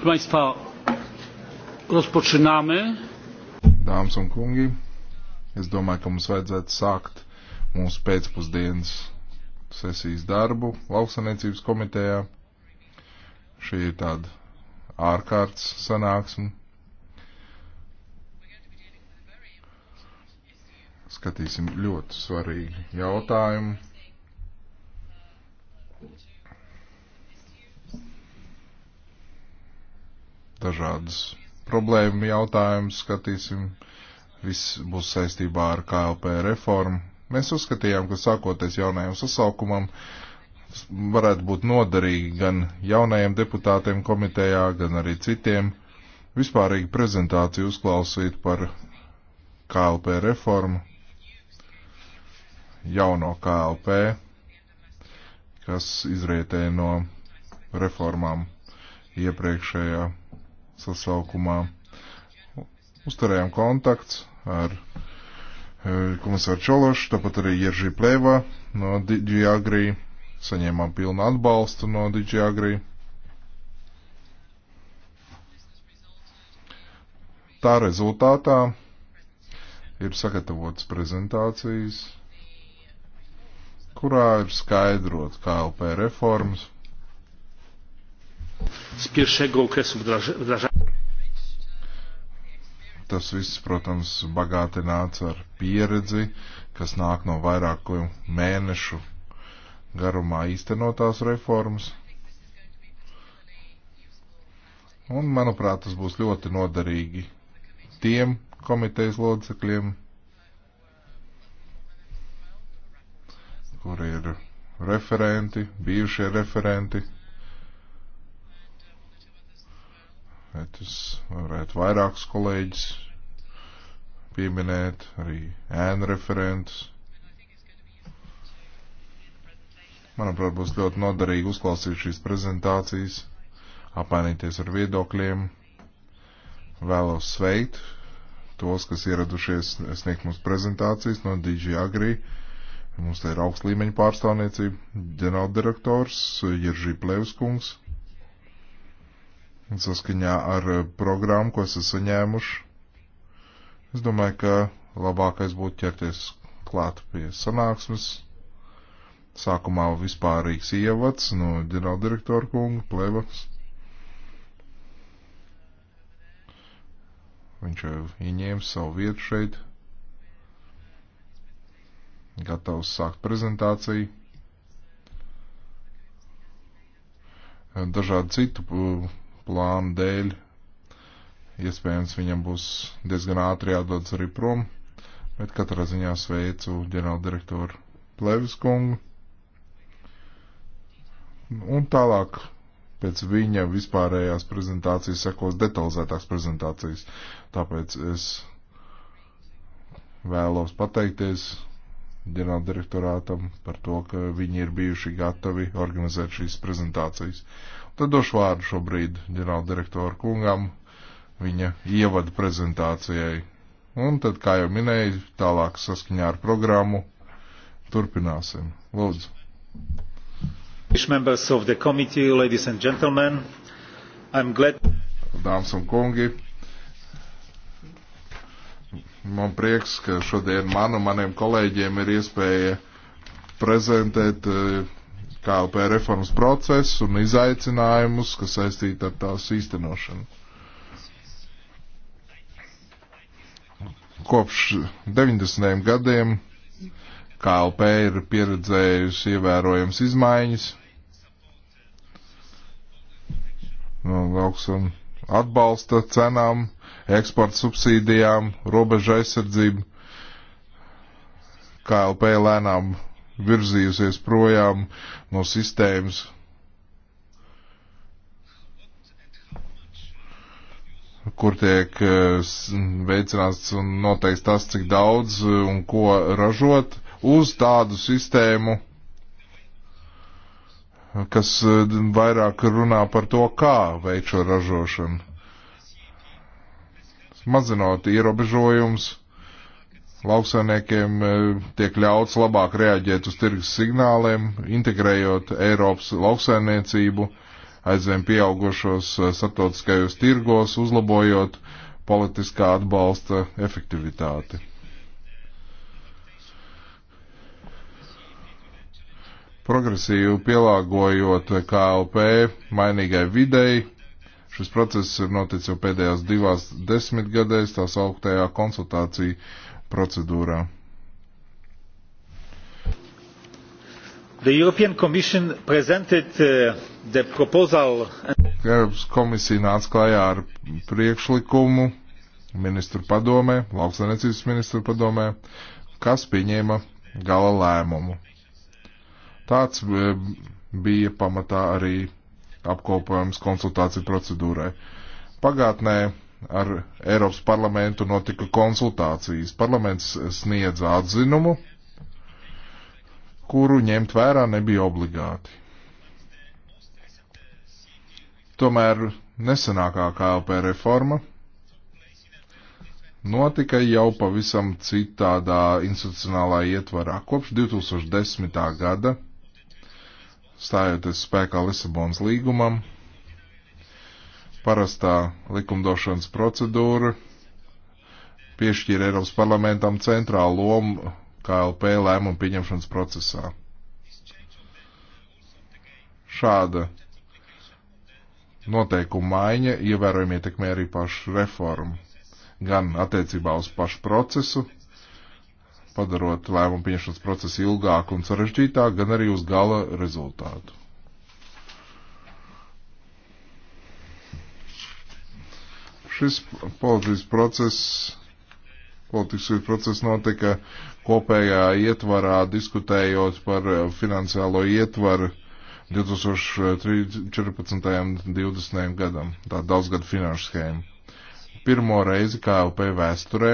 Proszę Państwa, rozpoczynamy. Dāmas un kungi, es domāju, ka mums vajadzētu sākt mūsu pēcpusdienas sesijas darbu lauksaniecības komitejā. Šī ir tāda ārkārtas sanāksme. Skatīsim ļoti svarīgu jautājumu. dažādas problēmu jautājumus skatīsim. Viss būs saistībā ar KLP reformu. Mēs uzskatījām, ka sākoties jaunajam sasaukumam varētu būt noderīgi gan jaunajiem deputātiem komitejā, gan arī citiem vispārīgi prezentāciju uzklausīt par KLP reformu, jauno KLP, kas izrietēja no reformām iepriekšējā sasaukumā. Uzturējām kontakts ar e, komisāru Čološu, tāpat arī Jeržī Plēvā no Digiagri. Saņēmām pilnu atbalstu no Digiagri. Tā rezultātā ir sagatavotas prezentācijas, kurā ir skaidrot KLP reformas. Z pierwszego okresu wdrażania. Tas viss, protams, bagātināts ar pieredzi, kas nāk no vairāku mēnešu garumā īstenotās reformas. Un, manuprāt, tas būs ļoti noderīgi tiem komitejas locekļiem, kur ir referenti, bijušie referenti. bet es varētu vairākus kolēģis pieminēt, arī ēnu referentus. Manuprāt, būs ļoti noderīgi uzklausīt šīs prezentācijas, apmainīties ar viedokļiem. Vēlos sveikt tos, kas ieradušies sniegt mums prezentācijas no DJ Agri. Mums te ir augsts līmeņa pārstāvniecība, ģenerāldirektors Jiržī Plevskungs, saskaņā ar eh, programmu, ko esat saņēmuši. Es domāju, ka labākais būtu ķerties klāt pie sanāksmes. Sākumā vispārīgs ievads no ģenerāldirektora kunga plevas. Viņš jau ieņēma savu vietu šeit. Gatavs sākt prezentāciju. Dažādi citu eh, plāna dēļ. Iespējams, viņam būs diezgan ātri jādodas arī prom, bet katrā ziņā sveicu ģenerāldirektoru Plevis kungu. Un tālāk pēc viņa vispārējās prezentācijas sekos detalizētāks prezentācijas. Tāpēc es vēlos pateikties ģenerāldirektorātam par to, ka viņi ir bijuši gatavi organizēt šīs prezentācijas. Tad došu vārdu šobrīd ģenerāldirektoru kungam viņa ievada prezentācijai. Un tad, kā jau minēju, tālāk saskaņā ar programmu turpināsim. Lūdzu. Members of the committee, ladies and gentlemen, I'm glad. Dāmas un kungi, man prieks, ka šodien man un maniem kolēģiem ir iespēja prezentēt uh, KLP reformas procesu un izaicinājumus, kas saistīti ar tās īstenošanu. Kopš 90. gadiem KLP ir pieredzējusi ievērojams izmaiņas. No nu, lauksim atbalsta cenām, eksporta subsīdijām, robeža aizsardzību. KLP lēnām virzījusies projām no sistēmas. kur tiek eh, veicināts un noteikts tas, cik daudz eh, un ko ražot, uz tādu sistēmu, kas eh, vairāk runā par to, kā veikt šo ražošanu. Mazinot ierobežojumus, Lauksaimniekiem e, tiek ļauts labāk reaģēt uz tirgus signāliem, integrējot Eiropas lauksaimniecību aizvien pieaugušos e, starptautiskajos tirgos, uzlabojot politiskā atbalsta efektivitāti. Progresīvi pielāgojot KLP mainīgai videi, šis process ir noticis jau pēdējās divās desmitgadēs, tā sauktajā konsultācija procedūrā. The European Commission presented uh, the proposal. Eiropas komisija nāca klajā ar priekšlikumu ministru padomē, lauksaimniecības ministru padomē, kas pieņēma gala lēmumu. Tāds e, bija pamatā arī apkopojums konsultāciju procedūrai. Pagātnē ar Eiropas parlamentu notika konsultācijas. Parlaments sniedza atzinumu, kuru ņemt vērā nebija obligāti. Tomēr nesenākā KLP reforma notika jau pavisam citādā institucionālā ietvarā. Kopš 2010. gada, stājoties spēkā Lisabonas līgumam, parastā likumdošanas procedūra piešķīra Eiropas parlamentam centrālu lomu KLP lēmumu pieņemšanas procesā. Šāda noteikuma maiņa ievērojami ietekmē arī pašu reformu, gan attiecībā uz pašu procesu, padarot lēmumu pieņemšanas procesu ilgāku un sarežģītāku, gan arī uz gala rezultātu. Šis politikas process, politikas process notika kopējā ietvarā, diskutējot par finansiālo ietvaru 2014. un 2020. gadam, tā daudzgad finanšu schēma. Pirmo reizi KLP vēsturē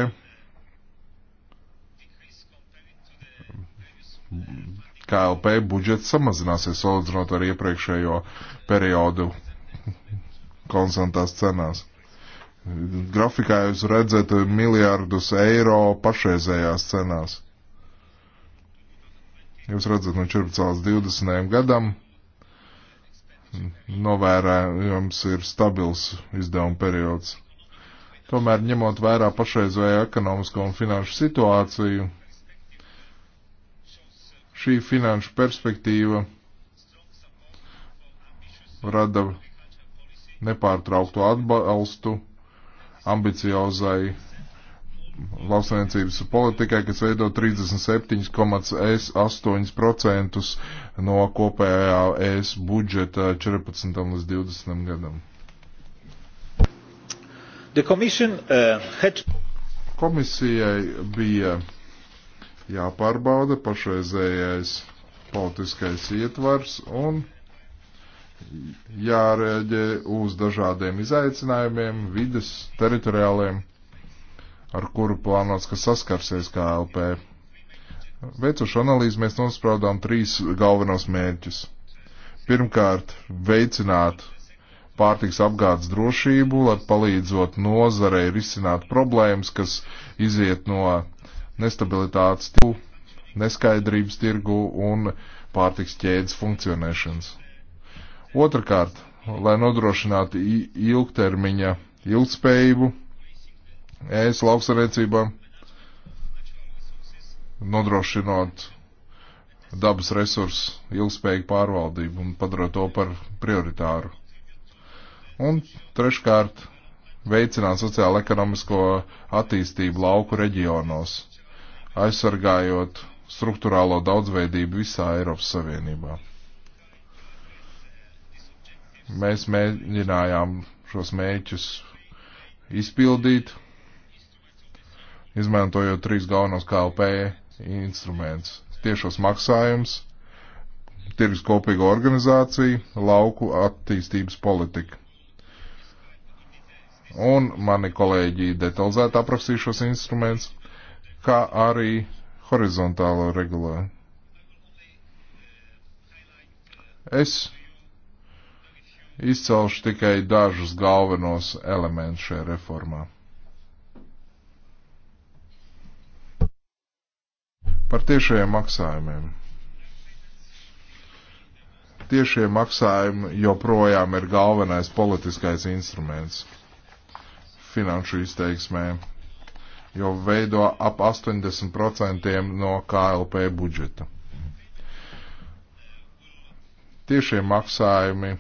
KLP budžets samazināsies salīdzinot ar iepriekšējo periodu konstantās cenās. Grafikā jūs redzat miljārdus eiro pašreizējās cenās. Jūs redzat no 14 līdz 20 gadam. Novērējams ir stabils izdevuma periods. Tomēr ņemot vērā pašreizējo ekonomisko un finanšu situāciju, šī finanšu perspektīva rada nepārtrauktu atbalstu ambiciozai lauksaimniecības politikai, kas veido 37,8% no kopējā ES budžeta 14. līdz 20. gadam. Uh, had... Komisijai bija jāpārbauda pašreizējais politiskais ietvars un jārēģē uz dažādiem izaicinājumiem, vides, teritoriāliem, ar kuru plānots, ka saskarsies KLP. Veicuši analīzi mēs nospraudām trīs galvenos mērķus. Pirmkārt, veicināt pārtiks apgādes drošību, lai palīdzot nozarei risināt problēmas, kas iziet no nestabilitātes tirgu, neskaidrības tirgu un pārtiks ķēdes funkcionēšanas. Otrakārt, lai nodrošinātu ilgtermiņa ilgspējību ēst lauksarēcībā, nodrošinot dabas resursu ilgspējīgu pārvaldību un padarot to par prioritāru. Un treškārt, veicināt sociālo-ekonomisko attīstību lauku reģionos, aizsargājot struktūrālo daudzveidību visā Eiropas Savienībā. Mēs mēģinājām šos mēķus izpildīt, izmantojot trīs galvenos KLP instrumentus - tiešos maksājums, tirgus kopīga organizācija, lauku attīstības politika. Un mani kolēģi detalizēti aprakstīja šos instrumentus, kā arī horizontālo regulējumu. Es Izcelšu tikai dažus galvenos elementus šajā reformā. Par tiešajiem maksājumiem. Tiešie maksājumi joprojām ir galvenais politiskais instruments finanšu izteiksmē, jo veido ap 80% no KLP budžeta tiešie maksājumi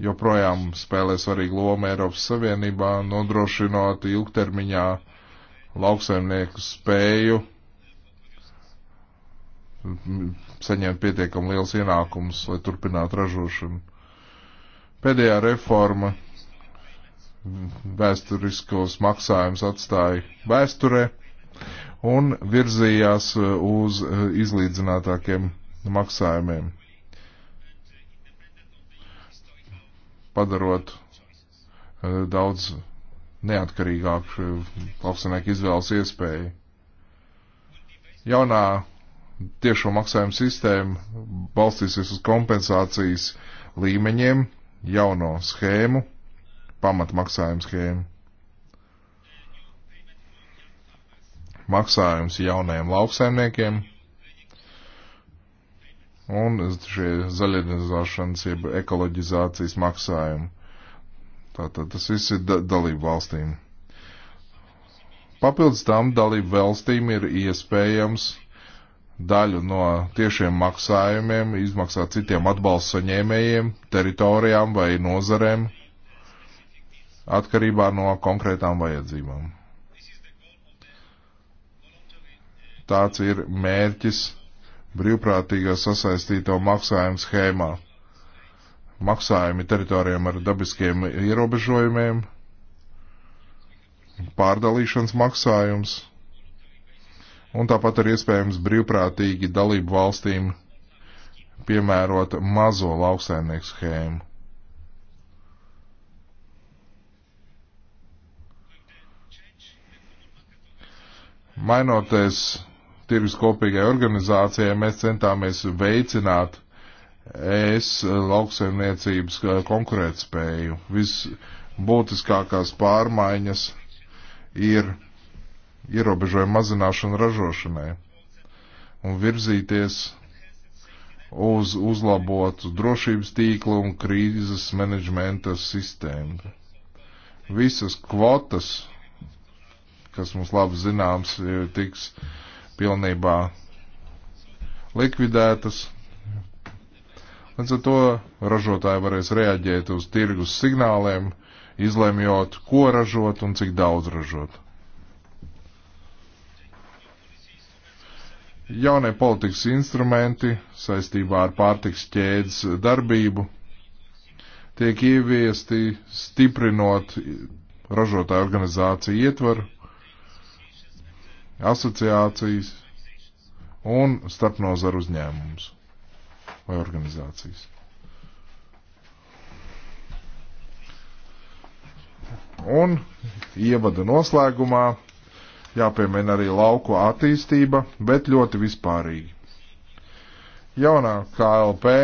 joprojām spēlē svarīgu lomu Eiropas Savienībā, nodrošinot ilgtermiņā lauksaimnieku spēju saņemt pietiekami liels ienākums, lai turpinātu ražošanu. Pēdējā reforma vēsturiskos maksājumus atstāja vēsturē un virzījās uz izlīdzinātākiem maksājumiem. padarot eh, daudz neatkarīgāku lauksaimnieku izvēles iespēju. Jaunā tiešo maksājumu sistēma balstīsies uz kompensācijas līmeņiem, jauno schēmu, pamatmaksājumu schēmu. Maksājums jaunajiem lauksaimniekiem un šie zaļinizāšanas, jeb ekoloģizācijas maksājumi. Tātad tas viss ir da dalību valstīm. Papildus tam dalību valstīm ir iespējams daļu no tiešiem maksājumiem izmaksāt citiem atbalsta saņēmējiem, teritorijām vai nozarēm atkarībā no konkrētām vajadzībām. Tāds ir mērķis brīvprātīgā sasaistīto maksājumu schēmā. Maksājumi teritorijām ar dabiskiem ierobežojumiem, pārdalīšanas maksājums, un tāpat ir iespējams brīvprātīgi dalību valstīm piemērot mazo lauksaimnieku schēmu. Mainoties tirgus kopīgai organizācijai mēs centāmies veicināt es lauksaimniecības konkurētspēju. Visbūtiskākās pārmaiņas ir ierobežojuma mazināšana ražošanai un virzīties uz uzlabotu drošības tīklu un krīzes menedžmenta sistēmu. Visas kvotas, kas mums labi zināms, tiks uh, pilnībā likvidētas. Līdz ar to ražotāji varēs reaģēt uz tirgus signāliem, izlemjot, ko ražot un cik daudz ražot. Jaunie politikas instrumenti saistībā ar pārtiks ķēdes darbību tiek ieviesti stiprinot ražotāju organizāciju ietvaru, asociācijas un starpnozaru uzņēmumus vai organizācijas. Un ievada noslēgumā jāpiemina arī lauku attīstība, bet ļoti vispārīgi. Jaunā KLP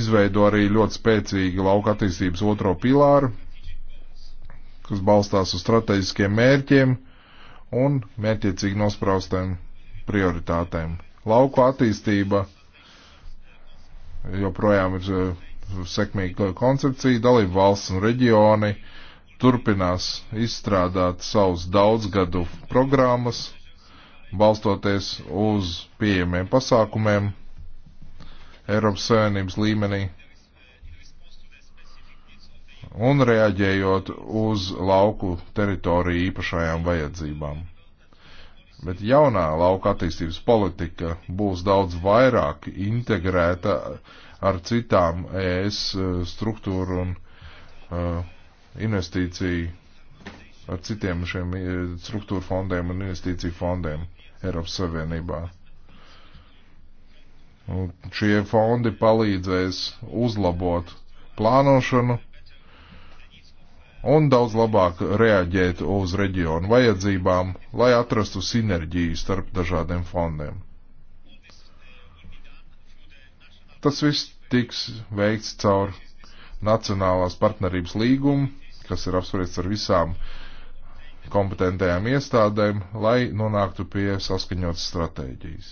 izveido arī ļoti spēcīgi lauka attīstības otro pilāru, kas balstās uz strateģiskiem mērķiem un mērķiecīgi nospraustēm prioritātēm. Lauku attīstība joprojām ir eh, sekmīga koncepcija, dalība valsts un reģioni turpinās izstrādāt savus daudzgadu programmas, balstoties uz pieejamiem pasākumiem Eiropas Savienības līmenī un reaģējot uz lauku teritoriju īpašajām vajadzībām. Bet jaunā lauka attīstības politika būs daudz vairāk integrēta ar citām ES e, struktūru un uh, investīciju, ar citiem šiem e, struktūru fondiem un investīciju fondiem Eiropas Savienībā. Un šie fondi palīdzēs uzlabot plānošanu un daudz labāk reaģēt uz reģionu vajadzībām, lai atrastu sinerģiju starp dažādiem fondiem. Tas viss tiks veikts caur Nacionālās partnerības līgumu, kas ir apspriests ar visām kompetentajām iestādēm, lai nonāktu pie saskaņotas stratēģijas.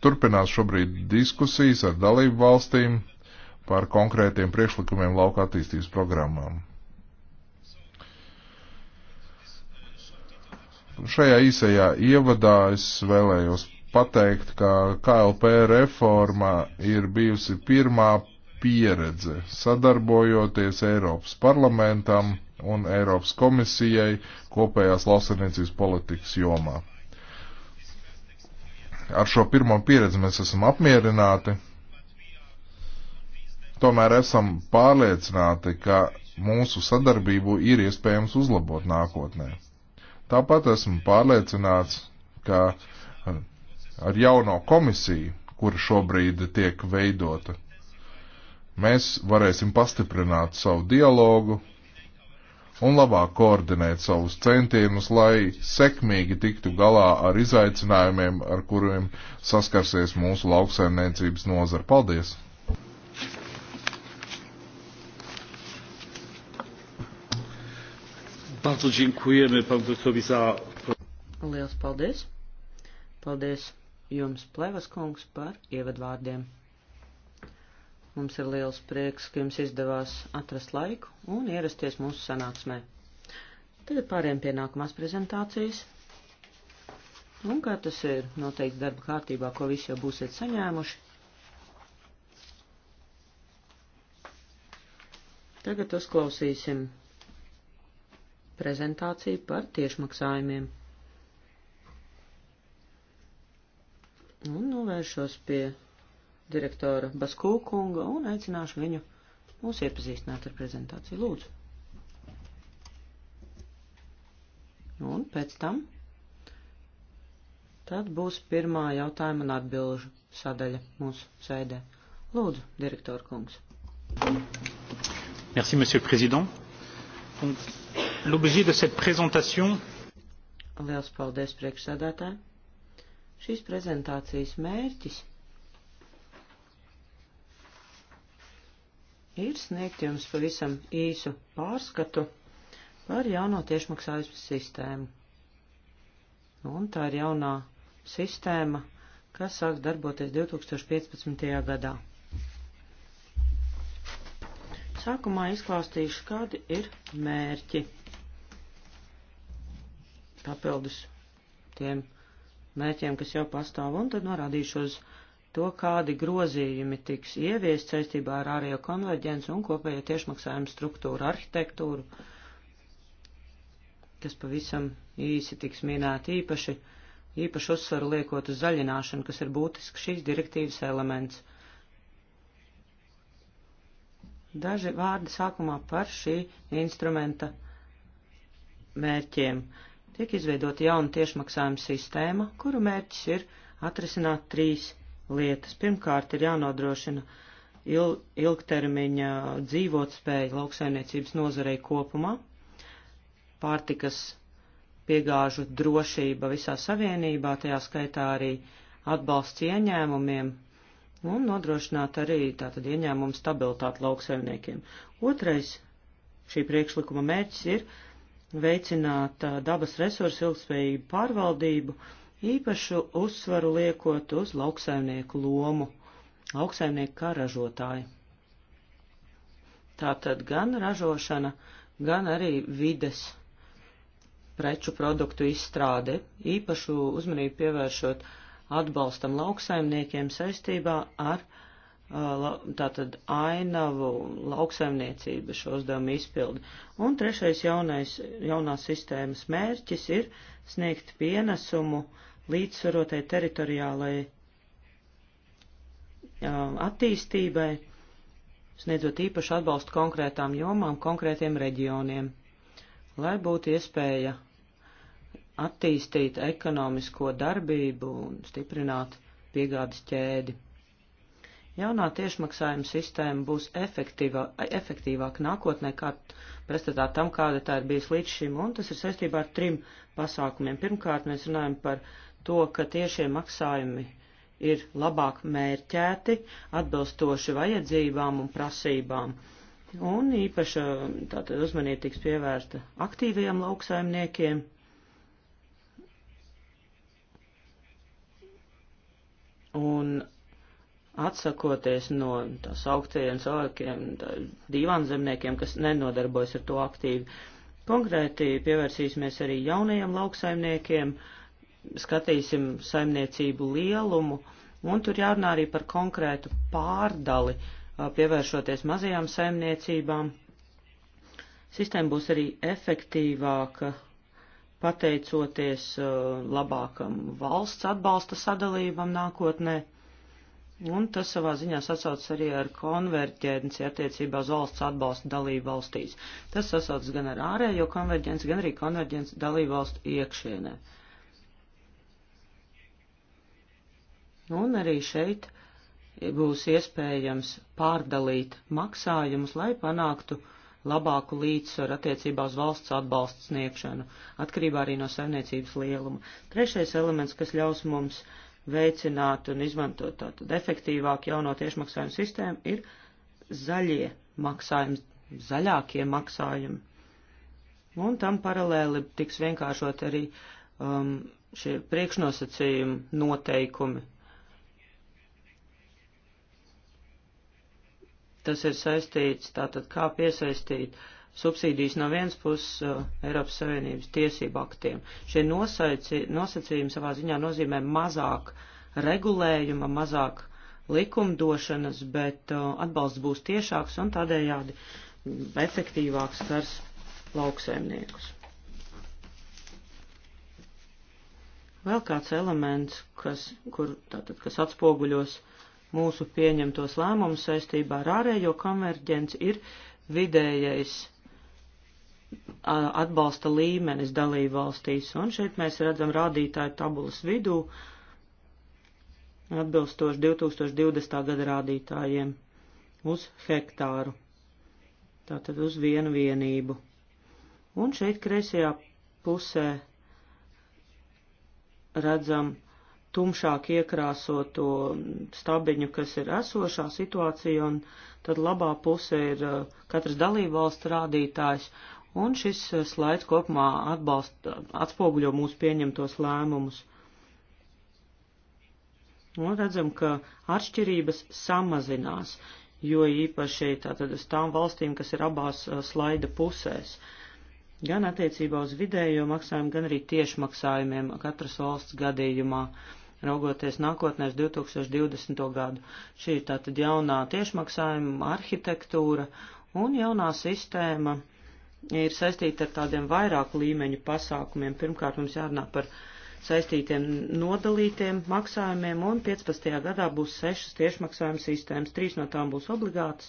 Turpinās šobrīd diskusijas ar dalību valstīm par konkrētiem priekšlikumiem lauka attīstības programmām. Šajā īsajā ievadā es vēlējos pateikt, ka KLP reforma ir bijusi pirmā pieredze sadarbojoties Eiropas parlamentam un Eiropas komisijai kopējās lauksaimniecības politikas jomā. Ar šo pirmo pieredzi mēs esam apmierināti, Tomēr esam pārliecināti, ka mūsu sadarbību ir iespējams uzlabot nākotnē. Tāpat esmu pārliecināts, ka ar jauno komisiju, kura šobrīd tiek veidota, mēs varēsim pastiprināt savu dialogu un labāk koordinēt savus centienus, lai sekmīgi tiktu galā ar izaicinājumiem, ar kuriem saskarsies mūsu lauksaimniecības nozara. Paldies! Bardzo dziękujemy panu doktorowi za. Liels paldies! Paldies jums, Plevas kungs, par ievadvārdiem. Mums ir liels prieks, ka jums izdevās atrast laiku un ierasties mūsu sanāksmē. Tagad pāriem pie nākamās prezentācijas. Un kā tas ir noteikti darba kārtībā, ko visi jau būsiet saņēmuši. Tagad uzklausīsim prezentāciju par tiešmaksājumiem. Un novēršos pie direktora Baskūkunga un aicināšu viņu mūs iepazīstināt ar prezentāciju. Lūdzu. Un pēc tam tad būs pirmā jautājuma un atbilžu sadaļa mūsu sēdē. Lūdzu, direktora kungs. Merci, monsieur le président. Un l'objet de cette présentation. Liels paldies priekšsēdētāji. Šīs prezentācijas mērķis ir sniegt jums pavisam īsu pārskatu par jauno tiešmaksājumu sistēmu. Un tā ir jaunā sistēma, kas sāks darboties 2015. gadā. Sākumā izklāstīšu, kādi ir mērķi papildus tiem mērķiem, kas jau pastāv, un tad norādīšu uz to, kādi grozījumi tiks ieviest saistībā ar ārējo konverģenci un kopējo tiešmaksājumu struktūru arhitektūru, kas pavisam īsi tiks minēti īpaši, īpaši uzsvaru liekot uz zaļināšanu, kas ir būtisks šīs direktīvas elements. Daži vārdi sākumā par šī instrumenta mērķiem. Uh, tiek izveidota jauna tiešmaksājuma sistēma, kuru mērķis ir atrisināt trīs lietas. Pirmkārt, ir jānodrošina il ilgtermiņa dzīvotspēja lauksaimniecības nozarei kopumā, pārtikas piegāžu drošība visā savienībā, tajā skaitā arī atbalsts ieņēmumiem un nodrošināt arī tātad ieņēmumu stabilitāti lauksaimniekiem. Otrais šī priekšlikuma mērķis ir veicināt dabas resursu ilgspējību pārvaldību, īpašu uzsvaru liekot uz lauksaimnieku lomu, lauksaimnieku kā ražotāju. Tātad gan ražošana, gan arī vides preču produktu izstrāde, īpašu uzmanību pievēršot atbalstam lauksaimniekiem saistībā ar uh, Uh, tātad ainavu lauksaimniecība šo uzdevumu izpildi. Un trešais jaunais, jaunās sistēmas mērķis ir sniegt pienesumu līdzsvarotai teritoriālai uh, attīstībai, sniedzot īpašu atbalstu konkrētām jomām, konkrētiem reģioniem, lai būtu iespēja attīstīt ekonomisko darbību un stiprināt piegādes ķēdi. Jaunā tiešmaksājuma sistēma būs efektīvā, efektīvāk nākotnē, kā pretstatā tam, kāda tā ir bijusi līdz šim, un tas ir saistībā ar trim pasākumiem. Pirmkārt, mēs runājam par to, ka tiešie maksājumi ir labāk mērķēti, atbilstoši vajadzībām un prasībām. Un īpaša tātad uzmanība tiks pievērsta aktīviem lauksaimniekiem. Un atsakoties no tās augtajiem cilvēkiem, tā, divānzemniekiem, kas nenodarbojas ar to aktīvi. Konkrēti pievērsīsimies arī jaunajiem lauksaimniekiem, skatīsim saimniecību lielumu, un tur jārunā arī par konkrētu pārdali, pievēršoties mazajām saimniecībām. Sistēma būs arī efektīvāka, pateicoties labākam valsts atbalsta sadalībam nākotnē. Un tas savā ziņā sasaucas arī ar konverģenci attiecībā uz valsts atbalstu dalību valstīs. Tas sasaucas gan ar ārējo konverģenci, gan arī konverģenci dalību valstu iekšienē. Un arī šeit būs iespējams pārdalīt maksājumus, lai panāktu labāku līdzsvaru attiecībā uz valsts atbalstu sniegšanu, atkarībā arī no saimniecības lieluma. Trešais elements, kas ļaus mums uh, veicināt un izmantot tātad efektīvāk jauno tiešmaksājumu sistēmu, ir zaļie maksājumi, zaļākie maksājumi. Un tam paralēli tiks vienkāršot arī um, šie priekšnosacījumi, noteikumi. Tas ir saistīts tātad, kā piesaistīt uh, subsīdijas no vienas puses uh, Eiropas Savienības tiesību aktiem. Šie nosaici, nosacījumi savā ziņā nozīmē mazāk regulējuma, mazāk likumdošanas, bet uh, atbalsts būs tiešāks un tādējādi mm, efektīvāks skars lauksaimniekus. Vēl kāds elements, kas, kur, tātad, kas atspoguļos mūsu pieņemtos lēmumus saistībā ar ārējo konverģenci, ir vidējais atbalsta līmenis dalību valstīs, un šeit mēs redzam rādītāju tabulas vidū atbilstoši 2020. gada rādītājiem uz hektāru, tātad uz vienu vienību. Un šeit kreisajā pusē redzam tumšāk iekrāsoto stabiņu, kas ir esošā situācija, un tad labā pusē ir katras dalībvalsts rādītājs, un šis uh, slaids kopumā atbalsta, atspoguļo mūsu pieņemtos lēmumus. Un redzam, ka atšķirības samazinās, jo īpaši tātad uz tām valstīm, kas ir abās uh, slaida pusēs, gan attiecībā uz vidējo maksājumu, gan arī tiešmaksājumiem katras valsts gadījumā raugoties nākotnē uz 2020. gadu. Šī ir tātad jaunā tiešmaksājuma arhitektūra un jaunā sistēma ir saistīta ar tādiem vairāku līmeņu pasākumiem. Pirmkārt, mums jārunā par saistītiem nodalītiem maksājumiem, un 15. gadā būs sešas tiešmaksājuma sistēmas, trīs no tām būs obligātas,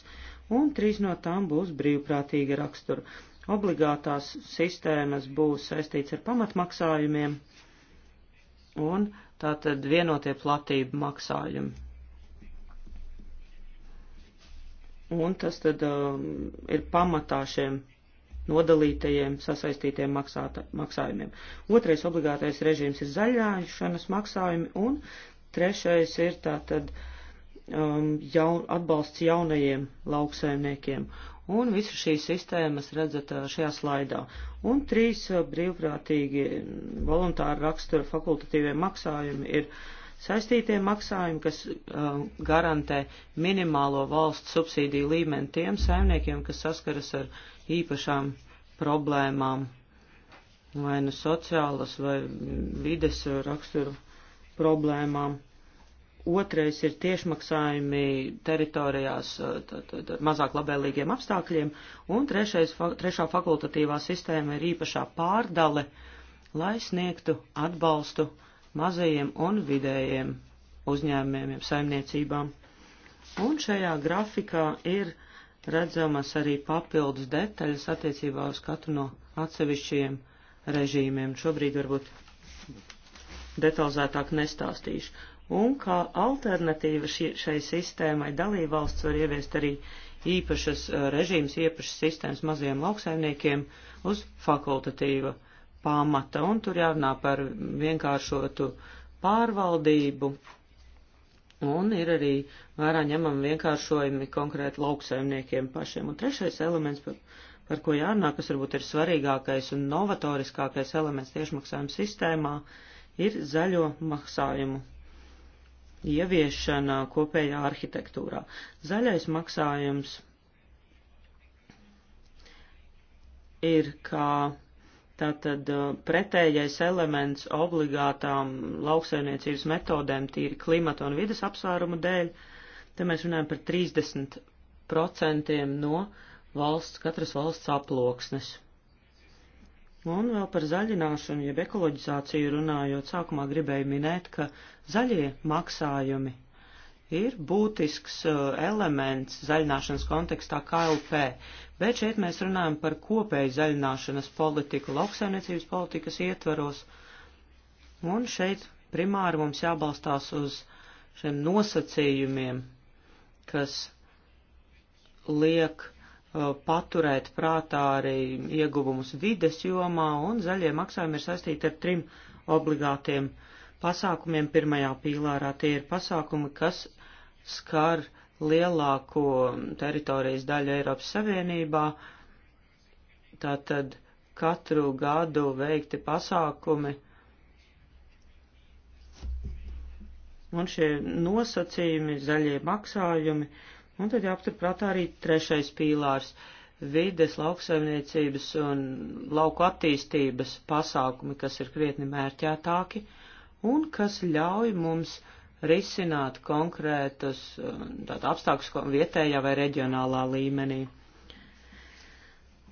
un trīs no tām būs brīvprātīga rakstura. Obligātās sistēmas būs saistīts ar pamatmaksājumiem, un tātad vienotie platība maksājumi. Un tas tad um, ir pamatā šiem nodalītajiem sasaistītiem maksāta, maksājumiem. Otrais obligātais režīms ir zaļāšanas maksājumi, un trešais ir tātad um, jaun, atbalsts jaunajiem lauksaimniekiem. Un visu šīs sistēmas redzat uh, šajā slaidā. Un trīs uh, brīvprātīgi voluntāri rakstura fakultatīvie maksājumi ir saistītie maksājumi, kas uh, garantē minimālo valsts subsīdiju līmeni tiem saimniekiem, kas saskaras ar uh, īpašām problēmām, vai nu sociālas, vai vides raksturu problēmām. Otrais ir tiešmaksājumi teritorijās tātad, ar mazāk labvēlīgiem apstākļiem, un trešais, trešā fakultatīvā sistēma ir īpašā pārdale, lai sniegtu atbalstu mazajiem un vidējiem uzņēmumiem, saimniecībām. Un šajā grafikā ir redzamas arī papildus detaļas attiecībā uz katru no atsevišķiem režīmiem. Šobrīd varbūt detalizētāk nestāstīšu. Un kā alternatīva šie, šai sistēmai dalībvalsts var ieviest arī īpašas uh, režīmas, īpašas sistēmas mazajiem lauksaimniekiem uz fakultatīva pamata. Un tur jārunā par vienkāršotu pārvaldību, Un ir arī vērā ņemami vienkāršojumi konkrēti lauksaimniekiem pašiem. Un trešais elements, par, par ko jārunā, kas varbūt ir svarīgākais un novatoriskākais elements tiešmaksājuma sistēmā, ir zaļo maksājumu ieviešana kopējā arhitektūrā. Zaļais maksājums ir kā Tātad uh, pretējais elements obligātām lauksaimniecības metodēm tīri klimata un vidas apsvērumu dēļ, te mēs runājam par 30% no valsts, katras valsts aploksnes. Un vēl par zaļināšanu, jeb ekoloģizāciju runājot, sākumā gribēju minēt, ka zaļie maksājumi ir būtisks uh, elements zaļināšanas kontekstā KLP, bet šeit mēs runājam par kopēju zaļināšanas politiku lauksaimniecības politikas ietveros, un šeit primāri mums jābalstās uz šiem nosacījumiem, kas liek uh, paturēt prātā arī ieguvumus vides jomā, un zaļie maksājumi ir saistīti ar trim obligātiem pasākumiem. Pirmajā pīlārā tie ir pasākumi, kas skar lielāko teritorijas daļu Eiropas Savienībā, tātad katru gadu veikti pasākumi un šie nosacījumi, zaļie maksājumi, un tad jāpaturprātā arī trešais pīlārs - vides, lauksaimniecības un lauku attīstības pasākumi, kas ir krietni mērķētāki un kas ļauj mums risināt konkrētas um, apstākļus vietējā vai reģionālā līmenī.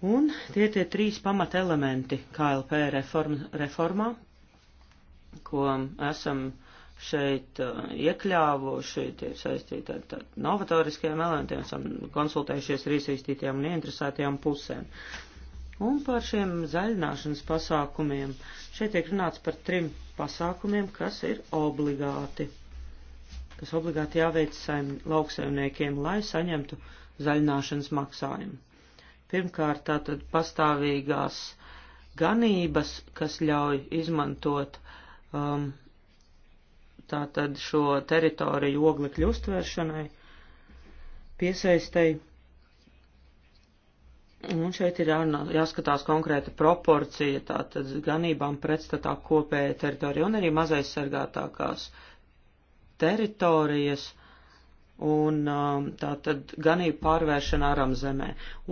Un tie tie trīs pamatelementi KLP reform, reformā, ko esam šeit uh, iekļāvuši, tie ir saistīti ar tādiem novatoriskiem elementiem, esam konsultējušies ar iesaistītajām un ieinteresētajām pusēm. Un par šiem zaļināšanas pasākumiem. Šeit tiek runāts par trim pasākumiem, kas ir obligāti kas obligāti jāveic saim, lauksaimniekiem, lai saņemtu zaļināšanas maksājumu. Pirmkārt, tātad pastāvīgās ganības, kas ļauj izmantot um, tātad šo teritoriju oglekļu uztvēršanai, piesaistei. Un šeit ir jārunā, jāskatās konkrēta proporcija tātad ganībām pretstatā kopēja teritorija un arī mazaizsargātākās sargātākās teritorijas un um, tātad ganību pārvēršana aram zemē.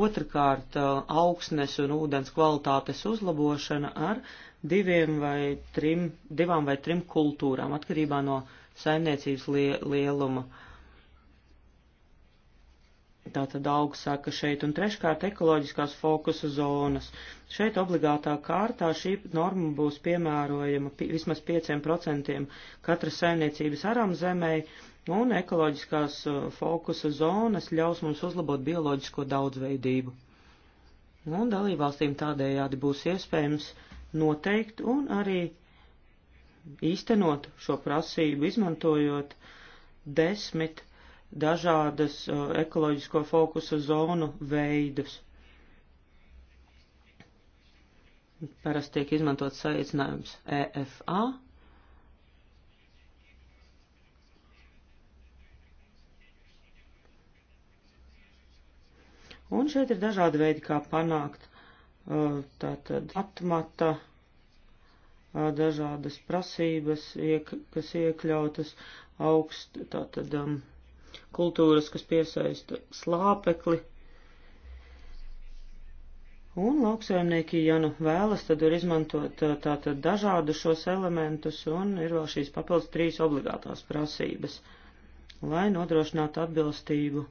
Otrakārt, uh, augsnes un ūdens kvalitātes uzlabošana ar diviem vai trim, divām vai trim kultūrām, atkarībā no saimniecības lieluma. Uh, Tātad augu saka šeit, un treškārt ekoloģiskās fokusa zonas. Šeit obligātā kārtā šī norma būs piemērojama pi, vismaz 5% katras saimniecības aram zemē, un ekoloģiskās uh, fokusa zonas ļaus mums uzlabot bioloģisko daudzveidību. Un dalībvalstīm tādējādi būs iespējams noteikt un arī īstenot šo prasību, izmantojot desmit dažādas uh, ekoloģisko fokusa zonu veidus. Parasti tiek izmantot saīcinājums EFA. Un šeit ir dažādi veidi, kā panākt uh, tātad atmata uh, dažādas prasības, iek, kas iekļautas augst, tātad um, kultūras, kas piesaista slāpekli. Un lauksaimnieki, ja nu vēlas, tad var izmantot tātad dažādu šos elementus un ir vēl šīs papildus trīs obligātās prasības, lai nodrošinātu atbilstību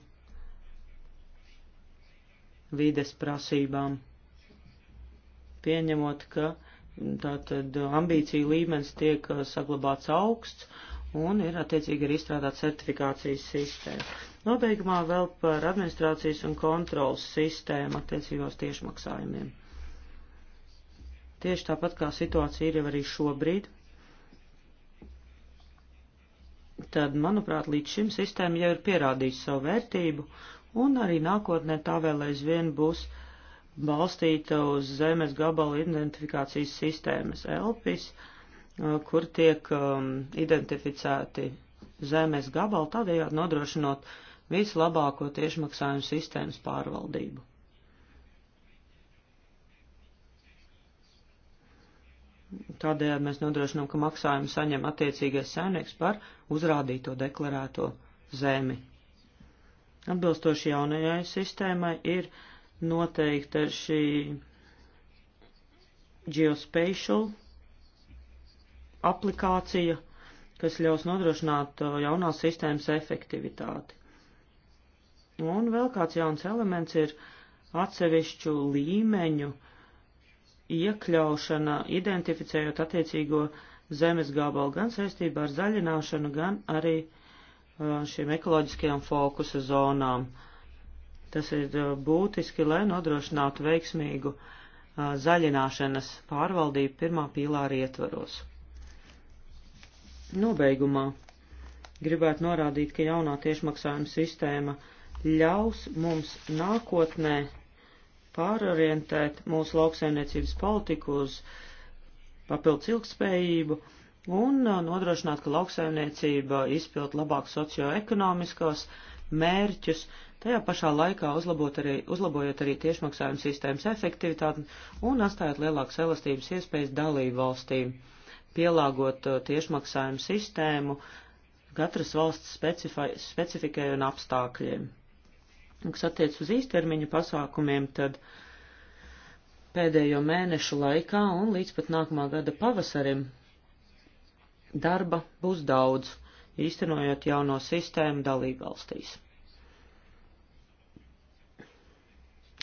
vides prasībām, pieņemot, ka tātad ambīcija līmenis tiek saglabāts augsts, un ir attiecīgi arī izstrādāt certifikācijas sistēmu. Nobeigumā vēl par administrācijas un kontrolas sistēmu attiecīgos tiešmaksājumiem. Tieši tāpat kā situācija ir jau arī šobrīd, tad, manuprāt, līdz šim sistēma jau ir pierādījusi savu vērtību, un arī nākotnē tā vēl aizvien būs balstīta uz zemes gabala identifikācijas sistēmas ELPIS, uh, Uh, kur tiek um, identificēti zemes gabali, tādējādi nodrošinot vislabāko tiešmaksājumu sistēmas pārvaldību. Tādējādi mēs nodrošinām, ka maksājumu saņem attiecīgais saimnieks par uzrādīto deklarēto zemi. Atbilstoši jaunajai sistēmai ir noteikta šī geospatial aplikācija, kas ļaus nodrošināt uh, jaunās sistēmas efektivitāti. Un vēl kāds jauns elements ir atsevišķu līmeņu iekļaušana, identificējot attiecīgo zemes gabalu gan saistībā ar zaļināšanu, gan arī uh, šīm ekoloģiskajām fokusa zonām. Tas ir uh, būtiski, lai nodrošinātu veiksmīgu zaļināšanas pārvaldību pirmā pīlāra ietvaros. Nobeigumā gribētu norādīt, ka jaunā tiešmaksājuma sistēma ļaus mums nākotnē pārorientēt mūsu lauksaimniecības politiku uz papildus ilgspējību un uh, nodrošināt, ka lauksaimniecība izpild labāk socioekonomiskos mērķus, tajā pašā laikā arī, uzlabojot arī tiešmaksājumu sistēmas efektivitāti un atstājot lielākas elastības iespējas dalību valstīm pielāgot uh, tiešmaksājumu sistēmu katras valsts specifikai un apstākļiem. Kas attiec uz īstermiņa pasākumiem, tad pēdējo mēnešu laikā un līdz pat nākamā gada pavasarim darba būs daudz, īstenojot jauno sistēmu dalībvalstīs.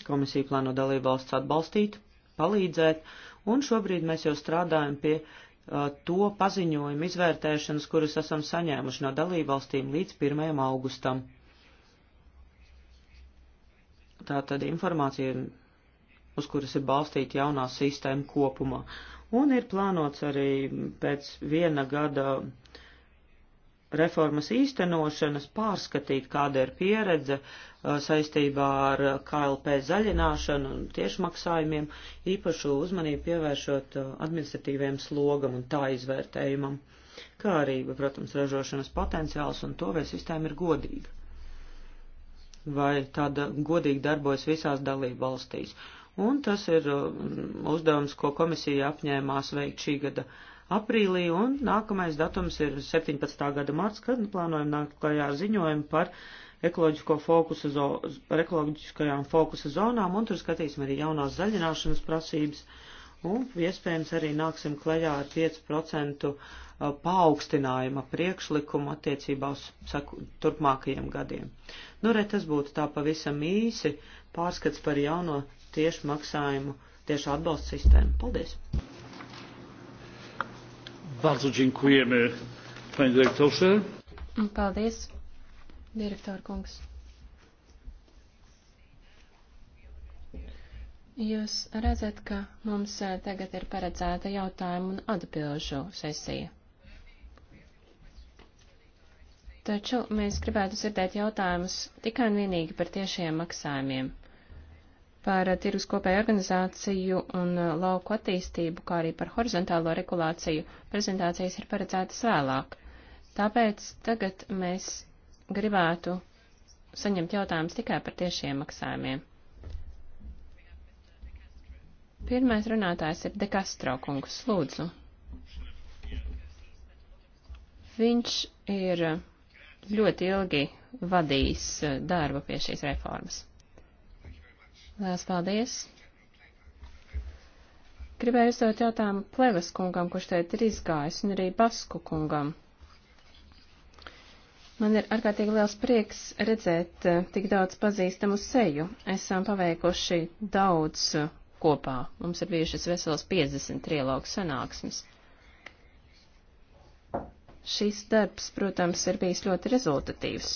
Komisija plāno dalībvalsts atbalstīt, palīdzēt, un šobrīd mēs jau strādājam pie uh, Uh, to paziņojumu izvērtēšanas, kurus esam saņēmuši no dalībvalstīm līdz 1. augustam. Tātad informācija, uz kuras ir balstīta jaunā sistēma kopumā. Un ir plānots arī pēc viena gada uh, reformas īstenošanas pārskatīt, kāda ir pieredze uh, saistībā ar uh, KLP zaļināšanu un tiešmaksājumiem, īpašu uzmanību pievēršot uh, administratīviem slogam un tā izvērtējumam, kā arī, protams, ražošanas potenciāls un to, vai sistēma ir godīga. Vai tāda godīgi darbojas visās dalību valstīs. Un tas ir uzdevums, ko komisija apņēmās veikt šī gada uh, aprīlī, un nākamais datums ir 17. gada marts, kad plānojam nākt klajā ziņojumu par ekoloģisko fokusu, par ekoloģiskajām fokusa zonām, un tur skatīsim arī jaunās zaļināšanas prasības, un iespējams arī nāksim klajā ar 5% uh, paaugstinājuma priekšlikumu attiecībā uz saku, turpmākajiem gadiem. Nu, re, tas būtu tā pavisam īsi pārskats par jauno tiešu maksājumu, tiešu atbalstu sistēmu. Paldies! Bardzo dziękujemy, panie dyrektorze. Paldies, direktor kungs. Jūs redzat, ka mums eh, tagad ir paredzēta jautājumu un atbilžu sesija. Taču mēs gribētu sirdēt jautājumus tikai un vienīgi par tiešajiem maksājumiem par tirgus kopēju organizāciju un lauku attīstību, kā arī par horizontālo regulāciju, prezentācijas ir paredzētas vēlāk. Tāpēc tagad mēs gribētu saņemt jautājumus tikai par tiešiem maksājumiem. Pirmais runātājs ir Dekastro kungs, lūdzu. Viņš ir ļoti ilgi vadījis eh, darbu pie šīs reformas. Lielas paldies! Gribēju uzdot jautājumu Plevas kungam, kurš šeit ir izgājis, un arī Basku kungam. Man ir ārkārtīgi liels prieks redzēt eh, tik daudz pazīstamu seju. Esam paveikuši daudz eh, kopā. Mums ir bijušas veselas 50 trilogu sanāksmes. Šis darbs, protams, ir bijis ļoti rezultatīvs.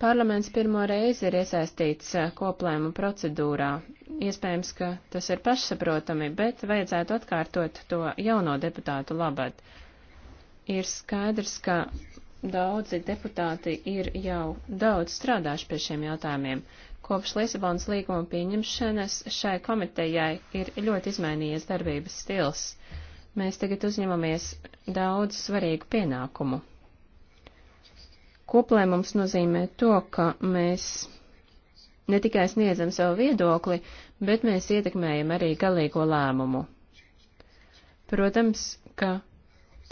Parlaments pirmo reizi ir iesaistīts eh, koplēmu procedūrā. Iespējams, ka tas ir pašsaprotami, bet vajadzētu atkārtot to jauno deputātu labad. Ir skaidrs, ka daudzi deputāti ir jau daudz strādājuši pie šiem jautājumiem. Kopš Lisabonas līguma pieņemšanas šai komitejai ir ļoti izmainījies darbības stils. Mēs tagad uzņemamies daudz svarīgu pienākumu. Koplēmums nozīmē to, ka mēs ne tikai sniedzam savu viedokli, bet mēs ietekmējam arī galīgo lēmumu. Protams, ka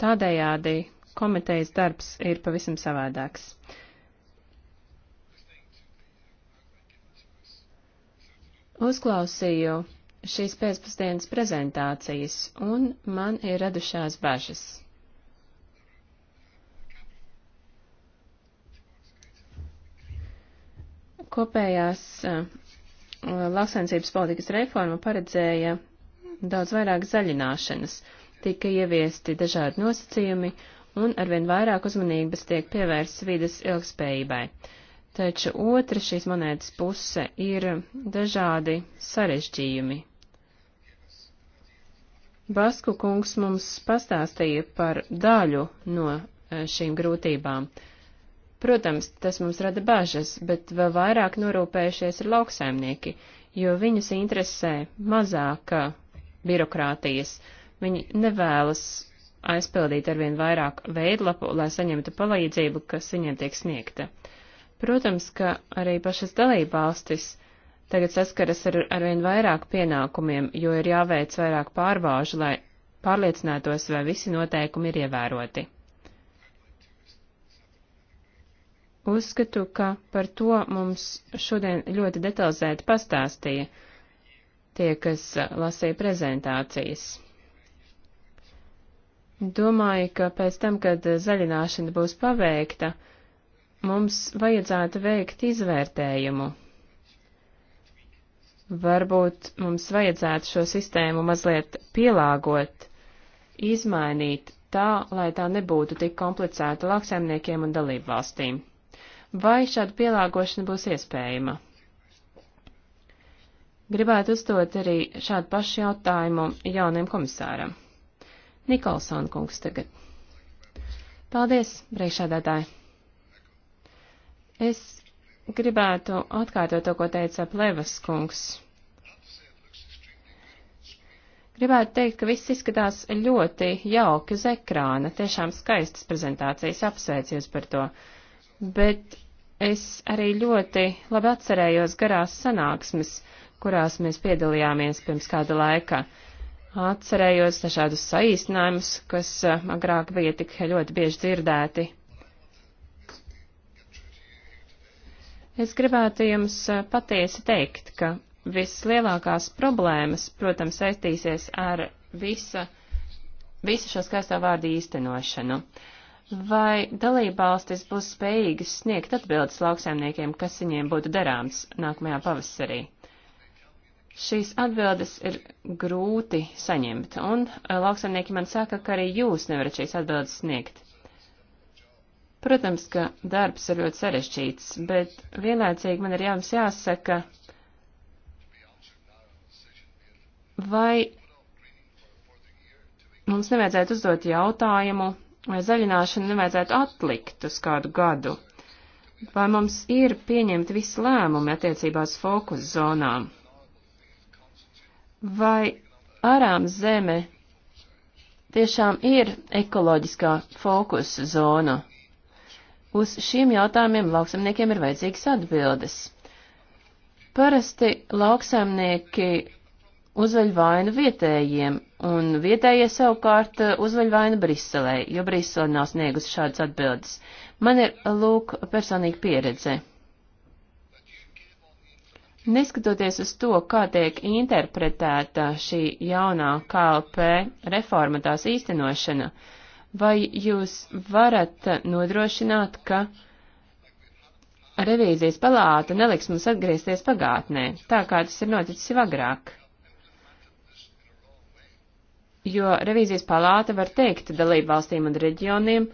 tādējādi komitejas darbs ir pavisam savādāks. Uzklausīju šīs pēcpusdienas prezentācijas, un man ir radušās bažas. Kopējās eh, lauksaimniecības politikas reforma paredzēja daudz vairāk zaļināšanas, tika ieviesti dažādi nosacījumi un arvien vairāk uzmanības tiek pievērsts vides ilgspējībai. Taču otra šīs monētas puse ir dažādi sarežģījumi. Basku kungs mums pastāstīja par daļu no eh, šīm grūtībām. Uh, Protams, tas mums rada bažas, bet vēl vairāk norūpējušies ir lauksaimnieki, jo viņus interesē mazāk birokrātijas. Viņi nevēlas aizpildīt arvien vairāk veidlapu, lai saņemtu palīdzību, kas viņiem tiek sniegta. Protams, ka arī pašas dalībvalstis tagad saskaras ar arvien vairāk pienākumiem, jo ir jāveic vairāk pārbaužu, lai pārliecinātos, vai visi noteikumi ir ievēroti. Uzskatu, ka par to mums šodien ļoti detalizēti pastāstīja tie, kas lasīja prezentācijas. Domāju, ka pēc tam, kad zaļināšana būs paveikta, mums vajadzētu veikt izvērtējumu. Varbūt mums vajadzētu šo sistēmu mazliet pielāgot, izmainīt tā, lai tā nebūtu tik komplicēta lauksaimniekiem un dalību valstīm vai šāda pielāgošana būs iespējama. Gribētu uzdot arī šādu pašu jautājumu jauniem komisāram. Nikolson kungs tagad. Paldies, priekšādātāji. Es gribētu atkārtot to, ko teica Plevas kungs. Gribētu teikt, ka viss izskatās ļoti jauki uz ekrāna, tiešām skaistas prezentācijas, apsveicies par to bet es arī ļoti labi atcerējos garās sanāksmes, kurās mēs piedalījāmies pirms kāda laika. Atcerējos dažādus saīsinājumus, kas eh, agrāk bija tik ļoti bieži dzirdēti. Es gribētu jums eh, patiesi teikt, ka vislielākās problēmas, protams, saistīsies ar visa, visu šo skaisto vārdu īstenošanu. Uh, vai dalībvalstis būs spējīgas sniegt atbildes lauksaimniekiem, kas viņiem būtu darāms nākamajā pavasarī. Šīs atbildes ir grūti saņemt, un eh, lauksaimnieki man saka, ka arī jūs nevarat šīs atbildes sniegt. Protams, ka darbs ir ļoti sarežģīts, bet vienlaicīgi man ir jums jāsaka, vai mums nevajadzētu uzdot jautājumu zaļināšanu nevajadzētu atlikt uz kādu gadu? Vai mums ir pieņemti visi lēmumi attiecībās fokus zonām? Vai Arām zeme tiešām ir ekoloģiskā fokus zona? Uz šiem jautājumiem lauksamniekiem ir vajadzīgas atbildes. Parasti lauksaimnieki uzveļ vainu vietējiem un vietējie savukārt eh, uzveļ vainu Briselē, jo Brisele nav sniegusi šādas atbildes. Man ir, eh, lūk, personīga pieredze. Neskatoties uz to, kā tiek interpretēta šī jaunā KLP reforma tās īstenošana, vai jūs varat nodrošināt, ka revīzijas palāta neliks mums atgriezties pagātnē, tā kā tas ir noticis jau agrāk? jo revīzijas palāta var teikt dalību valstīm un reģioniem,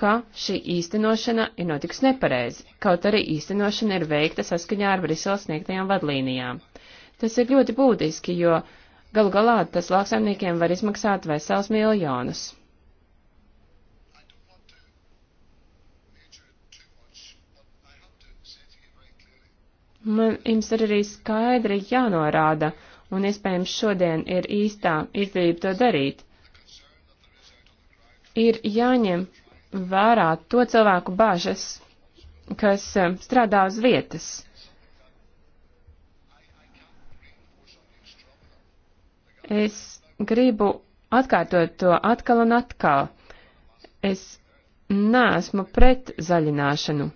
ka šī īstenošana ir notiks nepareizi, kaut arī īstenošana ir veikta saskaņā ar Briseles sniegtajām vadlīnijām. Tas ir ļoti būtiski, jo galu galā tas lauksaimniekiem var izmaksāt vesels miljonus. Man jums ir arī skaidri jānorāda, un iespējams šodien ir īstā izdevība to darīt. Ir jāņem vērā to cilvēku bāžas, kas eh, strādā uz vietas. Es gribu atkārtot to atkal un atkal. Es neesmu pret zaļināšanu,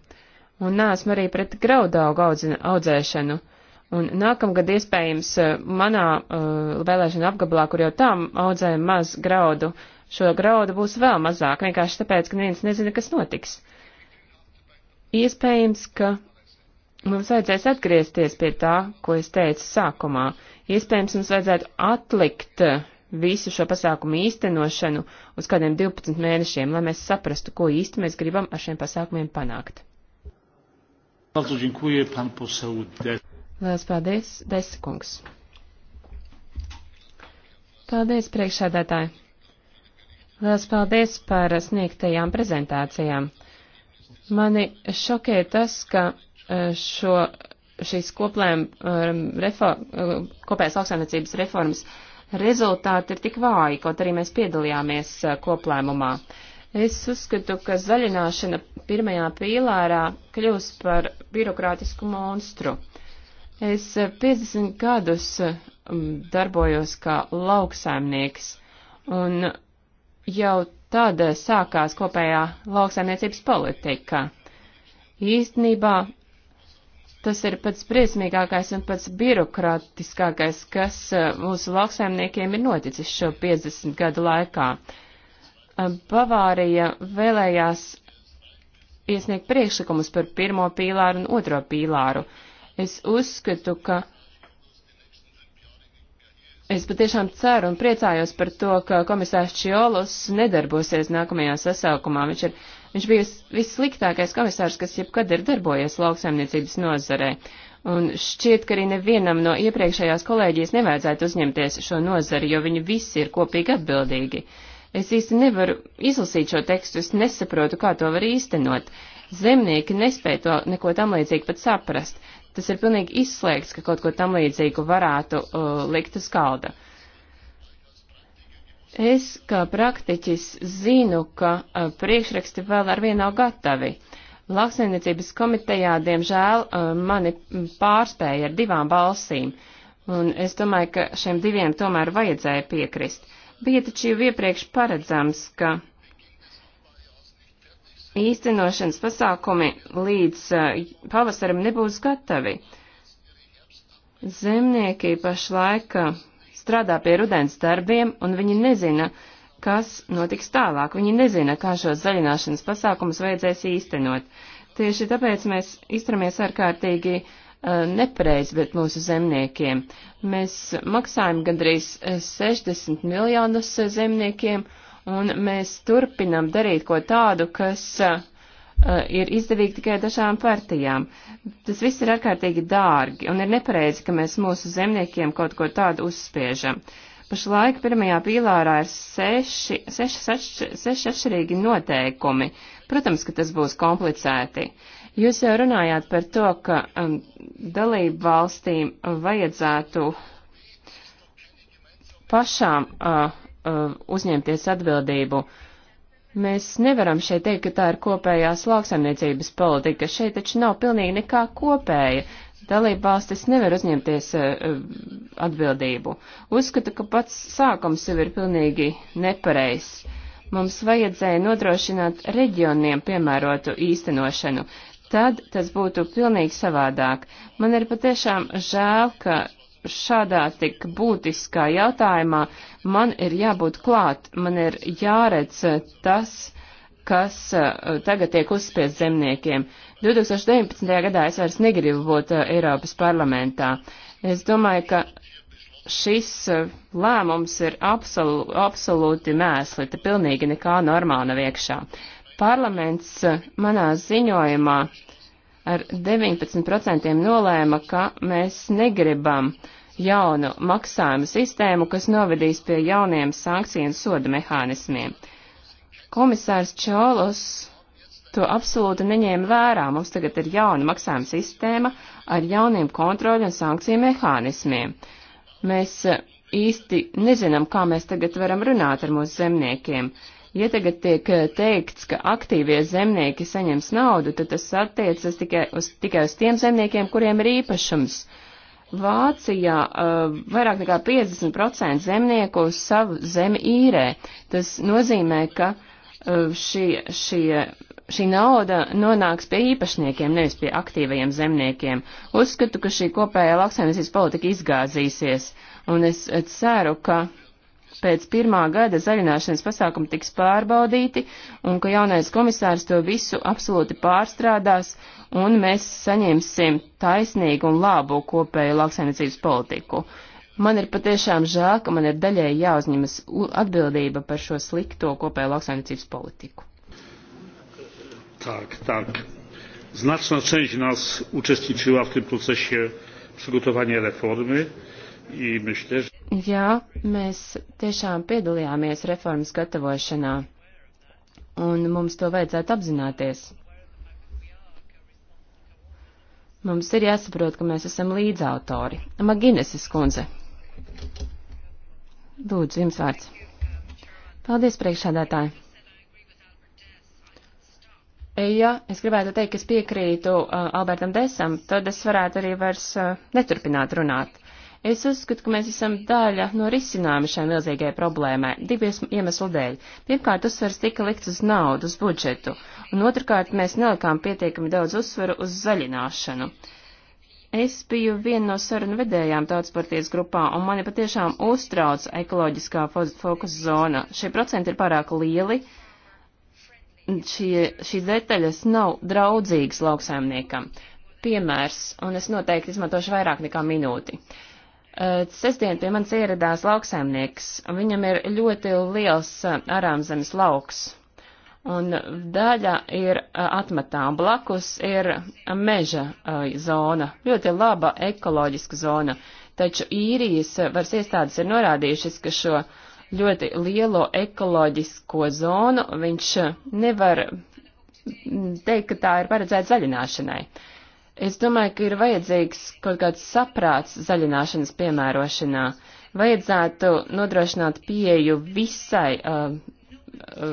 un neesmu arī pret graudaugu audzēšanu. Un nākamgad iespējams eh, manā uh, vēlēšana apgabalā, kur jau tam audzē maz graudu, šo graudu būs vēl mazāk, vienkārši tāpēc, ka neviens nezina, kas notiks. Iespējams, ka mums vajadzēs atgriezties pie tā, ko es teicu sākumā. Iespējams, mums vajadzētu atlikt eh, visu šo pasākumu īstenošanu uz kādiem 12 mēnešiem, lai mēs saprastu, ko īsti mēs gribam ar šiem pasākumiem panākt. Paldies, Lielas paldies, Desikungs. Paldies, priekšsēdētāji. Lielas paldies par sniegtajām prezentācijām. Mani šokē tas, ka e, šo, šīs koplēm, e, refo, e, kopējās lauksaimniecības reformas rezultāti ir tik vāji, kaut arī mēs piedalījāmies koplēmumā. Es uzskatu, ka zaļināšana pirmajā pīlārā kļūs par birokrātisku monstru. Uh, Es 50 gadus mm, darbojos kā lauksaimnieks, un jau tad sākās kopējā lauksaimniecības politika. Īstenībā tas ir pats briesmīgākais un pats birokrātiskākais, kas eh, mūsu lauksaimniekiem ir noticis šo 50 gadu laikā. Eh, Bavārija vēlējās iesniegt priekšlikumus par pirmo pīlāru un otro pīlāru Es uzskatu, ka Es patiešām ceru un priecājos par to, ka komisārs Čiolos nedarbosies nākamajā sasaukumā. Viņš, ir, viņš bija vissliktākais komisārs, kas jebkad ir darbojies lauksaimniecības nozarē. Un šķiet, ka arī nevienam no iepriekšējās kolēģijas nevajadzētu uzņemties šo nozari, jo viņi visi ir kopīgi atbildīgi. Es īsti nevaru izlasīt šo tekstu, es nesaprotu, kā to var īstenot. Zemnieki nespēja to neko tam līdzīgi pat saprast. Tas ir pilnīgi izslēgts, ka kaut ko tam līdzīgu varētu uh, likt uz kalda. Es kā praktiķis zinu, ka uh, priekšraksti vēl ar vienu nav gatavi. Lauksaimniecības komitejā, diemžēl, uh, mani pārspēja ar divām balsīm, un es domāju, ka šiem diviem tomēr vajadzēja piekrist. Bija taču jau iepriekš paredzams, ka uh, īstenošanas pasākumi līdz eh, pavasaram nebūs gatavi. Zemnieki pašlaik eh, strādā pie rudens darbiem, un viņi nezina, kas notiks tālāk. Viņi nezina, kā šos zaļināšanas pasākumus vajadzēs īstenot. Tieši tāpēc mēs izturamies ārkārtīgi eh, nepareizi, bet mūsu zemniekiem. Mēs maksājam gandrīz 60 miljonus zemniekiem, uh, un mēs turpinam darīt ko tādu, kas uh, ir izdevīgi tikai dažām partijām. Tas viss ir ārkārtīgi dārgi, un ir nepareizi, ka mēs mūsu zemniekiem kaut ko tādu uzspiežam. Pašlaik pirmajā pīlārā ir seši, seši, seši, seši atšķirīgi noteikumi. Protams, ka tas būs komplicēti. Jūs jau runājāt par to, ka um, dalību valstīm vajadzētu pašām uh, uh, uzņemties atbildību. Mēs nevaram šeit teikt, ka tā ir kopējās lauksaimniecības politika. Šeit taču nav pilnīgi nekā kopēja. Dalība valstis nevar uzņemties uh, atbildību. Uzskatu, ka pats sākums jau ir pilnīgi nepareizs. Mums vajadzēja nodrošināt reģioniem piemērotu īstenošanu, tad tas būtu pilnīgi savādāk. Man ir patiešām žēl, ka šādā tik būtiskā jautājumā Man ir jābūt klāt, man ir jāredz eh, tas, kas eh, tagad tiek uzspiest zemniekiem. 2019. gadā es vairs negribu būt eh, Eiropas parlamentā. Es domāju, ka šis lēmums ir absolu, absolūti mēsli, te pilnīgi nekā normāla nav iekšā. Parlaments manā ziņojumā ar 19% nolēma, ka mēs negribam uh, jaunu maksājumu sistēmu, kas novedīs pie jauniem sankciju un soda mehānismiem. Komisārs Čolos to absolūti neņēma vērā. Mums tagad ir jauna maksājuma sistēma ar jauniem kontroļu un sankciju mehānismiem. Mēs e, īsti nezinām, kā mēs tagad varam runāt ar mūsu zemniekiem. Ja tagad tiek e, teikts, ka aktīvie zemnieki saņems naudu, tad tas attiecas tikai uz, tikai uz tiem zemniekiem, kuriem ir īpašums. Uh, Vācijā uh, vairāk nekā 50% zemnieku savu zemi īrē. Tas nozīmē, ka uh, šie, šie, šī nauda nonāks pie īpašniekiem, nevis pie aktīvajiem zemniekiem. Uzskatu, ka šī kopējā lauksaimniecības politika izgāzīsies, un es ceru, ka pēc pirmā gada zaļināšanas pasākumi tiks pārbaudīti un ka jaunais komisārs to visu absolūti pārstrādās un mēs saņemsim taisnīgu un labu kopēju lauksaimniecības politiku. Man ir patiešām žēl, ka man ir daļai jāuzņemas atbildība par šo slikto kopēju lauksaimniecības politiku. Tak, tak. Znaczna część nas uczestniczyła w tym procesie przygotowania reformy i myślę, że Jā, mēs tiešām piedalījāmies reformas gatavošanā, un mums to vajadzētu apzināties. Mums ir jāsaprot, ka mēs esam līdzautori. Magineses kundze. Lūdzu, jums vārds. Paldies, priekšādātāji. Ja es gribētu teikt, ka es piekrītu uh, Albertam Desam, tad es varētu arī vairs uh, neturpināt runāt. Es uzskatu, ka mēs esam daļa no risinājuma šai milzīgai problēmai, divu iemeslu dēļ. Pirmkārt, uzsvers tika likts uz naudu, uz budžetu, un otrkārt, mēs nelikām pietiekami daudz uzsveru uz zaļināšanu. Es biju viena no sarunu vedējām tautspartijas grupā, un mani patiešām uztrauc ekoloģiskā fokus zona. Šie procenti ir pārāk lieli, šie, šīs detaļas nav draudzīgas lauksaimniekam. Piemērs, un es noteikti izmantošu vairāk nekā minūti. Uh, Sestdien pie manis ieradās lauksaimnieks, un viņam ir ļoti liels arāmzemes lauks, un daļa ir atmetā, un blakus ir meža zona, ļoti laba ekoloģiska zona, taču īrijas varas iestādes ir norādījušas, ka šo ļoti lielo ekoloģisko zonu viņš nevar teikt, ka tā ir paredzēta zaļināšanai. Uh, Es domāju, ka ir vajadzīgs kaut kāds saprāts zaļināšanas piemērošanā. Vajadzētu nodrošināt pieju visai uh, uh,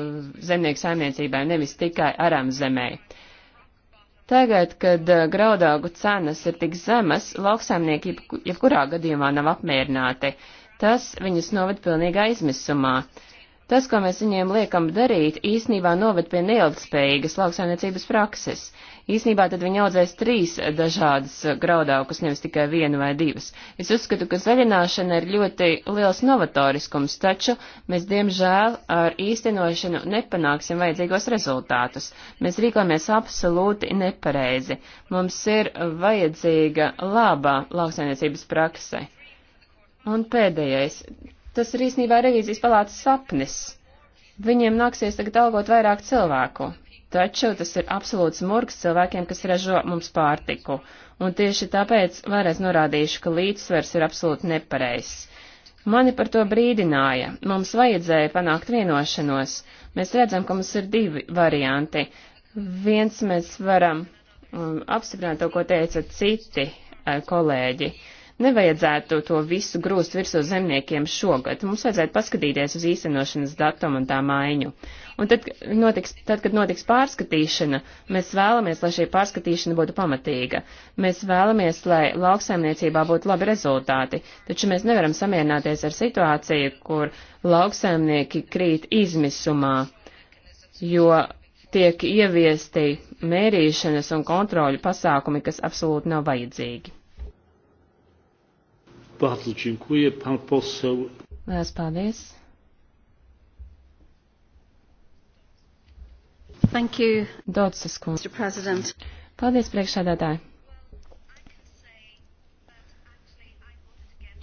zemnieku saimniecībai, nevis tikai aram zemē. Tagad, kad uh, graudaugu cenas ir tik zemas, lauksaimnieki jebkurā gadījumā nav apmierināti. Tas viņus noved pilnīgā izmisumā. Tas, ko mēs viņiem liekam darīt, īsnībā noved pie neilgtspējīgas lauksaimniecības prakses. Uh, īsnībā tad viņi audzēs trīs dažādas eh, graudaukas, nevis tikai vienu vai divas. Es uzskatu, ka zaļināšana ir ļoti liels novatoriskums, taču mēs diemžēl ar īstenošanu nepanāksim vajadzīgos rezultātus. Mēs rīkojamies absolūti nepareizi. Mums ir vajadzīga labā lauksainiecības prakse. Un pēdējais. Tas ir īsnībā revīzijas palātas sapnis. Viņiem nāksies tagad algot vairāk cilvēku taču tas ir absolūts murgs cilvēkiem, kas ražo mums pārtiku. Un tieši tāpēc vēlreiz norādīšu, ka līdzsvers ir absolūti nepareizs. Mani par to brīdināja. Mums vajadzēja panākt vienošanos. Mēs redzam, ka mums ir divi varianti. Viens mēs varam um, apstiprināt to, ko teica citi uh, kolēģi. Uh, Nevajadzētu to visu grūst virsū zemniekiem šogad. Mums vajadzētu paskatīties uz īstenošanas datumu un tā maiņu. Un tad, notiks, tad, kad notiks pārskatīšana, mēs vēlamies, lai šī pārskatīšana būtu pamatīga. Mēs vēlamies, lai lauksaimniecībā būtu labi rezultāti, taču mēs nevaram samierināties ar situāciju, kur lauksaimnieki krīt izmisumā, jo tiek ieviesti mērīšanas un kontroļu pasākumi, kas absolūti nav vajadzīgi. Bardzo dziękuję. Pan poseł. Lielas paldies. Thank you. Dodsas kundze. Paldies, priekšsēdētāji.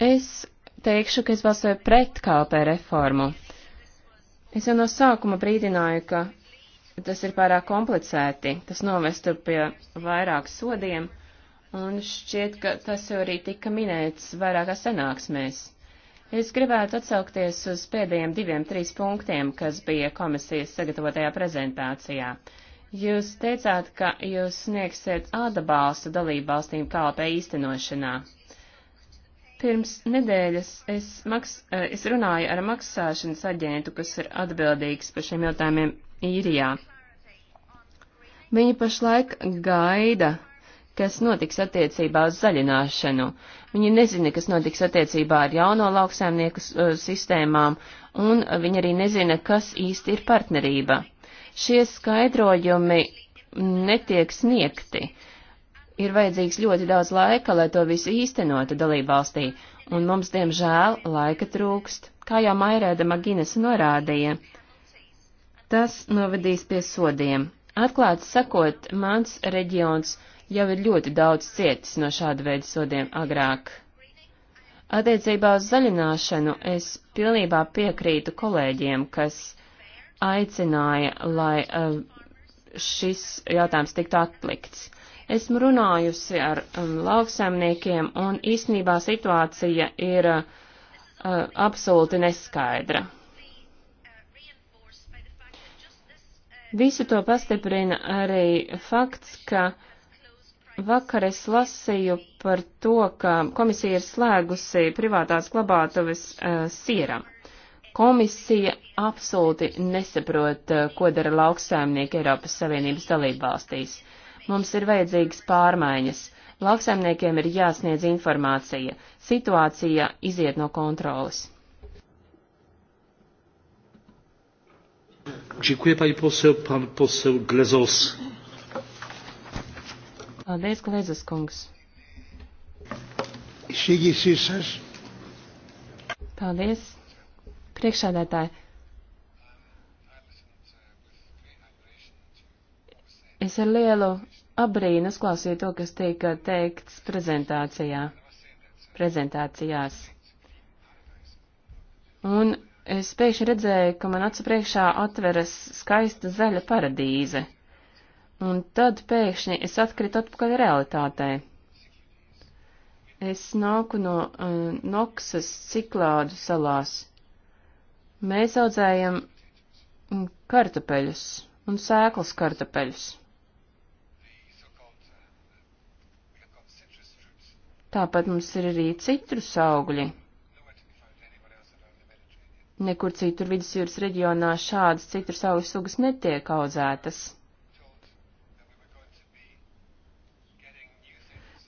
Es teikšu, ka es balsoju pret KLP reformu. Es jau no sākuma brīdināju, ka tas ir pārāk komplicēti. Tas novestu pie vairāk sodiem un šķiet, ka tas jau arī tika minēts vairākās sanāksmēs. Es gribētu atsaukties uz pēdējiem diviem, trīs punktiem, kas bija komisijas sagatavotajā prezentācijā. Jūs teicāt, ka jūs sniegsiet atbalstu dalību valstīm KLP īstenošanā. Pirms nedēļas es, maks, eh, es runāju ar maksāšanas aģentu, kas ir atbildīgs par šiem jautājumiem īrijā. Viņi pašlaik gaida kas notiks attiecībā uz zaļināšanu. Viņi nezina, kas notiks attiecībā ar jauno lauksaimnieku uh, sistēmām, un viņi arī nezina, kas īsti ir partnerība. Šie skaidrojumi netiek sniegti. Ir vajadzīgs ļoti daudz laika, lai to visu īstenotu dalībvalstī, un mums, diemžēl, laika trūkst, kā jau Mairēda Magines norādīja. Tas novedīs pie sodiem. Atklāts sakot, mans reģions jau ir ļoti daudz cietis no šāda veida sodiem agrāk. Attiecībā uz zaļināšanu es pilnībā piekrītu kolēģiem, kas aicināja, lai uh, šis jautājums tiktu atlikts. Esmu runājusi ar um, lauksaimniekiem, un īsnībā situācija ir uh, absolūti neskaidra. Visu to pastiprina arī fakts, ka uh, Vakar es lasīju par to, ka komisija ir slēgusi privātās glabātuves uh, sieram. Komisija absolūti nesaprot, uh, ko dara lauksaimnieki Eiropas Savienības dalībvalstīs. Mums ir vajadzīgas pārmaiņas. Lauksaimniekiem ir jāsniedz informācija. Situācija iziet no kontrolas. Dziękuję pani poseł, pan poseł Glezos. Paldies, Glezas kungs. Paldies, priekšādētāji. Es ar lielu abrīnu uzklausīju to, kas tika teikts prezentācijā, prezentācijās. Un es pēkšņi redzēju, ka man acu priekšā atveras skaista zaļa paradīze. Un tad pēkšņi es atkritu atpakaļ realitātē. Es nāku no uh, Noksas ciklādu salās. Mēs audzējam mm, kartupeļus un sēklas kartupeļus. Tāpat mums ir arī citrus augļi. Nekur citur vidusjūras reģionā šādas citrus augļu sugas netiek audzētas.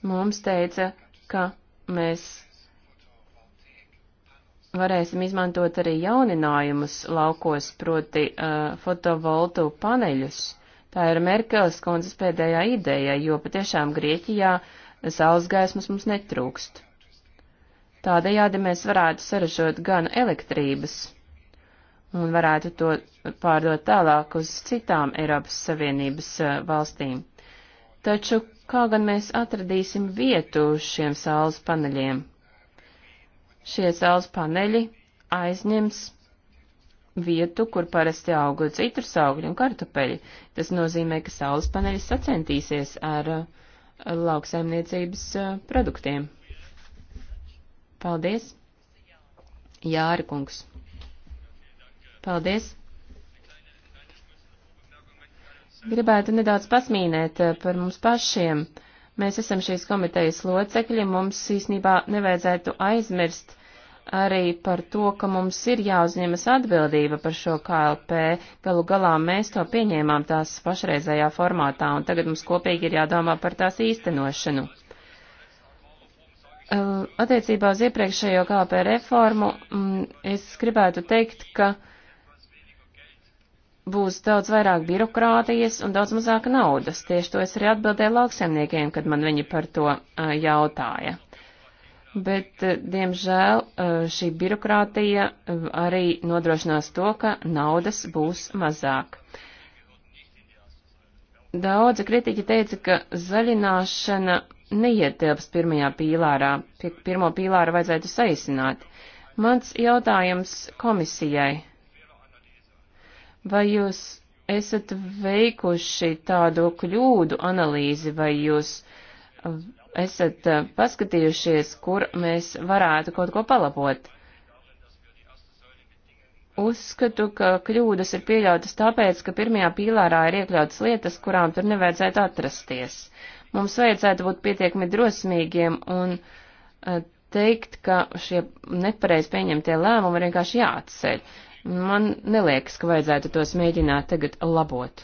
mums teica, ka mēs varēsim izmantot arī jauninājumus laukos, proti uh, fotovoltu paneļus. Tā ir Merkeles kundzes pēdējā ideja, jo patiešām Grieķijā saules gaismas mums netrūkst. Tādējādi mēs varētu saražot gan elektrības un varētu to pārdot tālāk uz citām Eiropas Savienības uh, valstīm. Taču Kā gan mēs atradīsim vietu šiem saules paneļiem? Šie saules paneļi aizņems vietu, kur parasti auga citrus augļi un kartupeļi. Tas nozīmē, ka saules paneļi sacentīsies ar lauksaimniecības produktiem. Paldies! Jāri kungs. Paldies! Gribētu nedaudz pasmīnēt eh, par mums pašiem. Mēs esam šīs komitejas locekļi, mums īsnībā nevajadzētu aizmirst arī par to, ka mums ir jāuzņemas atbildība par šo KLP. Galu galā mēs to pieņēmām tās pašreizējā formātā, un tagad mums kopīgi ir jādomā par tās īstenošanu. Eh, attiecībā uz iepriekšējo KLP reformu mm, es gribētu teikt, ka būs daudz vairāk birokrātijas un daudz mazāk naudas. Tieši to es arī atbildēju lauksaimniekiem, kad man viņi par to uh, jautāja. Bet, uh, diemžēl, uh, šī birokrātija uh, arī nodrošinās to, ka naudas būs mazāk. Daudzi kritiķi teica, ka zaļināšana neietilps pirmajā pīlārā. Pirmo pīlāru vajadzētu saīsināt. Mans jautājums komisijai Vai jūs esat veikuši tādu kļūdu analīzi, vai jūs uh, esat uh, paskatījušies, kur mēs varētu kaut ko palabot? Uzskatu, ka kļūdas ir pieļautas tāpēc, ka pirmajā pīlārā ir iekļautas lietas, kurām tur nevajadzētu atrasties. Mums vajadzētu būt pietiekami drosmīgiem un uh, teikt, ka šie nepareiz pieņemtie lēmumi ir vienkārši jāatceļ. Man neliekas, ka vajadzētu tos mēģināt tagad labot.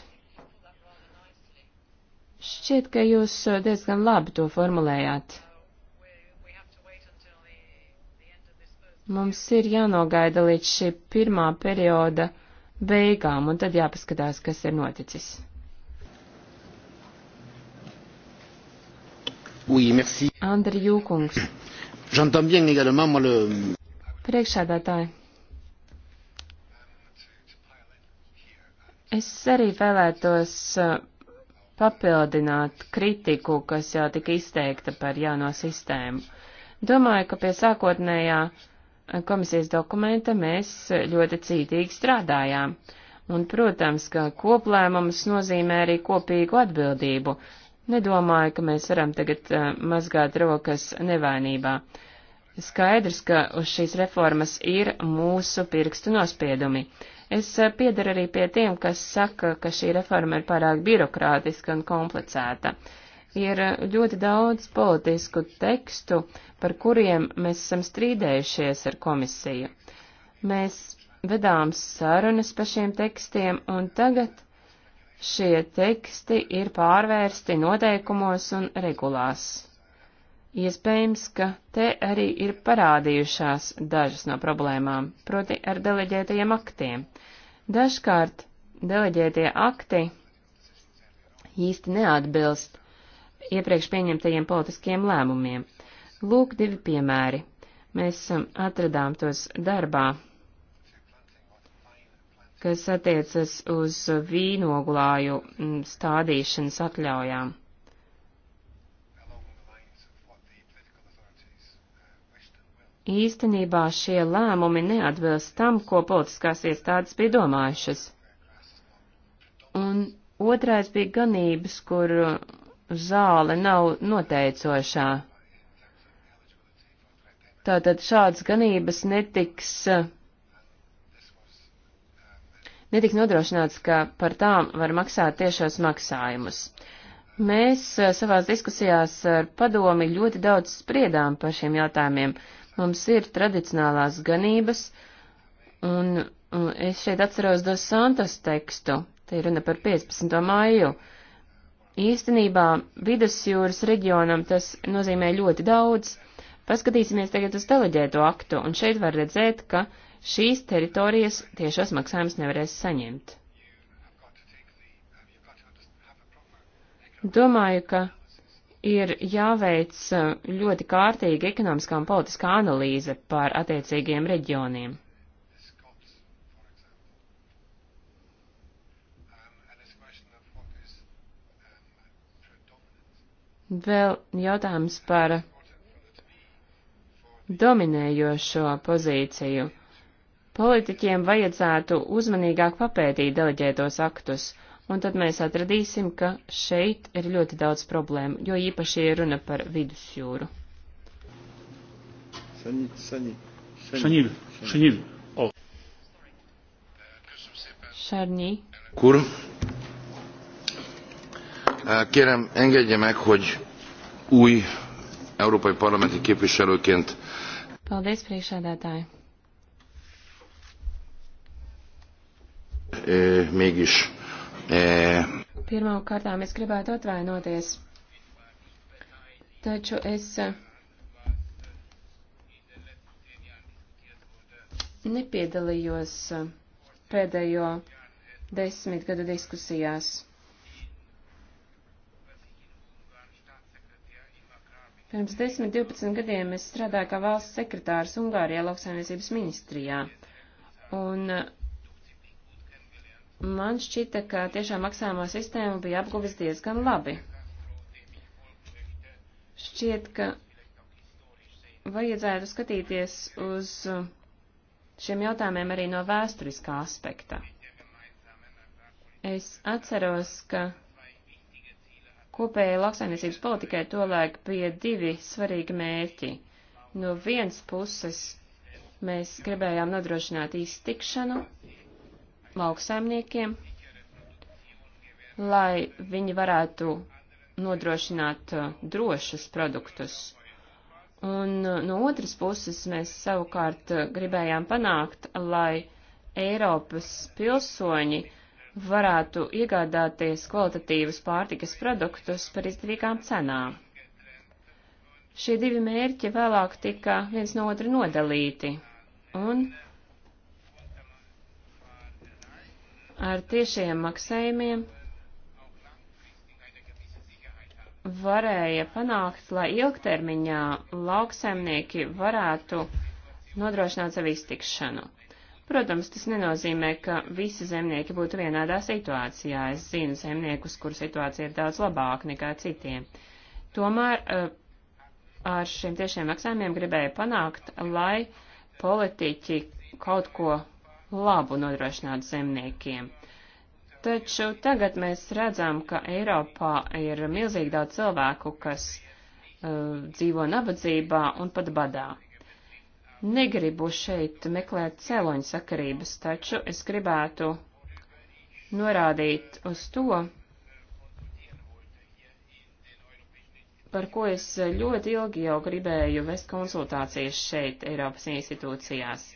Šķiet, ka jūs eh, diezgan labi to formulējāt. Mums ir jānogaida līdz šī pirmā perioda beigām, un tad jāpaskatās, kas ir noticis. Oui, merci. Andri Jūkungs. J'entends bien également, moi, le... Priekšsēdētāji. Es arī vēlētos uh, papildināt kritiku, kas jau tika izteikta par jauno sistēmu. Domāju, ka pie sākotnējā uh, komisijas dokumenta mēs ļoti cītīgi strādājām. Un, protams, ka koplēmums nozīmē arī kopīgu atbildību. Nedomāju, ka mēs varam tagad uh, mazgāt rokas nevainībā. Skaidrs, ka uz šīs reformas ir mūsu pirkstu nospiedumi. Es eh, piedaru arī pie tiem, kas saka, ka šī reforma ir pārāk birokrātiska un komplicēta. Ir eh, ļoti daudz politisku tekstu, par kuriem mēs esam strīdējušies ar komisiju. Mēs vedām sarunas par šiem tekstiem, un tagad šie teksti ir pārvērsti noteikumos un regulās. Iespējams, ka te arī ir parādījušās dažas no problēmām, proti ar deleģētajiem aktiem. Dažkārt deleģētie akti īsti neatbilst iepriekš pieņemtajiem politiskiem lēmumiem. Lūk, divi piemēri. Mēs um, atradām tos darbā, kas attiecas uz vīnoglāju mm, stādīšanas atļaujām. Īstenībā šie lēmumi neatbilst tam, ko politiskās iestādes bija domājušas. Un otrais bija ganības, kur zāle nav noteicošā. Tātad šādas ganības netiks, netiks nodrošināts, ka par tām var maksāt tiešos maksājumus. Mēs eh, savās diskusijās ar padomi ļoti daudz spriedām par šiem jautājumiem. Uh, Mums ir tradicionālās ganības, un, un es šeit atceros dos Santos tekstu, te ir runa par 15. maiju. Īstenībā vidusjūras reģionam tas nozīmē ļoti daudz. Paskatīsimies tagad uz teleģēto aktu, un šeit var redzēt, ka šīs teritorijas tiešos maksājums nevarēs saņemt. Domāju, ka ir jāveic eh, ļoti kārtīga ekonomiskā un politiskā analīze par attiecīgiem reģioniem. Vēl jautājums par dominējošo pozīciju. Politiķiem vajadzētu uzmanīgāk papētīt deleģētos aktus un tad mēs atradīsim, ka šeit ir ļoti daudz problēmu, jo īpaši ir runa par vidusjūru. Oh. Sarnyi. Kur? Kérem, engedje meg, hogy új európai parlamenti képviselőként. Paldies, priekšādātāji. Mégis E, Pirmām kārtām es gribētu atvainoties, taču es e, nepiedalījos e, pēdējo desmit gadu diskusijās. Pirms 10-12 gadiem es strādāju kā valsts sekretārs Ungārijā lauksaimniecības ministrijā, un Man šķita, ka tiešām maksājumā sistēma bija apguvis diezgan labi. Šķiet, ka vajadzētu skatīties uz šiem jautājumiem arī no vēsturiskā aspekta. Es atceros, ka kopējai lauksainiecības politikai tolēk bija divi svarīgi mērķi. No vienas puses mēs gribējām nodrošināt iztikšanu, lauksaimniekiem, lai viņi varētu nodrošināt uh, drošus produktus. Un uh, no otras puses mēs savukārt uh, gribējām panākt, lai Eiropas pilsoņi varētu iegādāties kvalitatīvus pārtikas produktus par izdevīgām cenām. Šie divi mērķi vēlāk tika viens no otra nodalīti, un ar tiešajiem maksājumiem varēja panākt, lai ilgtermiņā lauksaimnieki varētu nodrošināt savu iztikšanu. Protams, tas nenozīmē, ka visi zemnieki būtu vienādā situācijā. Es zinu zemniekus, kur situācija ir daudz labāka nekā citiem. Tomēr eh, ar šiem tiešiem maksājumiem gribēja panākt, lai politiķi kaut ko labu nodrošināt zemniekiem. Taču tagad mēs redzam, ka Eiropā ir milzīgi daudz cilvēku, kas uh, dzīvo nabadzībā un pat badā. Negribu šeit meklēt cēloņu sakarības, taču es gribētu norādīt uz to, par ko es ļoti ilgi jau gribēju vest konsultācijas šeit Eiropas institūcijās.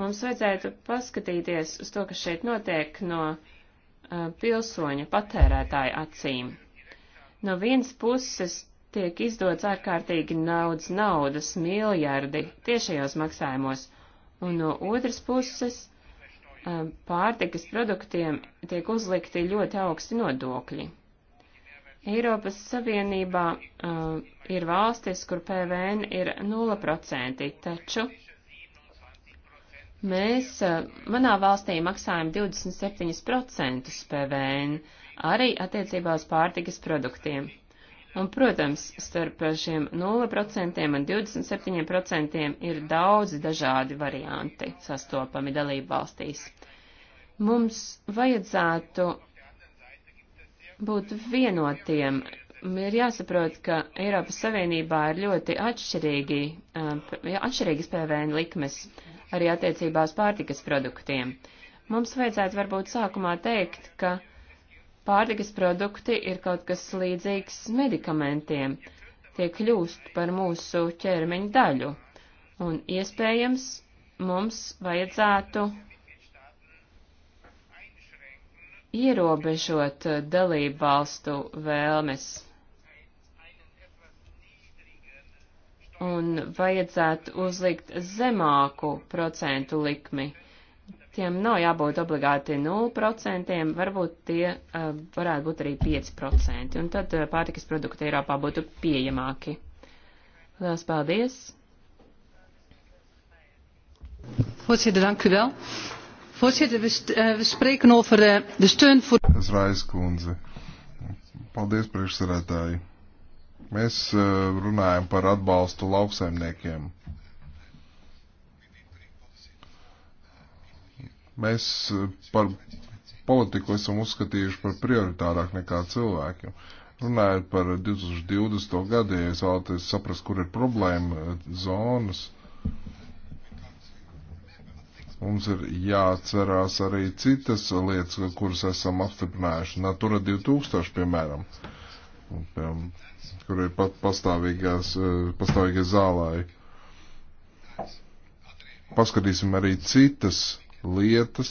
Mums vajadzētu paskatīties uz to, kas šeit notiek no uh, pilsoņa patērētāja acīm. No vienas puses tiek izdots ārkārtīgi naudas naudas miljardi tiešajos maksājumos, un no otras puses pārtikas produktiem tiek uzlikti ļoti augsti nodokļi. Eiropas Savienībā uh, ir valstis, kur PVN ir 0%, taču Mēs eh, manā valstī maksājam 27% PVN arī attiecībā uz pārtikas produktiem. Un, protams, starp šiem 0% un 27% ir daudzi dažādi varianti sastopami dalību valstīs. Mums vajadzētu būt vienotiem. Ir jāsaprot, ka Eiropas Savienībā ir ļoti atšķirīgi, eh, atšķirīgas PVN likmes arī attiecībā uz pārtikas produktiem. Mums vajadzētu varbūt sākumā teikt, ka pārtikas produkti ir kaut kas līdzīgs medikamentiem, tie kļūst par mūsu ķermeņa daļu, un iespējams mums vajadzētu ierobežot dalību valstu vēlmes un vajadzētu uzlikt zemāku procentu likmi. Tiem nav jābūt obligāti 0%, varbūt tie uh, varētu būt arī 5%, un tad uh, pārtikas produkti Eiropā būtu pieejamāki. Lielas paldies! Voorzitter, dank u wel. Voorzitter, we, st uh, we spreken over uh, de steun voor. Zraiskundze. Paldies, priekšsarētāji. Mēs eh, runājam par atbalstu lauksaimniekiem. Mēs eh, par politiku esam uzskatījuši par prioritārāk nekā cilvēkiem. Runājot par 2020. gadu, ja es vēlaties saprast, kur ir problēma eh, zonas, mums ir jāatcerās arī citas lietas, kuras esam apstiprinājuši. Natura 2000, piemēram. piemēram kur ir pat pastāvīgās, eh, pastāvīgie zālāji. Paskatīsim arī citas lietas,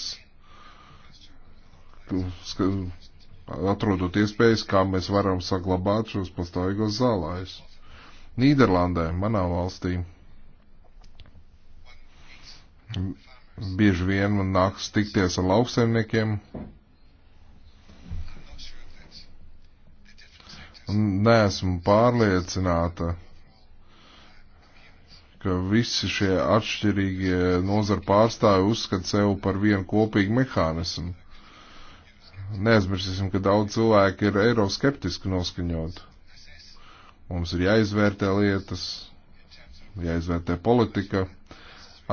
atrodot iespējas, kā mēs varam saglabāt šos pastāvīgos zālājus. Nīderlandē, manā valstī, bieži vien man nāks tikties ar lauksaimniekiem, neesmu pārliecināta, ka visi šie atšķirīgie nozara pārstāvi uzskata sev par vienu kopīgu mehānismu. Neaizmirsīsim, ka daudz cilvēku ir eiroskeptiski noskaņot. Mums ir jāizvērtē lietas, jāizvērtē politika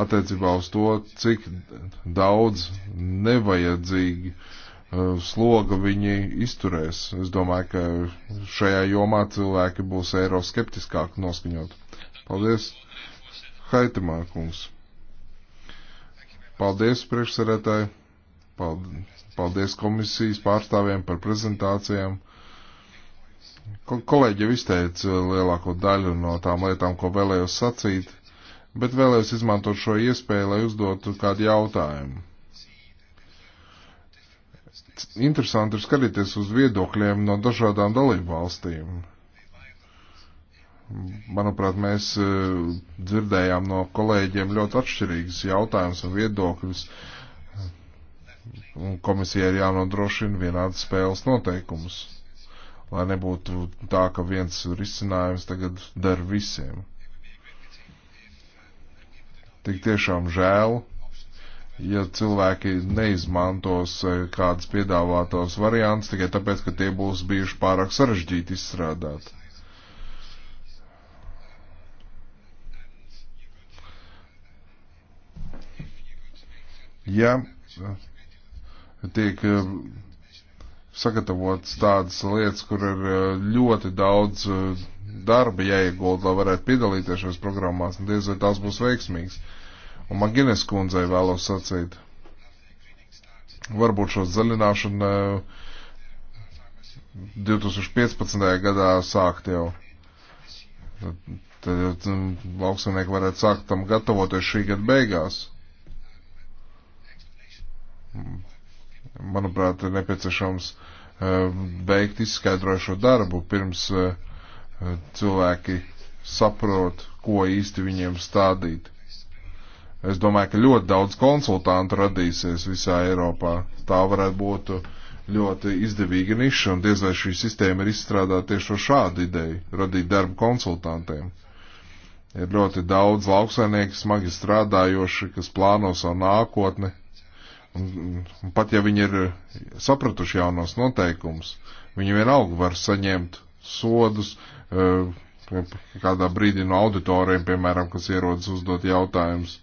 attiecībā uz to, cik daudz nevajadzīgi uh, Eh, sloga viņi izturēs. Es domāju, ka šajā jomā cilvēki būs eiroskeptiskāk noskaņot. Paldies, Haitamā kungs. Paldies, priekšsarētāji. Paldies komisijas pārstāvjiem par prezentācijām. Ko, kolēģi jau izteica lielāko daļu no tām lietām, ko vēlējos sacīt, bet vēlējos izmantot šo iespēju, lai uzdotu kādu jautājumu interesanti ir skatīties uz viedokļiem no dažādām dalībvalstīm. Manuprāt, mēs e, dzirdējām no kolēģiem ļoti atšķirīgas jautājumas un viedokļus. Komisijai ir jānodrošina vienādas spēles noteikumus, lai nebūtu tā, ka viens risinājums tagad der visiem. Tik tiešām žēl, ja cilvēki neizmantos e, kādas piedāvātos variants tikai tāpēc, ka tie būs bijuši pārāk sarežģīti izstrādāt. Ja e, tiek e, sagatavotas tādas lietas, kur ir ļoti daudz darba jāiegulda, lai varētu piedalīties šajās programmās, un diez vai tās būs veiksmīgas. Un Magines kundzei vēlos sacīt, varbūt šo zaļināšanu 2015. Eh, gadā sākt jau. Tad mm, lauksaimnieki varētu sākt tam gatavoties šī gada beigās. Mm. Manuprāt, ir nepieciešams veikt eh, izskaidrojušo darbu pirms eh, cilvēki saprot, ko īsti viņiem stādīt Es domāju, ka ļoti daudz konsultantu radīsies visā Eiropā. Tā varētu būt ļoti izdevīga niša, un diez vai šī sistēma ir izstrādāta tieši ar šādu ideju - radīt darbu konsultantiem. Ir ļoti daudz lauksaimnieku, smagi strādājoši, kas plāno savu nākotni. Un, un pat ja viņi ir sapratuši jaunos noteikumus, viņi vienalga var saņemt sodus, eh, kādā brīdī no auditoriem, piemēram, kas ierodas uzdot jautājumus.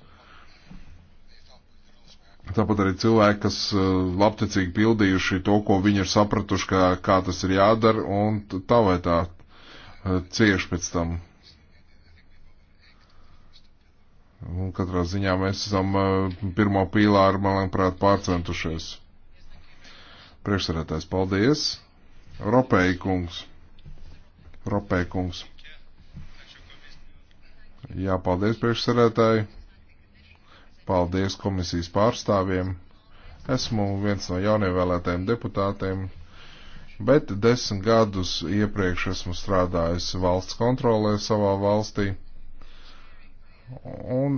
Tāpat arī cilvēki, kas eh, labticīgi pildījuši to, ko viņi ir sapratuši, kā, kā tas ir jādara, un tā vai tā eh, cieši pēc tam. Un katrā ziņā mēs esam eh, pirmo pīlāru, manuprāt, pārcentušies. Priekšsarētājs, paldies! Ropēji kungs! Ropēji kungs! Jā, paldies priekšsarētāji! Paldies komisijas pārstāvjiem. Esmu viens no jaunievēlētajiem deputātiem, bet desmit gadus iepriekš esmu strādājis valsts kontrolē savā valstī. Un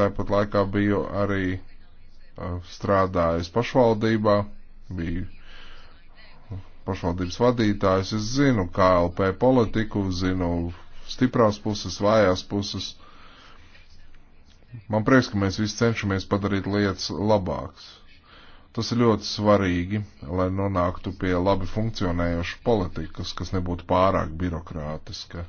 tāpat laikā biju arī strādājis pašvaldībā, biju pašvaldības vadītājs. Es zinu KLP politiku, zinu stiprās puses, vājās puses Man prieks, ka mēs visi cenšamies padarīt lietas labākas. Tas ir ļoti svarīgi, lai nonāktu pie labi funkcionējošas politikas, kas nebūtu pārāk birokrātiska.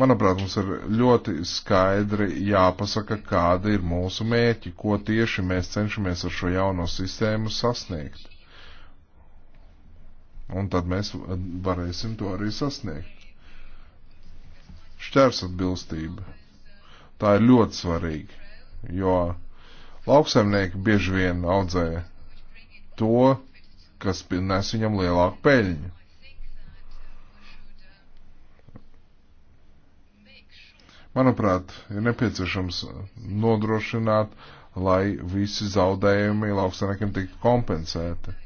Manuprāt, mums ir ļoti skaidri jāpasaka, kāda ir mūsu mērķi, ko tieši mēs cenšamies ar šo jauno sistēmu sasniegt. Un tad mēs varēsim to arī sasniegt. Šķērs atbilstība Tā ir ļoti svarīga, jo lauksaimnieki bieži vien audzē to, kas nes viņam lielāku peļņu. Manuprāt, ir nepieciešams nodrošināt, lai visi zaudējumi lauksaimniekiem tiktu kompensēti.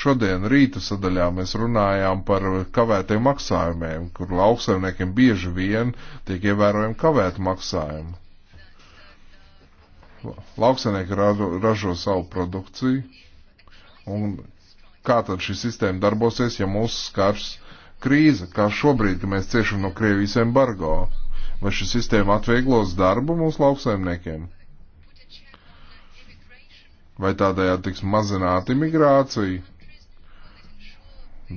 Šodien rīta sadaļā mēs runājām par kavētiem maksājumiem, kur lauksaimniekiem bieži vien tiek ievērojami kavēt maksājumi. Lauksaimnieki ražo savu produkciju, un kā tad šī sistēma darbosies, ja mūs skars krīze, kā šobrīd, kad mēs ciešam no Krievijas embargo? Vai šī sistēma atvieglos darbu mūsu lauksaimniekiem? Vai tādējādi tiks mazināta imigrācija?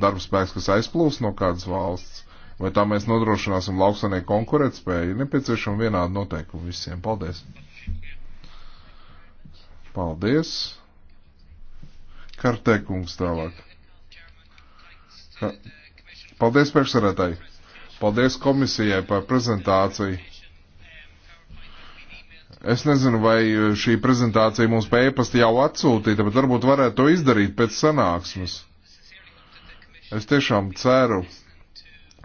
darbspēks, kas aizplūst no kādas valsts, vai tā mēs nodrošināsim lauksanieku konkurētspēju, ir nepieciešama vienāda noteikuma visiem. Paldies! Paldies! Kartē kungs tālāk. Paldies priekšsarētāji! Paldies komisijai par prezentāciju! Es nezinu, vai šī prezentācija mums pa e-pasta jau atsūtīta, bet varbūt varētu to izdarīt pēc sanāksmes. Es tiešām ceru,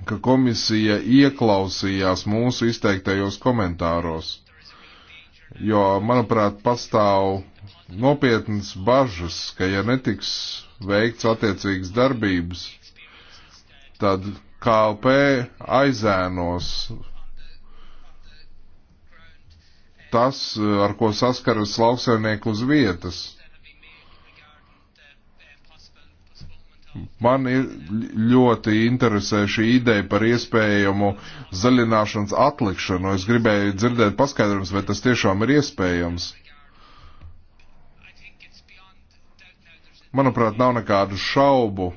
ka komisija ieklausījās mūsu izteiktajos komentāros, jo, manuprāt, pastāv nopietnas bažas, ka ja netiks veikts attiecīgas darbības, tad KLP aizēnos tas, ar ko saskaras lauksaimnieku uz vietas. Man ir ļoti interesē šī ideja par iespējamu zaļināšanas atlikšanu. Es gribēju dzirdēt paskaidrums, vai tas tiešām ir iespējams. Manuprāt, nav nekādu šaubu,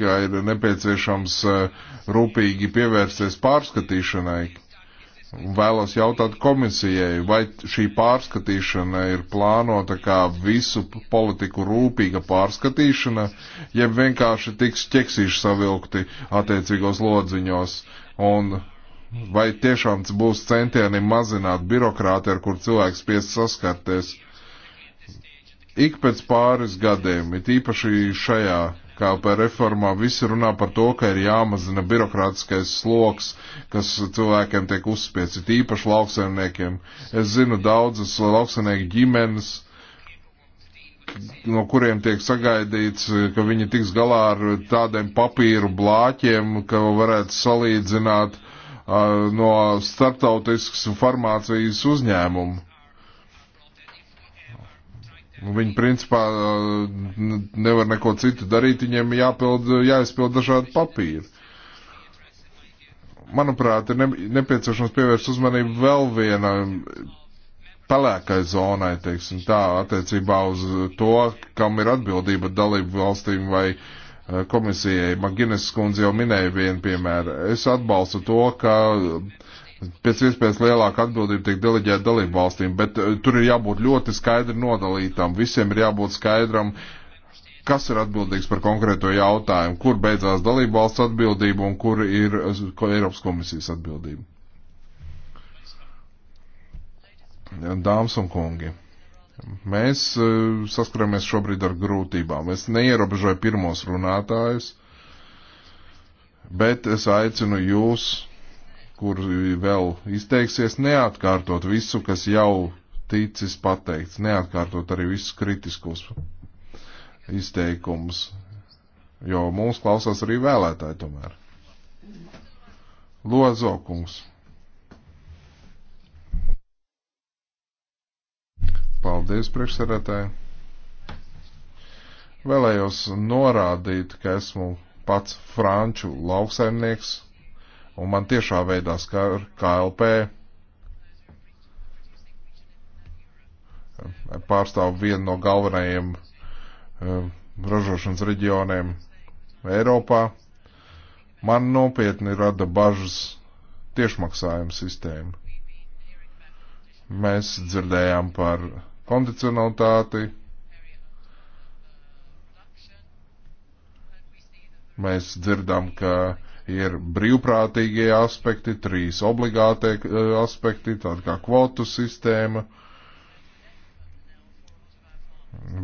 ka ir nepieciešams eh, rūpīgi pievērsties pārskatīšanai Vēlos jautāt komisijai, vai šī pārskatīšana ir plānota kā visu politiku rūpīga pārskatīšana, ja vienkārši tiks ķeksīši savilkti attiecīgos lodziņos, un vai tiešām būs centieni mazināt birokrāti, ar kur cilvēks spiest saskarties ik pēc pāris gadiem, it īpaši šajā KLP reformā visi runā par to, ka ir jāmazina birokrātiskais sloks, kas cilvēkiem tiek uzspiesti, tīpaši lauksaimniekiem. Es zinu daudzas lauksaimnieku ģimenes, no kuriem tiek sagaidīts, ka viņi tiks galā ar tādiem papīru blāķiem, ka varētu salīdzināt uh, no starptautiskas farmācijas uzņēmumu Viņi principā nevar neko citu darīt, viņiem jāpild, jāizpild dažādi papīri. Manuprāt, ir nepieciešams pievērst uzmanību vēl vienam pelēkai zonai, teiksim tā, attiecībā uz to, kam ir atbildība dalību valstīm vai eh, komisijai. Maginas skundze jau minēja vienu piemēru. Es atbalstu to, ka uh, pēc iespējas lielāka atbildība tiek deleģēta dalību valstīm, bet eh, tur ir jābūt ļoti skaidri nodalītām. Visiem ir jābūt skaidram, kas ir atbildīgs par konkrēto jautājumu, kur beidzās dalību valsts atbildība un kur ir eh, Eiropas komisijas atbildība. Dāmas un kungi. Mēs eh, saskaramies šobrīd ar grūtībām. Es neierobežoju pirmos runātājus, bet es aicinu jūs kur vēl izteiksies, neatkārtot visu, kas jau ticis pateikts, neatkārtot arī visus kritiskus izteikumus, jo mūs klausās arī vēlētāji tomēr. Lozokungs. Paldies, priekšsarētāji. Vēlējos norādīt, ka esmu pats franču lauksaimnieks, un man tiešā veidā skar KLP. Pārstāv vienu no galvenajiem um, ražošanas reģioniem Eiropā. Man nopietni rada bažas tiešmaksājuma sistēma. Mēs dzirdējām par kondicionalitāti. Mēs dzirdam, ka uh, ir brīvprātīgie aspekti, trīs obligātie e, aspekti, tādi kā kvotu sistēma.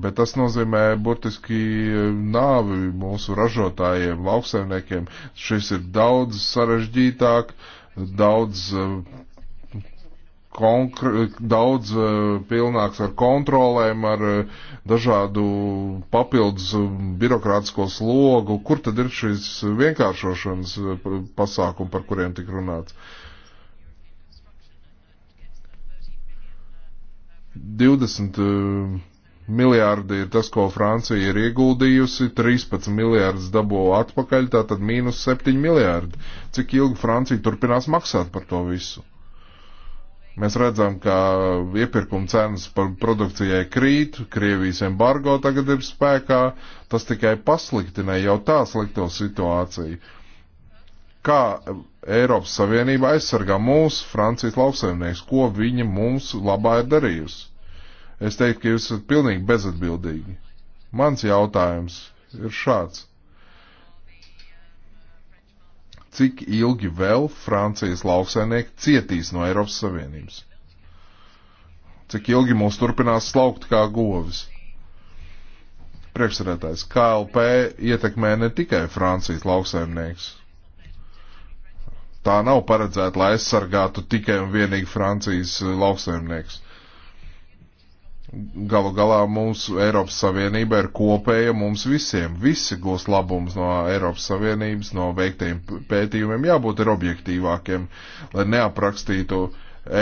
Bet tas nozīmē burtiski e, nāvi mūsu ražotājiem, lauksaimniekiem. Šis ir daudz sarežģītāk, daudz e, daudz eh, pilnāks ar kontrolēm, ar eh, dažādu papildus eh, birokrātisko slogu. Kur tad ir šīs vienkāršošanas pasākumi, par kuriem tik runāts? 20 miljārdi ir tas, ko Francija ir ieguldījusi, 13 miljārdus dabū atpakaļ, tātad mīnus 7 miljārdi. Cik ilgi Francija turpinās maksāt par to visu? Mēs redzam, ka iepirkuma cenas par produkcijai krīt, Krievijas embargo tagad ir spēkā, tas tikai pasliktina jau tā slikto situāciju. Kā Eiropas Savienība aizsargā mūsu Francijas lauksaimnieks, ko viņa mums labā ir darījusi? Es teiktu, ka jūs esat pilnīgi bezatbildīgi. Mans jautājums ir šāds cik ilgi vēl Francijas lauksainieki cietīs no Eiropas Savienības. Cik ilgi mūs turpinās slaukt kā govis. Priekšsarētājs KLP ietekmē ne tikai Francijas lauksaimnieks. Tā nav paredzēta, lai aizsargātu tikai un vienīgi Francijas lauksaimnieks. Uh, Galu galā mūsu Eiropas Savienība ir kopēja mums visiem. Visi gūs labumus no Eiropas Savienības, no veiktajiem pētījumiem, jābūt ir objektīvākiem, lai neaprakstītu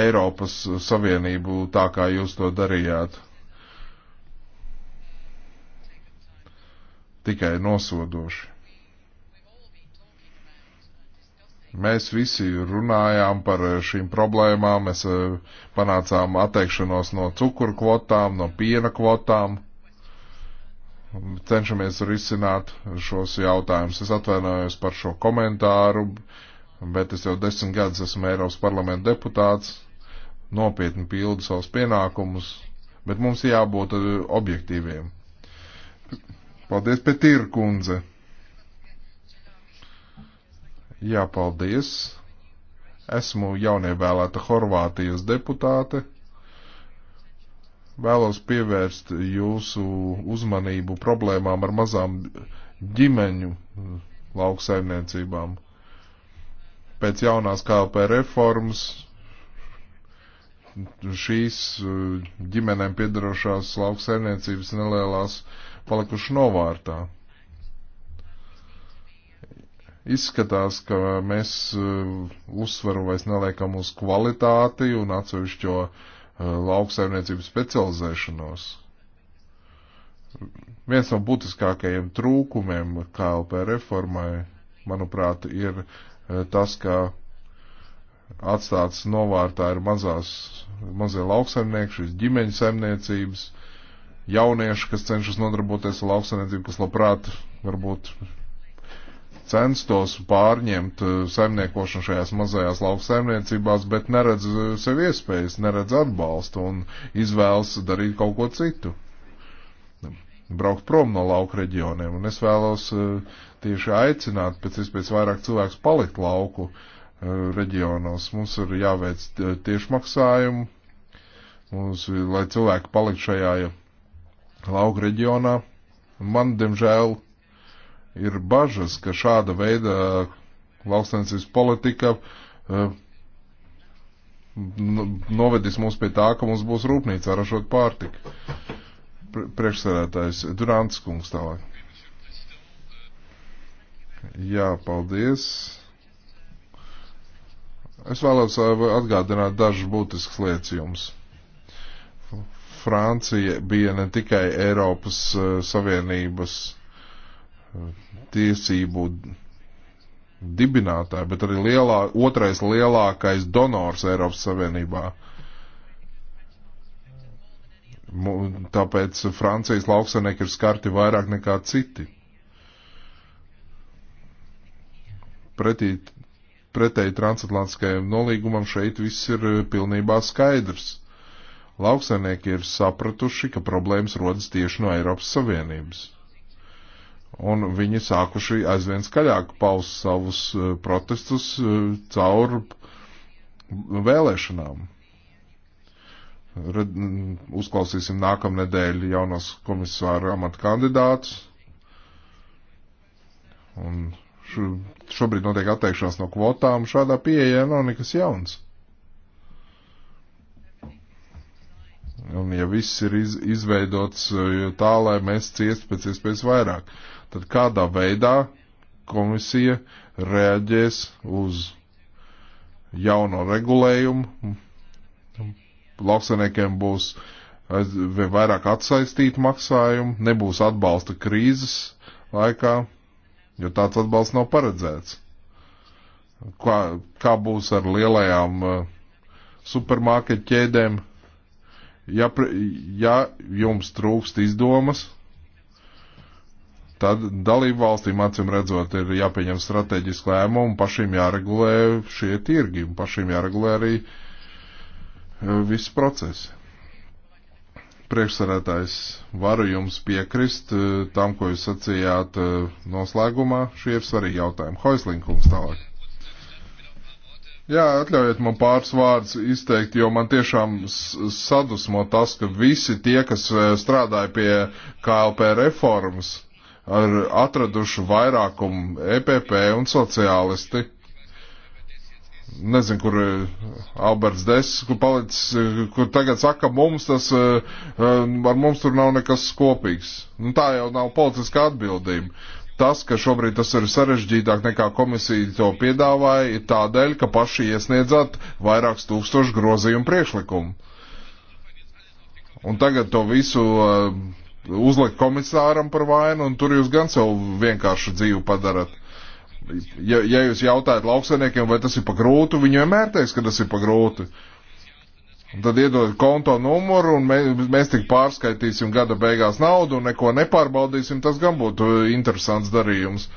Eiropas Savienību tā, kā jūs to darījāt. Tikai nosodoši. Mēs visi runājām par eh, šīm problēmām, mēs eh, panācām atteikšanos no cukuru kvotām, no piena kvotām. Cenšamies risināt šos jautājumus. Es atvainojos par šo komentāru, bet es jau desmit gadus esmu Eiropas parlamenta deputāts, nopietni pildu savus pienākumus, bet mums jābūt eh, objektīviem. Paldies, Petīra kundze! Jā, paldies. Esmu jaunievēlēta Horvātijas deputāte. Vēlos pievērst jūsu uzmanību problēmām ar mazām ģimeņu lauksaimniecībām. Pēc jaunās KLP reformas šīs eh, ģimenēm piedarošās lauksaimniecības nelielās palikuši novārtā. Izskatās, ka mēs eh, uzsvaru vairs neliekam uz kvalitāti un atsevišķo eh, lauksaimniecību specializēšanos. Viens no būtiskākajiem trūkumiem KLP reformai, manuprāt, ir eh, tas, ka atstāts novārtā ir mazās, mazie lauksaimnieki, šīs ģimeņu saimniecības, jaunieši, kas cenšas nodarboties ar lauksaimniecību, kas labprāt varbūt censtos pārņemt eh, saimniekošanu šajās mazajās lauksaimniecībās, bet neredz eh, sev iespējas, neredz atbalstu un izvēlas darīt kaut ko citu. Braukt prom no lauka reģioniem, un es vēlos eh, tieši aicināt pēc iespējas vairāk cilvēks palikt lauku reģionos. Mums ir jāveic tiešmaksājumu, mums, lai cilvēki palikt šajā lauka reģionā. Man, diemžēl, ir bažas, ka šāda veida lauksainicības politika e, novedīs mūs pie tā, ka mums būs rūpnīca ražot pārtiku. Priekšsēdētājs Durants Kungs tālāk. Jā, paldies. Es vēlos e, atgādināt dažas būtiskas lietas jums. Francija bija ne tikai Eiropas e, Savienības tiesību dibinātāji, bet arī lielā, otrais lielākais donors Eiropas Savienībā. Tāpēc Francijas lauksanieki ir skarti vairāk nekā citi. Pretī, pretēji transatlantiskajam nolīgumam šeit viss ir pilnībā skaidrs. Lauksanieki ir sapratuši, ka problēmas rodas tieši no Eiropas Savienības un viņi sākuši aizvien skaļāk paust savus eh, protestus eh, caur vēlēšanām. Red, mm, uzklausīsim nākamnedēļ jaunos komisāru amata kandidātus. Un šobrīd notiek atteikšanās no kvotām. Šādā pieeja nav nekas jauns. Un ja viss ir iz, izveidots eh, tā, lai mēs ciestu pēc iespējas vairāk. Tad kādā veidā komisija reaģēs uz jauno regulējumu? Lauksaniekiem būs vairāk atsaistīti maksājumi, nebūs atbalsta krīzes laikā, jo tāds atbalsts nav paredzēts. Kā, kā būs ar lielajām uh, supermarket ķēdēm? Ja, ja jums trūkst izdomas, Tad dalību valstīm, acīm redzot, ir jāpieņem strateģiski lēmumi, pašiem jāregulē šie tirgi, un pašiem jāregulē arī e, visi procesi. Priekšsarētājs, varu jums piekrist e, tam, ko jūs sacījāt e, noslēgumā. Šie ir svarīgi jautājumi. Hoislinkums tālāk. Jā, atļaujiet man pāris vārdus izteikt, jo man tiešām sadusmo tas, ka visi tie, kas strādāja pie KLP reformas, ar atradušu vairākumu EPP un sociālisti. Nezinu, kur eh, Alberts Desis, kur palicis, eh, kur tagad saka, mums tas, eh, ar mums tur nav nekas kopīgs. Nu, tā jau nav politiska atbildība tas, ka šobrīd tas ir sarežģītāk nekā komisija to piedāvāja, ir tādēļ, ka paši iesniedzat vairākus tūkstošu grozījumu priekšlikumu. Un tagad to visu uzlikt komisāram par vainu, un tur jūs gan sev vienkārši dzīvi padarat. Ja, ja jūs jautājat lauksainiekiem, vai tas ir pa grūti, viņi vienmēr teiks, ka tas ir pa grūti. Un tad iedod konto numuru, un mēs, mēs tik pārskaitīsim gada beigās naudu, un neko nepārbaudīsim, tas gan būtu interesants darījums.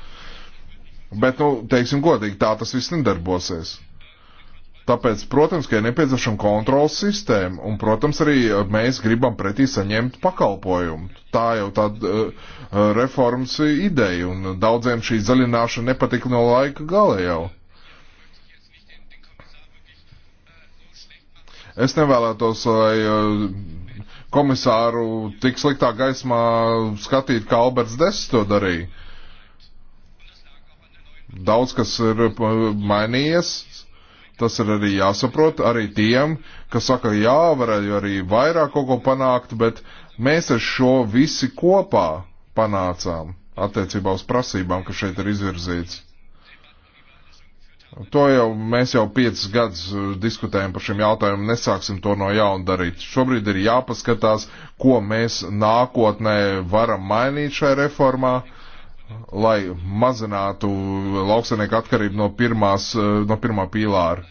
Bet, nu, teiksim godīgi, tā tas viss nedarbosies. Tāpēc, protams, ka ir nepieciešama kontrols sistēma, un, protams, arī eh, mēs gribam pretī saņemt pakalpojumu. Tā jau tāda uh, eh, eh, reformas ideja, un daudziem šī zaļināšana nepatika no laika gala jau. Es nevēlētos, lai uh, komisāru tik sliktā gaismā skatīt, kā Alberts Dess to darīja. Daudz kas ir mainījies Tas ir arī jāsaprot arī tiem, kas saka, jā, varēja arī vairāk kaut ko panākt, bet mēs ar šo visi kopā panācām attiecībā uz prasībām, kas šeit ir izvirzīts. To jau mēs jau piecus gadus uh, diskutējam par šiem jautājumiem, nesāksim to no jauna darīt. Šobrīd ir jāpaskatās, ko mēs nākotnē varam mainīt šai reformā. Uh, lai mazinātu lauksanieku atkarību no, pirmās, eh, no pirmā pīlāra.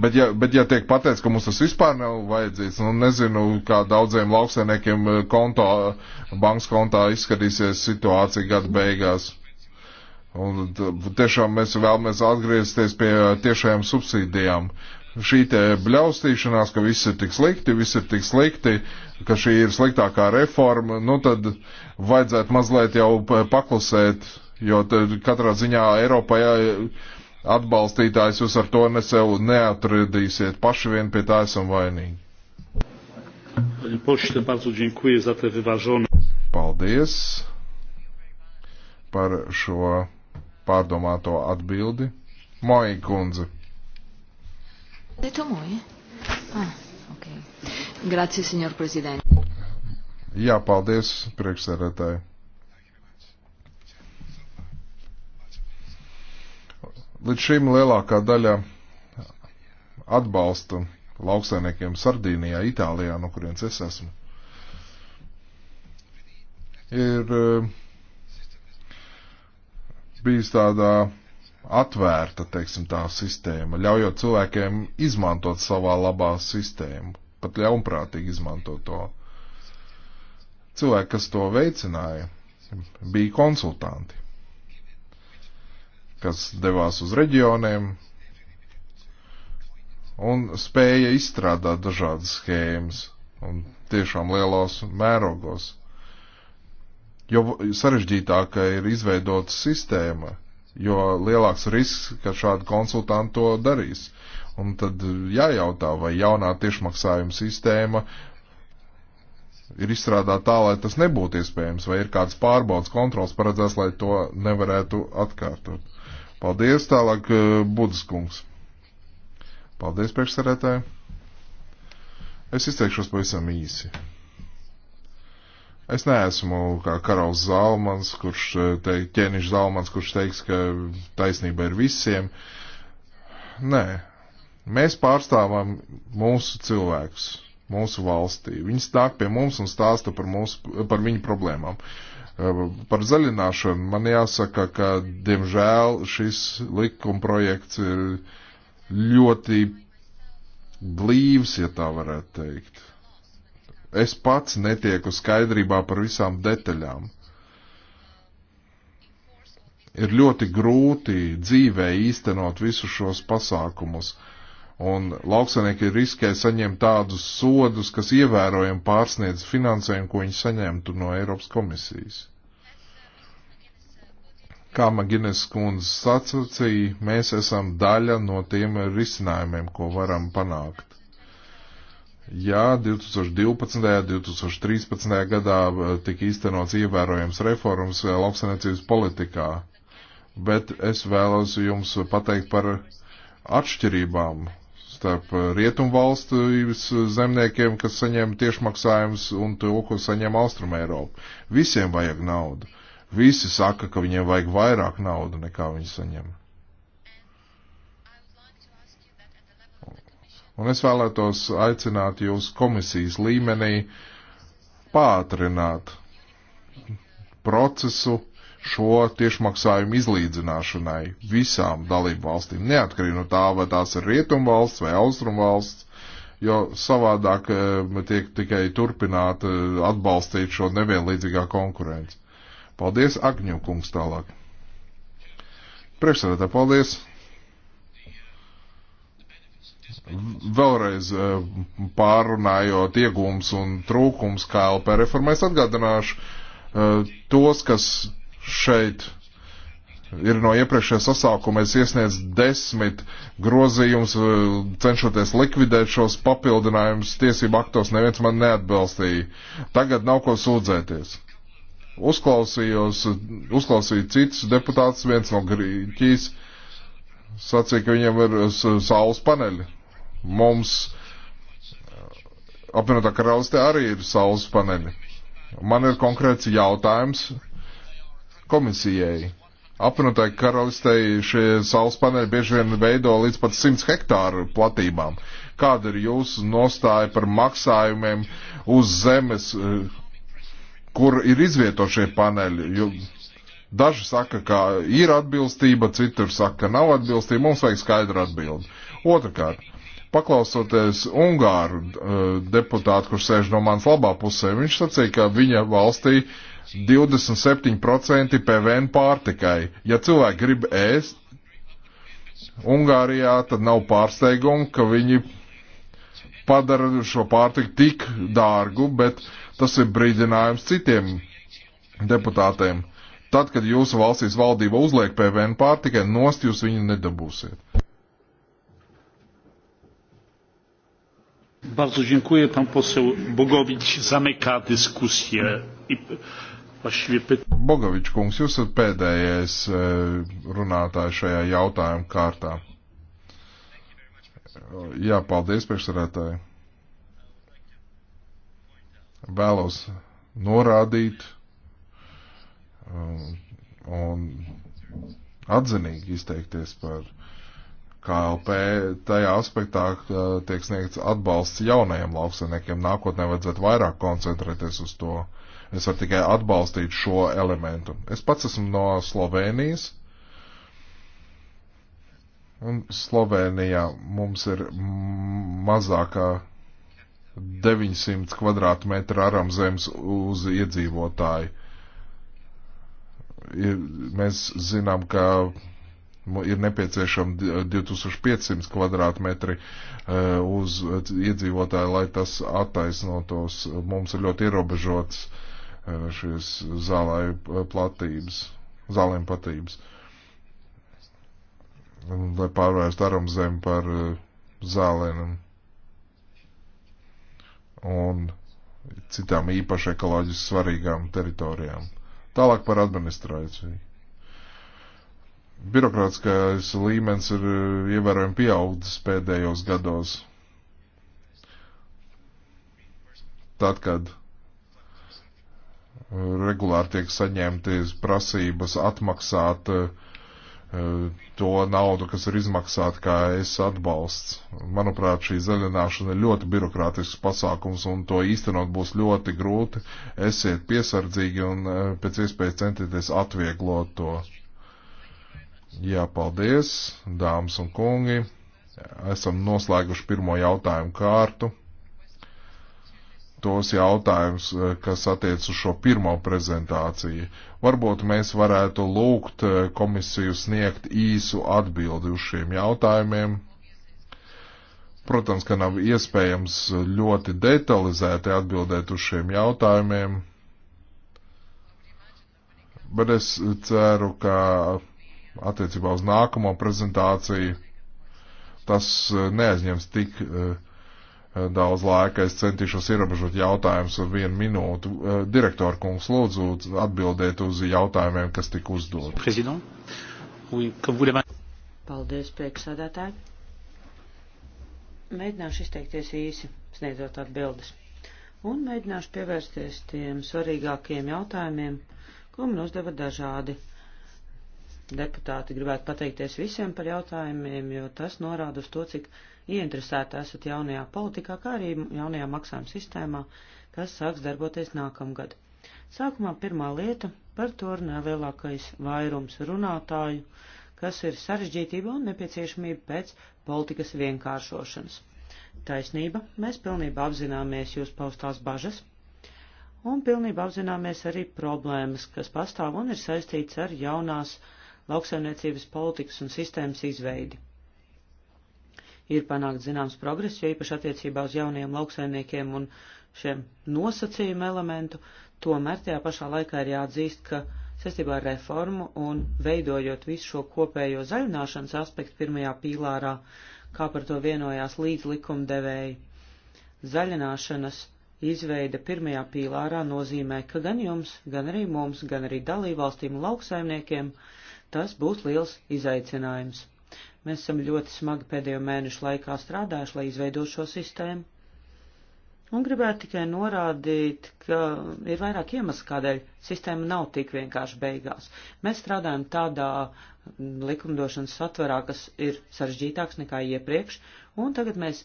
Bet ja, bet ja tiek pateikts, ka mums tas vispār nav vajadzīgs, nu nezinu, kā daudziem lauksainiekiem eh, konto, bankas kontā izskatīsies situācija gada beigās. Un tiešām mēs vēlamies atgriezties pie tiešajām subsīdijām šī te bļaustīšanās, ka viss ir tik slikti, viss ir tik slikti, ka šī ir sliktākā reforma, nu tad vajadzētu mazliet jau paklusēt, jo katrā ziņā Eiropā atbalstītājs jūs ar to ne sev neatradīsiet, paši vien pie tā esam vainīgi. Paldies par šo pārdomāto atbildi. Moja kundze. Detto moi? Ah, ok. Grazie, signor Presidente. Jā, paldies, priekšsēdētāji. Līdz šim lielākā daļa atbalsta lauksainiekiem Sardīnijā, Itālijā, no kurienes es esmu, ir eh, bijis tādā atvērta, teiksim, tā sistēma, ļaujot cilvēkiem izmantot savā labā sistēmu, pat ļaunprātīgi izmantot to. Cilvēki, kas to veicināja, bija konsultanti, kas devās uz reģioniem un spēja izstrādāt dažādas schēmas un tiešām lielos mērogos. Jo sarežģītāka ir izveidota sistēma, jo lielāks risks, ka šādi konsultanti to darīs. Un tad jājautā, vai jaunā tiešmaksājuma sistēma ir izstrādāta tā, lai tas nebūtu iespējams, vai ir kāds pārbaudas kontrols paredzēts, lai to nevarētu atkārtot. Paldies, tālāk eh, Budas kungs. Paldies, priekšsarētāji. Es izteikšos pavisam īsi. Es neesmu kā Karls Zalmans, kurš eh, te, ķēniņš Zalmans, kurš teiks, ka taisnība ir visiem. Nē, mēs pārstāvam mūsu cilvēkus, mūsu valstī. Viņi nāk pie mums un stāsta par, mūsu, par viņu problēmām. Eh, par zaļināšanu man jāsaka, ka diemžēl šis likumprojekts ir ļoti blīvs, ja tā varētu teikt. Es pats netieku skaidrībā par visām detaļām. Ir ļoti grūti dzīvē īstenot visus šos pasākumus, un lauksanieki riskē saņemt tādus sodus, kas ievērojami pārsniedz finansējumu, ko viņi saņemtu no Eiropas komisijas. Kā Maginas kundze sacīja, mēs esam daļa no tiem risinājumiem, ko varam panākt Jā, 2012. un 2013. gadā eh, tika īstenots ievērojams reformas eh, lauksainiecības politikā, bet es vēlos jums pateikt par atšķirībām starp eh, rietumvalstīs zemniekiem, kas saņem tiešmaksājumus, un to, ko saņem Austrum Eiropa. Visiem vajag naudu. Visi saka, ka viņiem vajag vairāk naudu, nekā viņi saņem. Un es vēlētos aicināt jūs komisijas līmenī pātrināt procesu šo tiešmaksājumu izlīdzināšanai visām dalību valstīm, neatkarīgi no tā, vai tās ir rietumvalsts vai austrumvalsts, jo savādāk eh, tiek tikai turpināt eh, atbalstīt šo nevienlīdzīgā konkurenci. Paldies, Agņu kungs tālāk. Priekšsēdētā, paldies! Vēlreiz eh, pārunājot iegūmus un trūkums KLP reformā, es atgādināšu eh, tos, kas šeit ir no iepriekšējā sasākuma. Es iesniedzu desmit grozījumus, eh, cenšoties likvidēt šos papildinājumus tiesību aktos. Neviens man neatbalstīja. Tagad nav ko sūdzēties uzklausījos, uzklausīju citus deputātus, viens no Grieķijas sacīja, ka viņam ir saules paneļi. Mums apvienotā karalistē arī ir saules paneļi. Man ir konkrēts jautājums komisijai. Apvienotāji karalistei šie saules paneļi bieži vien veido līdz pat 100 hektāru platībām. Kāda ir jūsu nostāja par maksājumiem uz zemes, kur ir izvieto šie paneļi? Jo daži saka, ka ir atbilstība, citur saka, ka nav atbilstība. Mums vajag skaidru atbildi. Otrakārt, Paklausoties Ungāru eh, deputātu, kurš sēž no manas labā pusē, viņš sacīja, ka viņa valstī 27% PVN pārtikai. Ja cilvēki grib ēst Ungārijā, tad nav pārsteigumu, ka viņi padara šo pārtiku tik dārgu, bet tas ir brīdinājums citiem deputātiem. Tad, kad jūsu valstīs valdība uzliek PVN pārtikai, nost jūs viņu nedabūsiet. Bardzo dziękuję. Pan poseł Bogowicz zamyka dyskusję. I właściwie py... Bogovičs kungs, jūs esat pēdējais e, runātājs šajā jautājuma kārtā. Jā, paldies priekšsarētāji. Vēlos norādīt um, un atzinīgi izteikties par KLP tajā aspektā uh, tiek sniegts atbalsts jaunajiem lauksaimniekiem. Nākotnē vajadzētu vairāk koncentrēties uz to. Es varu tikai atbalstīt šo elementu. Es pats esmu no Slovenijas. Un Slovenijā mums ir mazākā 900 kvadrātmetra aramzemes uz iedzīvotāju. Ir, mēs zinām, ka ir nepieciešama 2500 eh, kvadrātmetri eh, uz eh, iedzīvotāju, lai tas attaisnotos. Mums ir ļoti ierobežots šīs zālēju platības, zālēm platības. Lai pārvērstu aram zemi par zālēnam un citām īpaši ekoloģiski svarīgām teritorijām. Tālāk par administrāciju Birokrātiskais līmenis ir eh, ievērojami pieaudzis pēdējos gados. Tad, kad eh, regulāri tiek saņemties prasības atmaksāt eh, to naudu, kas ir izmaksāta kā es atbalsts. Manuprāt, šī zaļināšana ir ļoti birokrātisks pasākums un to īstenot būs ļoti grūti. Esiet piesardzīgi un pēc iespējas centieties atvieglot to. Jā, paldies, dāmas un kungi. Esam noslēguši pirmo jautājumu kārtu. Tos jautājumus, eh, kas attiec uz šo pirmo prezentāciju. Varbūt mēs varētu lūgt eh, komisiju sniegt īsu atbildi uz šiem jautājumiem. Protams, ka nav iespējams ļoti detalizēti atbildēt uz šiem jautājumiem, bet es ceru, ka attiecībā uz nākamo prezentāciju. Tas eh, neaizņems tik eh, daudz laika. Es centīšos ierobežot jautājumus ar vienu minūtu. Eh, Direktora kungs, lūdzu, atbildiet uz jautājumiem, kas tika uzdot. Paldies, priekšsādātāji. Mēģināšu izteikties īsi, sniedzot atbildes. Un mēģināšu pievērsties tiem svarīgākiem jautājumiem, ko man uzdeva dažādi deputāti gribētu pateikties visiem par jautājumiem, jo tas norāda uz to, cik ieinteresēti esat jaunajā politikā, kā arī jaunajā maksājuma sistēmā, kas sāks darboties nākamgad. Sākumā pirmā lieta - par to runā lielākais vairums runātāju, kas ir sarežģītība un nepieciešamība pēc politikas vienkāršošanas. Taisnība, mēs pilnībā apzināmies jūs paustās bažas, un pilnībā apzināmies arī problēmas, kas pastāv un ir saistīts ar jaunās uh, lauksaimniecības politikas un sistēmas izveidi. Ir panākt zināms progress, jo īpaši attiecībā uz jauniem lauksaimniekiem un šiem nosacījumu elementu, tomēr tajā pašā laikā ir jāatzīst, ka saistībā ar reformu un veidojot visu šo kopējo zaļināšanas aspektu pirmajā pīlārā, kā par to vienojās līdz likumdevēji. Zaļināšanas izveida pirmajā pīlārā nozīmē, ka gan jums, gan arī mums, gan arī dalībvalstīm lauksaimniekiem tas būs liels izaicinājums. Mēs esam ļoti smagi pēdējo mēnešu laikā strādājuši, lai izveidotu šo sistēmu. Un gribētu tikai norādīt, ka ir vairāk iemeslu, kādēļ sistēma nav tik vienkārši beigās. Mēs strādājam tādā likumdošanas satverā, kas ir sarežģītāks nekā iepriekš, un tagad mēs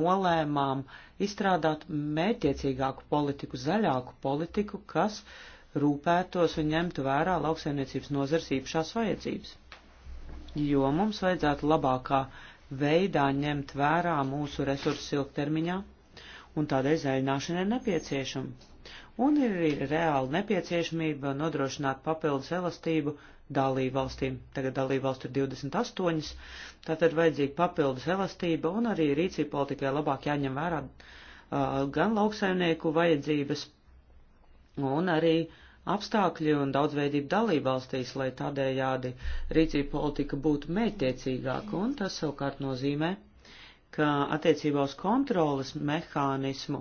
nolēmām izstrādāt mērķiecīgāku politiku, zaļāku politiku, kas uh, rūpētos un ņemtu vērā lauksaimniecības nozars īpašās vajadzības. Jo mums vajadzētu labākā veidā ņemt vērā mūsu resursus ilgtermiņā, un tādēļ zaļināšana ir nepieciešama. Un ir arī reāla nepieciešamība nodrošināt papildus elastību dalībvalstīm. Tagad dalībvalstu ir 28, tātad vajadzīga papildus elastība un arī rīcība politikai labāk jāņem vērā uh, gan lauksaimnieku vajadzības un arī uh, apstākļi un daudzveidība dalībvalstīs, lai tādējādi rīcība politika būtu mērķtiecīgāka, un tas savukārt nozīmē, ka attiecībā uz kontrolas mehānismu,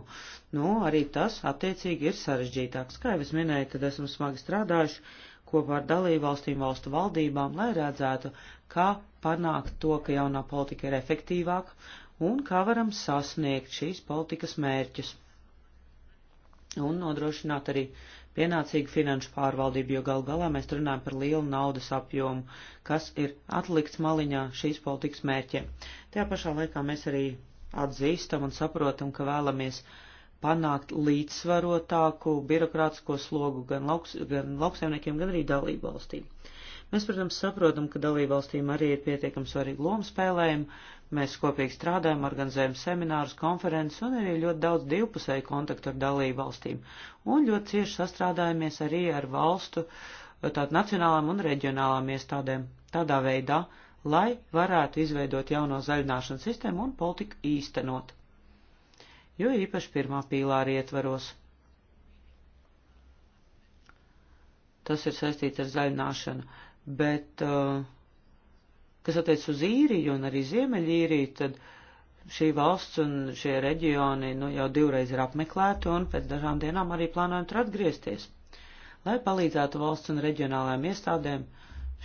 nu, arī tas attiecīgi ir sarežģītāks. Kā jau es minēju, tad esmu smagi strādājuši kopā ar dalībvalstīm valstu valdībām, lai redzētu, kā panākt to, ka jaunā politika ir efektīvāka un kā varam sasniegt šīs politikas mērķus un nodrošināt arī pienācīgu finanšu pārvaldību, jo gal galā mēs runājam par lielu naudas apjomu, kas ir atlikts maliņā šīs politikas mērķiem. Tajā pašā laikā mēs arī atzīstam un saprotam, ka vēlamies panākt līdzsvarotāku birokrātisko slogu gan, lauks, gan lauksaimniekiem, gan arī dalībvalstīm. Mēs, protams, saprotam, ka dalībvalstīm arī ir pietiekami svarīga loma spēlējuma, Mēs kopīgi strādājam, organizējam seminārus, konferences un arī ļoti daudz divpusēju kontaktu ar dalību valstīm. Un ļoti cieši sastrādājamies arī ar valstu, tātad nacionālām un reģionālām iestādēm. Tādā veidā, lai varētu izveidot jauno zaļināšanas sistēmu un politiku īstenot. Jo īpaši pirmā pīlāra ietvaros. Tas ir saistīts ar zaļināšanu, bet uh, Kas attiec uz īriju un arī ziemeļīriju, tad šī valsts un šie reģioni nu, jau divreiz ir apmeklēti un pēc dažām dienām arī plānojam tur atgriezties. Lai palīdzētu valsts un reģionālajām iestādēm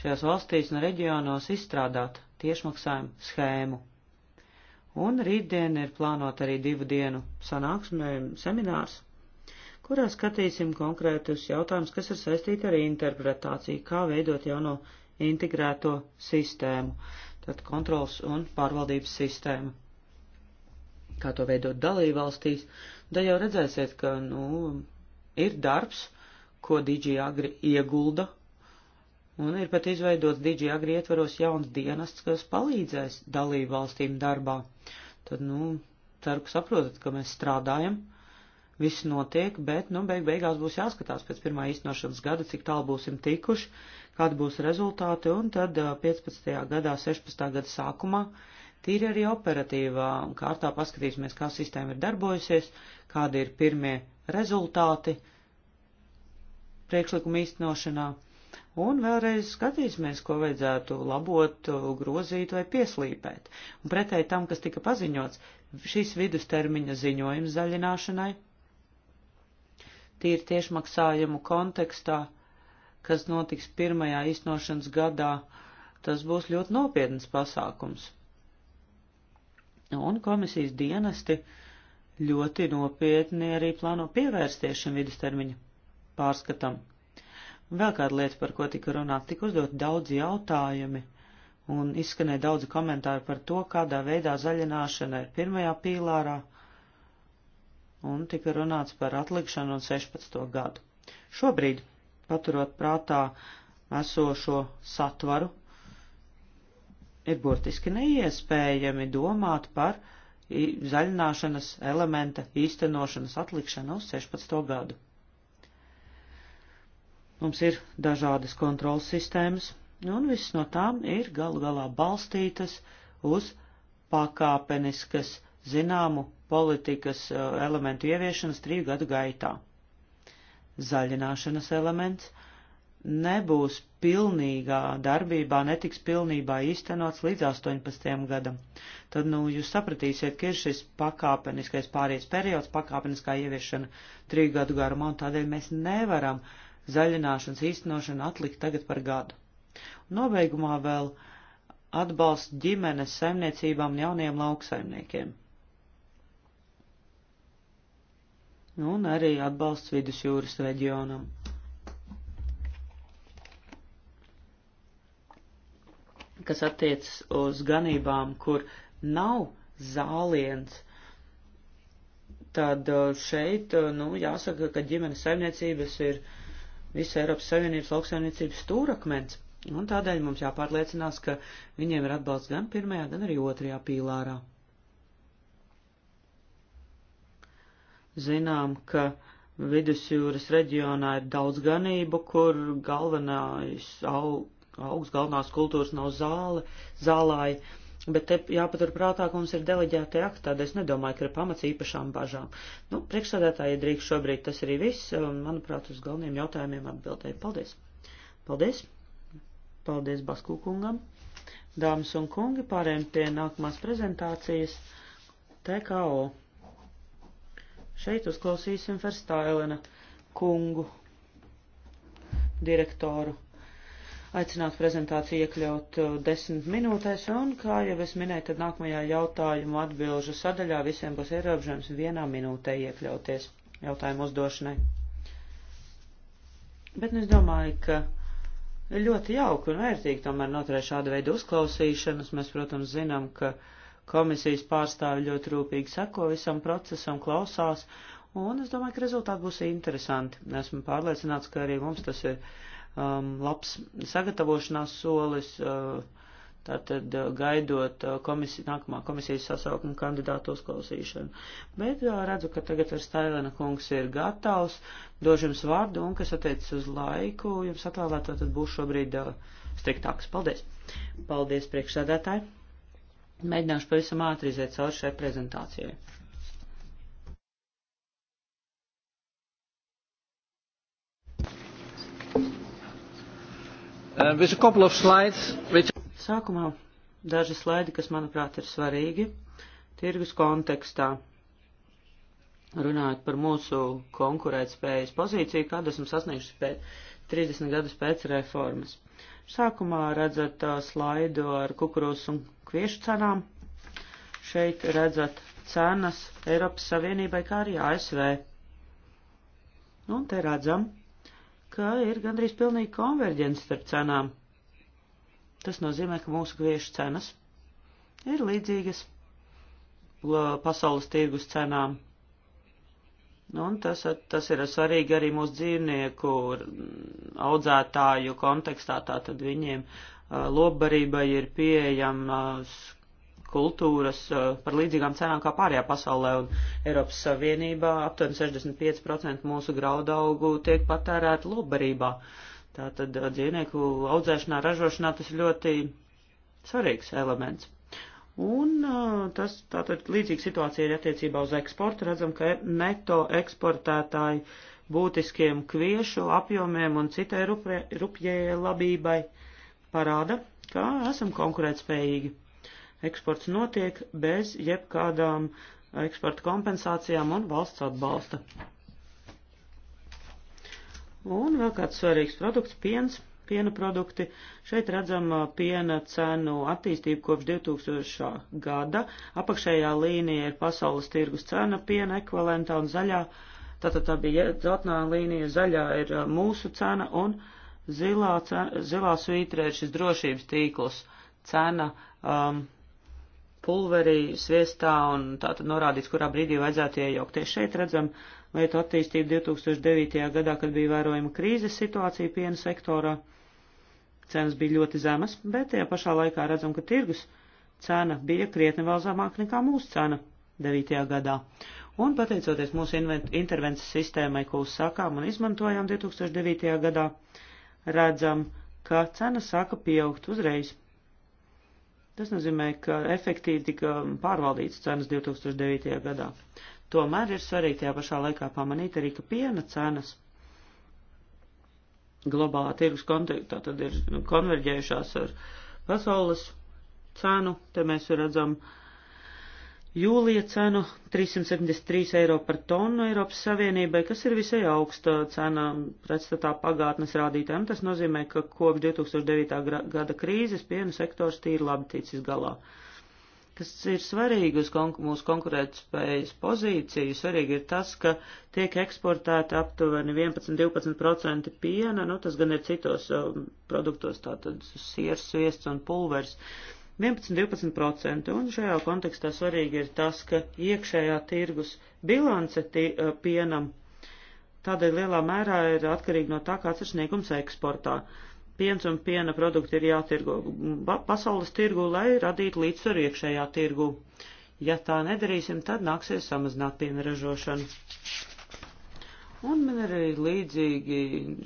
šajās valstīs un reģionos izstrādāt tiešmaksājumu schēmu. Un rītdien ir plānota arī divu dienu sanāksme, seminārs, kurā skatīsim konkrētus jautājumus, kas ir saistīti ar interpretāciju, kā veidot jauno integrēto sistēmu, tad kontrols un pārvaldības sistēmu. Kā to veidot dalībvalstīs, da jau redzēsiet, ka, nu, ir darbs, ko Digi Agri iegulda, un ir pat izveidots Digi Agri ietvaros jauns dienests, kas palīdzēs dalībvalstīm darbā. Tad, nu, ceru, ka saprotat, ka mēs strādājam viss notiek, bet, nu, beig beigās būs jāskatās pēc pirmā īstenošanas gada, cik tālu būsim tikuši, kādi būs rezultāti, un tad 15. gadā, 16. gada sākumā tīri arī operatīvā kārtā paskatīsimies, kā sistēma ir darbojusies, kādi ir pirmie rezultāti priekšlikuma īstenošanā, un vēlreiz skatīsimies, ko vajadzētu labot, grozīt vai pieslīpēt. Un pretēji tam, kas tika paziņots, šis vidustermiņa ziņojums zaļināšanai, tīri tiešmaksājumu kontekstā, kas notiks pirmajā iznošanas gadā, tas būs ļoti nopietns pasākums. Un komisijas dienesti ļoti nopietni arī plāno pievērsties šim vidustermiņa pārskatam. Un vēl kāda lieta, par ko tika runāts, tika uzdot daudzi jautājumi un izskanēja daudzi komentāri par to, kādā veidā zaļināšana ir pirmajā pīlārā, un tika runāts par atlikšanu un 16. gadu. Šobrīd paturot prātā esošo satvaru, ir burtiski neiespējami domāt par zaļināšanas elementa īstenošanas atlikšanu uz 16. gadu. Mums ir dažādas kontrolas sistēmas, un viss no tām ir galu galā balstītas uz pakāpeniskas zināmu politikas uh, elementu ieviešanas trīs gadu gaitā zaļināšanas elements nebūs pilnīgā darbībā, netiks pilnībā īstenots līdz 18. gadam. Tad, nu, jūs sapratīsiet, ka ir šis pakāpeniskais pārējais periods, pakāpeniskā ieviešana trīs gadu garumā, un tādēļ mēs nevaram zaļināšanas īstenošanu atlikt tagad par gadu. Nobeigumā vēl atbalsts ģimenes saimniecībām un jauniem lauksaimniekiem. Nu, un arī atbalsts vidusjūras reģionam. Kas attiecas uz ganībām, kur nav zāliens, tad uh, šeit, uh, nu, jāsaka, ka ģimenes saimniecības ir visa Eiropas Savienības lauksaimniecības stūrakmens, un tādēļ mums jāpārliecinās, ka viņiem ir atbalsts gan pirmajā, gan arī otrajā pīlārā. zinām, ka vidusjūras reģionā ir daudz ganību, kur galvenais au, augs, galvenās kultūras nav zāle, zālāji, bet te jāpatur prātā, ka mums ir deleģēti akti, tad es nedomāju, ka ir pamats īpašām bažām. Nu, priekšsādētāji drīkst šobrīd tas arī viss, un manuprāt, uz galveniem jautājumiem atbildēju. Paldies! Paldies! Paldies Basku kungam! Dāmas un kungi, pārējiem pie nākamās prezentācijas TKO. Šeit uzklausīsim Verstailena kungu direktoru. Aicināt prezentāciju iekļaut uh, desmit minūtēs, un, kā jau es minēju, tad nākamajā jautājumu atbilžu sadaļā visiem būs ierobežojums vienā minūtē iekļauties jautājumu uzdošanai. Bet nu, es domāju, ka ir ļoti jauki un vērtīgi tomēr noturēt šādu veidu uzklausīšanas. Mēs, protams, zinām, ka uh, Komisijas pārstāvi ļoti rūpīgi seko visam procesam, klausās, un es domāju, ka rezultāti būs interesanti. Esmu pārliecināts, ka arī mums tas ir um, labs sagatavošanās solis, uh, tātad uh, gaidot uh, komisi, nākamā komisijas sasaukuma kandidātu uzklausīšanu. Bet uh, redzu, ka tagad ar Stailena kungs ir gatavs, došu jums vārdu, un kas attiecas uz laiku, jums atvēlēto, tad būs šobrīd uh, striktāks. Paldies! Paldies, priekšsēdētāji! Mēģināšu pavisam ātri iziet cauri šai prezentācijai. Uh, there's a couple of slides which... Sākumā daži slaidi, kas manuprāt ir svarīgi tirgus kontekstā. Runājot par mūsu konkurētspējas pozīciju, kādu esam sasnieguši pēc 30 gadus pēc reformas. Sākumā redzat slaidu ar kukurūzu un kviešu cenām. Šeit redzat cenas Eiropas Savienībai, kā arī ASV. Nu, un te redzam, ka ir gandrīz pilnīgi konverģence starp cenām. Tas nozīmē, ka mūsu kviešu cenas ir līdzīgas pasaules tirgus cenām Nu, un tas, tas ir svarīgi arī mūsu dzīvnieku audzētāju kontekstā, tātad viņiem uh, lobbarībai ir pieejamas kultūras uh, par līdzīgām cenām kā pārējā pasaulē, un Eiropas Savienībā aptuveni 65% mūsu graudaugu tiek patērēta lobbarībā. Tātad uh, dzīvnieku audzēšanā, ražošanā tas ir ļoti svarīgs elements. Un tas tātad līdzīga situācija ir attiecībā uz eksportu. Redzam, ka neto eksportētāji būtiskiem kviešu apjomiem un citai rupjējai labībai parāda, ka esam konkurētspējīgi. Eksports notiek bez jebkādām eksporta kompensācijām un valsts atbalsta. Un vēl kāds svarīgs produkts - piens piena produkti. Šeit redzam piena cenu attīstību kopš 2000. gada. Apakšējā līnija ir pasaules tirgus cena piena ekvivalentā un zaļā. Tātad tā bija dzeltenā līnija, zaļā ir mūsu cena un zilā, cena, zilā svītrē ir šis drošības tīkls cena. Um, pulverī, sviestā un tātad norādīts, kurā brīdī vajadzētu iejaukties. Šeit redzam lietu attīstību 2009. gadā, kad bija vērojama krīzes situācija piena sektorā cenas bija ļoti zemas, bet tajā pašā laikā redzam, ka tirgus cena bija krietni vēl zemāka nekā mūsu cena 9. gadā. Un pateicoties mūsu intervences sistēmai, ko uzsākām un izmantojām 2009. gadā, redzam, ka cena sāka pieaugt uzreiz. Tas nozīmē, ka efektīvi tika pārvaldīts cenas 2009. gadā. Tomēr ir svarīgi tajā pašā laikā pamanīt arī, ka piena cenas globālā tirgus kontekstā tad ir konverģējušās ar pasaules cenu. Te mēs redzam jūlija cenu 373 eiro par tonu Eiropas Savienībai, kas ir visai augsta cena pretstatā pagātnes rādītājiem. Tas nozīmē, ka kopš 2009. gada krīzes piena sektors tīri labi ticis galā. Uh, kas ir svarīgi uz konk mūsu konkurētspējas pozīciju, svarīgi ir tas, ka tiek eksportēta aptuveni 11-12% piena, nu tas gan ir citos um, produktos, tātad siers, viests un pulvers. 11-12%, un šajā kontekstā svarīgi ir tas, ka iekšējā tirgus bilance tī, uh, pienam tādēļ lielā mērā ir atkarīga no tā, kāds ir sniegums eksportā. Uh, piens un piena produkti ir jātirgo pasaules tirgu, lai radītu līdzsvaru iekšējā tirgu. Ja tā nedarīsim, tad nāksies samazināt piena ražošanu. Un man ir arī līdzīgi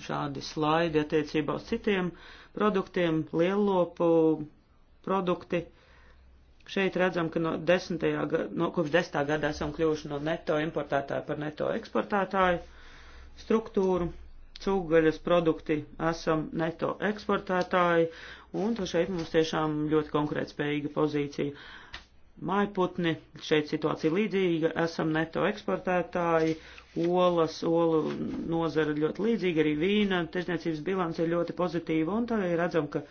šādi slaidi attiecībā uz citiem produktiem, lielopu produkti. Šeit redzam, ka no, desmitajā, no kopš desmitā gada esam kļuvuši no neto importētāja par neto eksportētāju struktūru cūgaļas produkti esam neto eksportētāji, un šeit mums tiešām ļoti konkurētspējīga pozīcija. Mājputni, šeit situācija līdzīga, esam neto eksportētāji, olas, olu nozara ļoti līdzīga, arī vīna, tirzniecības bilance ir ļoti pozitīva, un tagad redzam, ka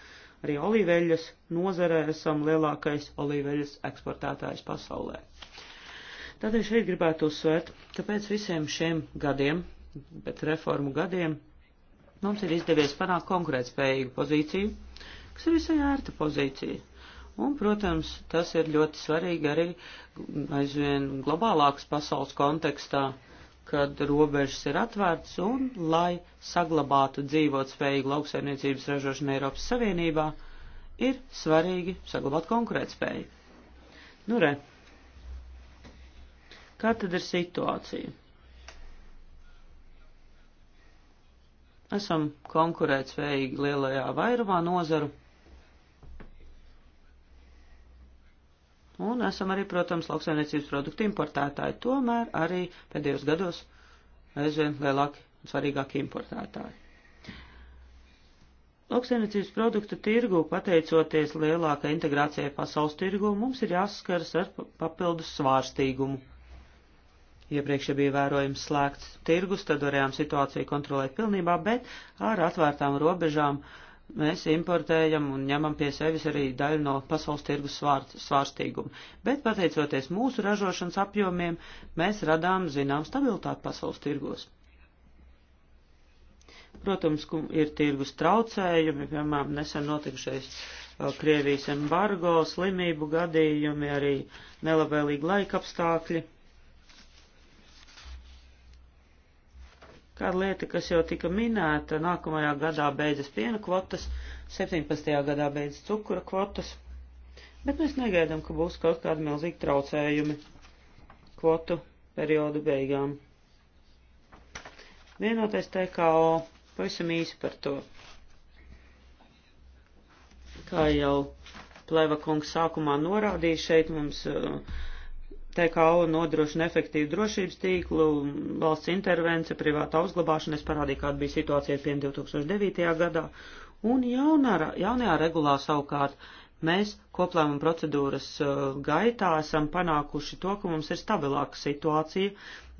arī olīveļas nozarē esam lielākais olīveļas eksportētājs pasaulē. Tādēļ šeit gribētu uzsvērt, ka pēc visiem šiem gadiem pēc reformu gadiem mums ir izdevies panākt konkurētspējīgu pozīciju, kas ir visai ērta pozīcija. Un, protams, tas ir ļoti svarīgi arī aizvien globālāks pasaules kontekstā, kad robežas ir atvērtas un, lai saglabātu dzīvot spējīgu lauksaimniecības ražošanu Eiropas Savienībā, ir svarīgi saglabāt konkurētspēju. Nu re, kā tad ir situācija? Esam konkurētspējīgi lielajā vairumā nozaru. Un esam arī, protams, lauksainiecības produktu importētāji, tomēr arī pēdējos gados aizvien lielāki un svarīgāki importētāji. Lauksainiecības produktu tirgu, pateicoties lielākai integrācijai pasaules tirgu, mums ir jāsaskaras ar papildus svārstīgumu. Iepriekš ja bija vērojams slēgts tirgus, tad varējām situāciju kontrolēt pilnībā, bet ar atvērtām robežām mēs importējam un ņemam pie sevis arī daļu no pasaules tirgus svār, svārstīguma. Bet pateicoties mūsu ražošanas apjomiem, mēs radām zinām stabilitāti pasaules tirgos. Protams, ir tirgus traucējumi, piemēram, nesen notikušais Krievijas embargo, slimību gadījumi, arī nelabvēlīgi laika apstākļi Kāda lieta, kas jau tika minēta, nākamajā gadā beidzas piena kvotas, 17. gadā beidzas cukura kvotas, bet mēs negaidām, ka būs kaut kādi milzīgi traucējumi kvotu periodu beigām. Vienotais TKO pavisam īsi par to. Kā jau Pleva kungs sākumā norādīja, šeit mums uh, TKO nodrošina efektīvu drošības tīklu, valsts intervence, privātā uzglabāšana, es parādīju, kāda bija situācija piem 2009. gadā, un jaunā, jaunajā regulā savukārt mēs koplēmuma procedūras uh, gaitā esam panākuši to, ka mums ir stabilāka situācija,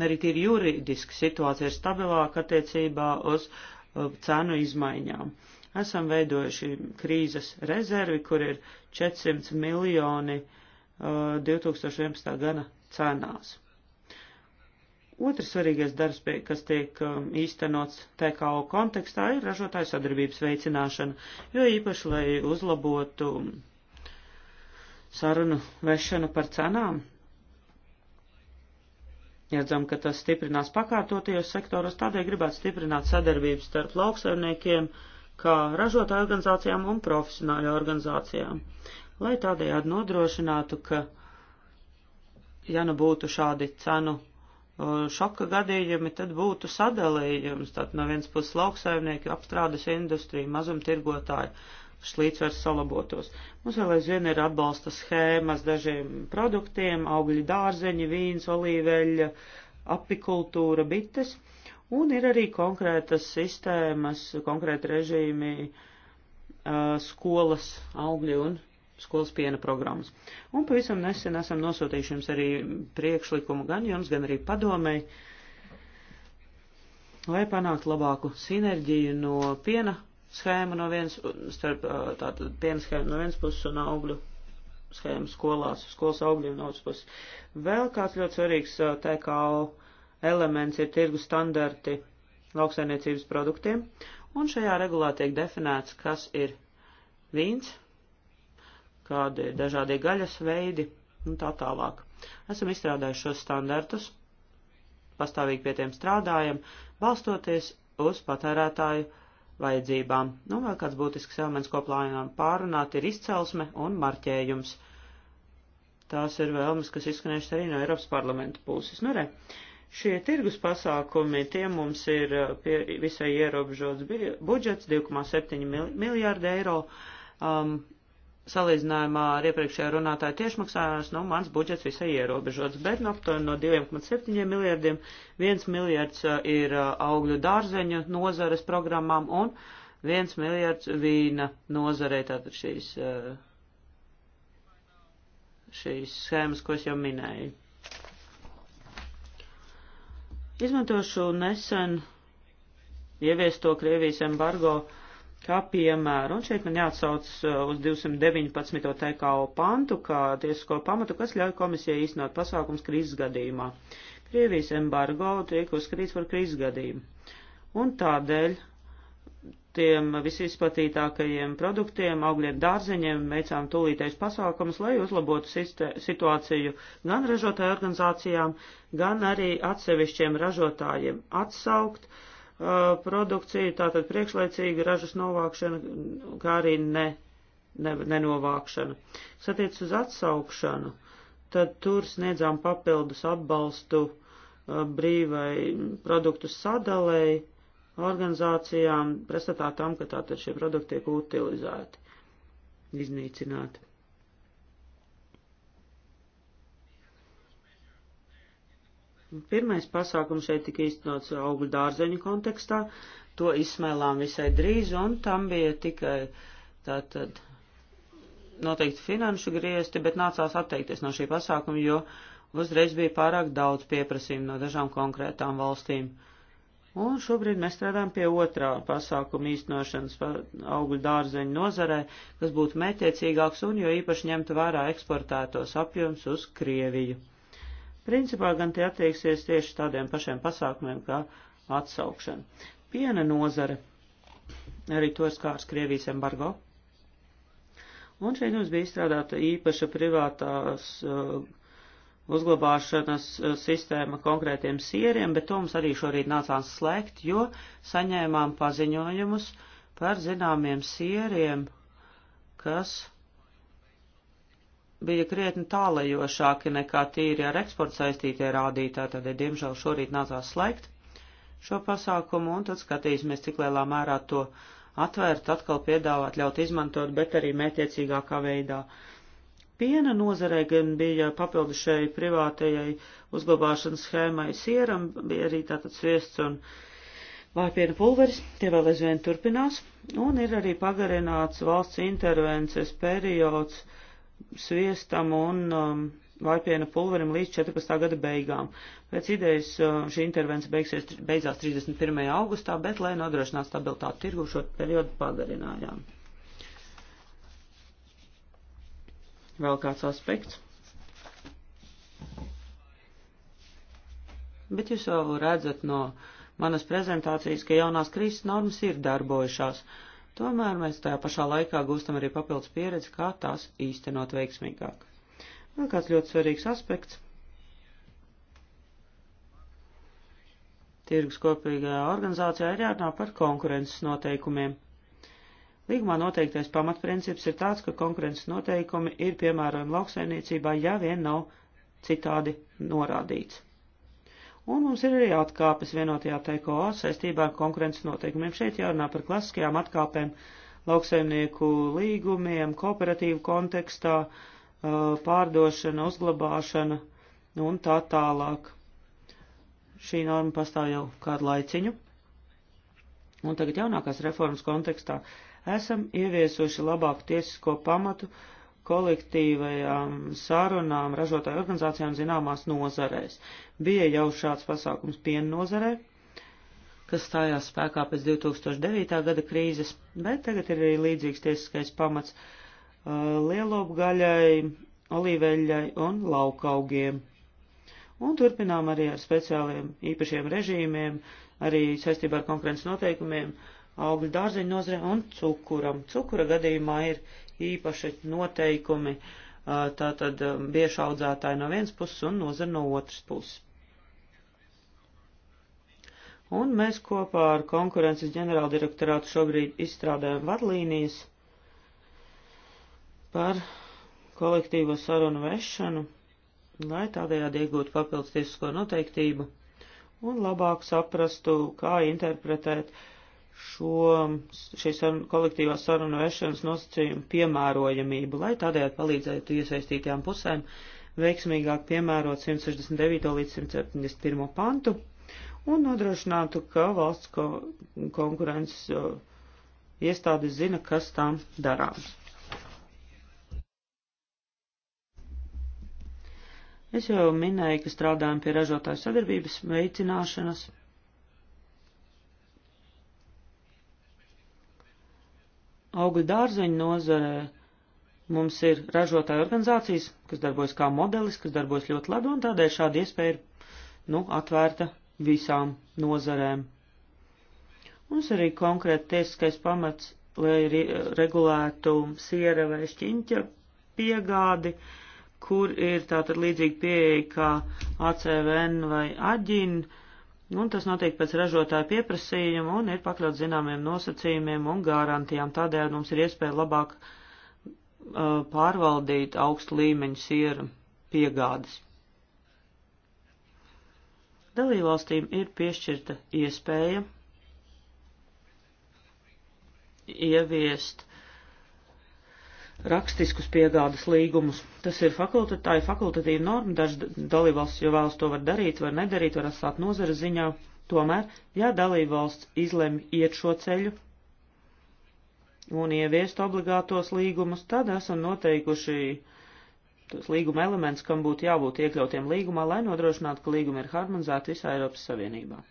arī tīri juridiski situācija ir stabilāka attiecībā uz uh, cenu izmaiņām. Esam veidojuši krīzes rezervi, kur ir 400 miljoni uh, 2011. Uh, gada cenās. Otrs svarīgais darbs, kas tiek um, īstenots TKO kontekstā, ir ražotāju sadarbības veicināšana, jo īpaši, lai uzlabotu sarunu vešanu par cenām. Redzam, ka tas stiprinās pakārtotajos sektoros, tādēļ gribētu stiprināt sadarbības starp lauksaimniekiem, kā ražotāju organizācijām un profesionāļu organizācijām lai tādējādi nodrošinātu, ka, ja nu būtu šādi cenu uh, šoka gadījumi, tad būtu sadalījums. Tad no vienas puses lauksaimnieki, apstrādes industrija, mazumtirgotāji, šis līdzsvars salabotos. Mums vēl aizvien ir atbalsta schēmas dažiem produktiem, augļi dārzeņi, vīns, olīveļa, apikultūra, bites. Un ir arī konkrētas sistēmas, konkrēti režīmi, uh, skolas augļi un skolas piena programmas. Un pavisam nesen esam nosūtījuši jums arī priekšlikumu gan jums, gan arī padomēji, lai panāktu labāku sinerģiju no piena schēma no vienas, starp tātad piena schēma no vienas puses un augļu schēma skolās, skolas augļiem no otras puses. Vēl kāds ļoti svarīgs TKO elements ir tirgu standarti lauksainiecības produktiem, un šajā regulā tiek definēts, kas ir vīns, kādi dažādie gaļas veidi un tā tālāk. Esam izstrādājuši šos standartus, pastāvīgi pie tiem strādājam, balstoties uz patērētāju vajadzībām. Nu, vēl kāds būtisks elements, ko plānojam pārunāt, ir izcelsme un marķējums. Tās ir vēlmes, kas izskanējušas arī no Eiropas parlamenta puses. Nu, re, šie tirgus pasākumi, tie mums ir uh, pie, visai ierobežots budžets, 2,7 miljārdi eiro. Um, salīdzinājumā ar iepriekšējo runātāju tiešmaksājās, nu, mans budžets visai ierobežots, bet nu, aptuveni no 2,7 miljardiem 1 miljards uh, ir uh, augļu dārzeņu nozares programmām un 1 miljards vīna nozarei, tātad šīs, uh, šīs schēmas, ko es jau minēju. Izmantošu nesen ieviesto Krievijas embargo uh, kā piemēru. Un šeit man jāatsauc uh, uz 219. TKO pantu, kā tiesisko pamatu, kas ļauj komisijai īstenot pasākums krīzes gadījumā. Krievijas embargo tiek uzskatīts par krīzes gadījumu. Un tādēļ tiem visizplatītākajiem produktiem, augļiem, dārzeņiem veicām tūlītais pasākums, lai uzlabotu situāciju gan ražotāju organizācijām, gan arī atsevišķiem ražotājiem atsaukt uh, Uh, produkciju, tātad priekšlaicīga ražas novākšana, kā arī ne, ne, nenovākšana. Kas attiec uz atsaukšanu, tad tur sniedzām papildus atbalstu uh, brīvai produktu sadalēji organizācijām, prestatā tam, ka tātad šie produkti tiek utilizēti, iznīcināti. Pirmais pasākums šeit tika īstenots augļu dārzeņu kontekstā, to izsmēlām visai drīz, un tam bija tikai tātad noteikti finanšu griezti, bet nācās atteikties no šī pasākuma, jo uzreiz bija pārāk daudz pieprasījumu no dažām konkrētām valstīm. Un šobrīd mēs strādājam pie otrā pasākuma īstenošanas augļu dārzeņu nozarē, kas būtu mētiecīgāks un jo īpaši ņemtu vērā eksportētos apjoms uz Krieviju. Principā gan tie attieksies tieši tādiem pašiem pasākumiem kā atsaukšana. Piena nozare, arī to skārs Krievijas embargo. Un šeit mums bija izstrādāta īpaša privātās uh, uzglabāšanas uh, sistēma konkrētiem sieriem, bet to mums arī šorīt nācās slēgt, jo saņēmām paziņojumus par zināmiem sieriem, kas bija krietni tālajošāki nekā tīri ar eksportu saistītie rādītāji, tādēļ, diemžēl, šorīt nācās slēgt šo pasākumu, un tad skatīsimies, cik lielā mērā to atvērt, atkal piedāvāt, ļaut izmantot, bet arī mētiecīgākā veidā. Piena nozarē gan bija papildušai privātajai uzglabāšanas schēmai sieram, bija arī tātad sviests un vājpiena pulveris, tie vēl aizvien turpinās, un ir arī pagarināts valsts intervences periods sviestam un um, vaipiena pulverim līdz 14. gada beigām. Pēc idejas uh, šī intervence beigsies, beidzās 31. augustā, bet, lai nodrošinātu stabilitāti tirgu, šo periodu pagarinājām. Vēl kāds aspekts? Bet jūs jau redzat no manas prezentācijas, ka jaunās krīzes normas ir darbojušās. Uh, Tomēr mēs tajā pašā laikā gūstam arī papildus pieredzi, kā tās īstenot veiksmīgāk. Vēl kāds ļoti svarīgs aspekts. Tirgus kopīgajā organizācijā ir jārunā par konkurences noteikumiem. Līgumā noteiktais pamatprincips ir tāds, ka konkurences noteikumi ir piemērojami lauksainīcībā, ja vien nav citādi norādīts. Un mums ir arī atkāpes vienotajā teiko saistībā ar konkurences noteikumiem. Šeit jārunā par klasiskajām atkāpēm lauksaimnieku līgumiem, kooperatīvu kontekstā, uh, pārdošana, uzglabāšana un tā tālāk. Šī norma pastāv jau kādu laiciņu. Un tagad jaunākās reformas kontekstā esam ieviesuši labāku tiesisko pamatu, uh, kolektīvajām sarunām ražotāju organizācijām zināmās nozarēs. Bija jau šāds pasākums piena nozarē, kas stājās spēkā pēc 2009. gada krīzes, bet tagad ir arī līdzīgs tiesiskais pamats uh, lielopgaļai, olīveļai un laukaugiem. Un turpinām arī ar speciāliem īpašiem režīmiem, arī saistībā ar konkurences noteikumiem, augļu dārzeņu nozarē un cukuram. Cukura gadījumā ir īpaši noteikumi tātad biešu audzētāji no vienas puses un nozara no otras puses. Un mēs kopā ar konkurences ģenerāldirektorātu šobrīd izstrādājam vadlīnijas par kolektīvo sarunu vešanu, lai tādējādi iegūtu papildus tiesisko noteiktību un labāk saprastu, kā interpretēt uh, šo, šīs kolektīvās sarunu vešanas nosacījumu piemērojamību, lai tādējādi palīdzētu iesaistītajām pusēm veiksmīgāk piemērot 169. līdz 171. pantu un nodrošinātu, ka valsts ko, konkurences uh, iestādes zina, kas tām darāms. Es jau minēju, ka strādājam pie ražotāju sadarbības veicināšanas Augļu dārzeņu nozarē mums ir ražotāju organizācijas, kas darbojas kā modelis, kas darbojas ļoti labi, un tādēļ šāda iespēja ir, nu, atvērta visām nozarēm. Mums arī konkrēti tiesiskais pamats, lai e, regulētu siera vai šķiņķa piegādi, kur ir tātad līdzīgi pieeja kā ACVN vai aģina Un tas notiek pēc ražotāja pieprasījuma un ir pakļauts zināmiem nosacījumiem un garantijām. Tādēļ mums ir iespēja labāk uh, pārvaldīt augstu līmeņu siera piegādes. Dalībvalstīm ir piešķirta iespēja ieviest rakstiskus piegādes līgumus. Tas ir fakultatīva, fakultatīva norma, dažas dalībvalsts jau vēlas to var darīt, var nedarīt, var atstāt nozara ziņā. Tomēr, ja dalībvalsts izlemj iet šo ceļu un ieviest obligātos līgumus, tad esam noteikuši tos līguma elements, kam būtu jābūt iekļautiem līgumā, lai nodrošinātu, ka līguma ir harmonizēta visā Eiropas Savienībā.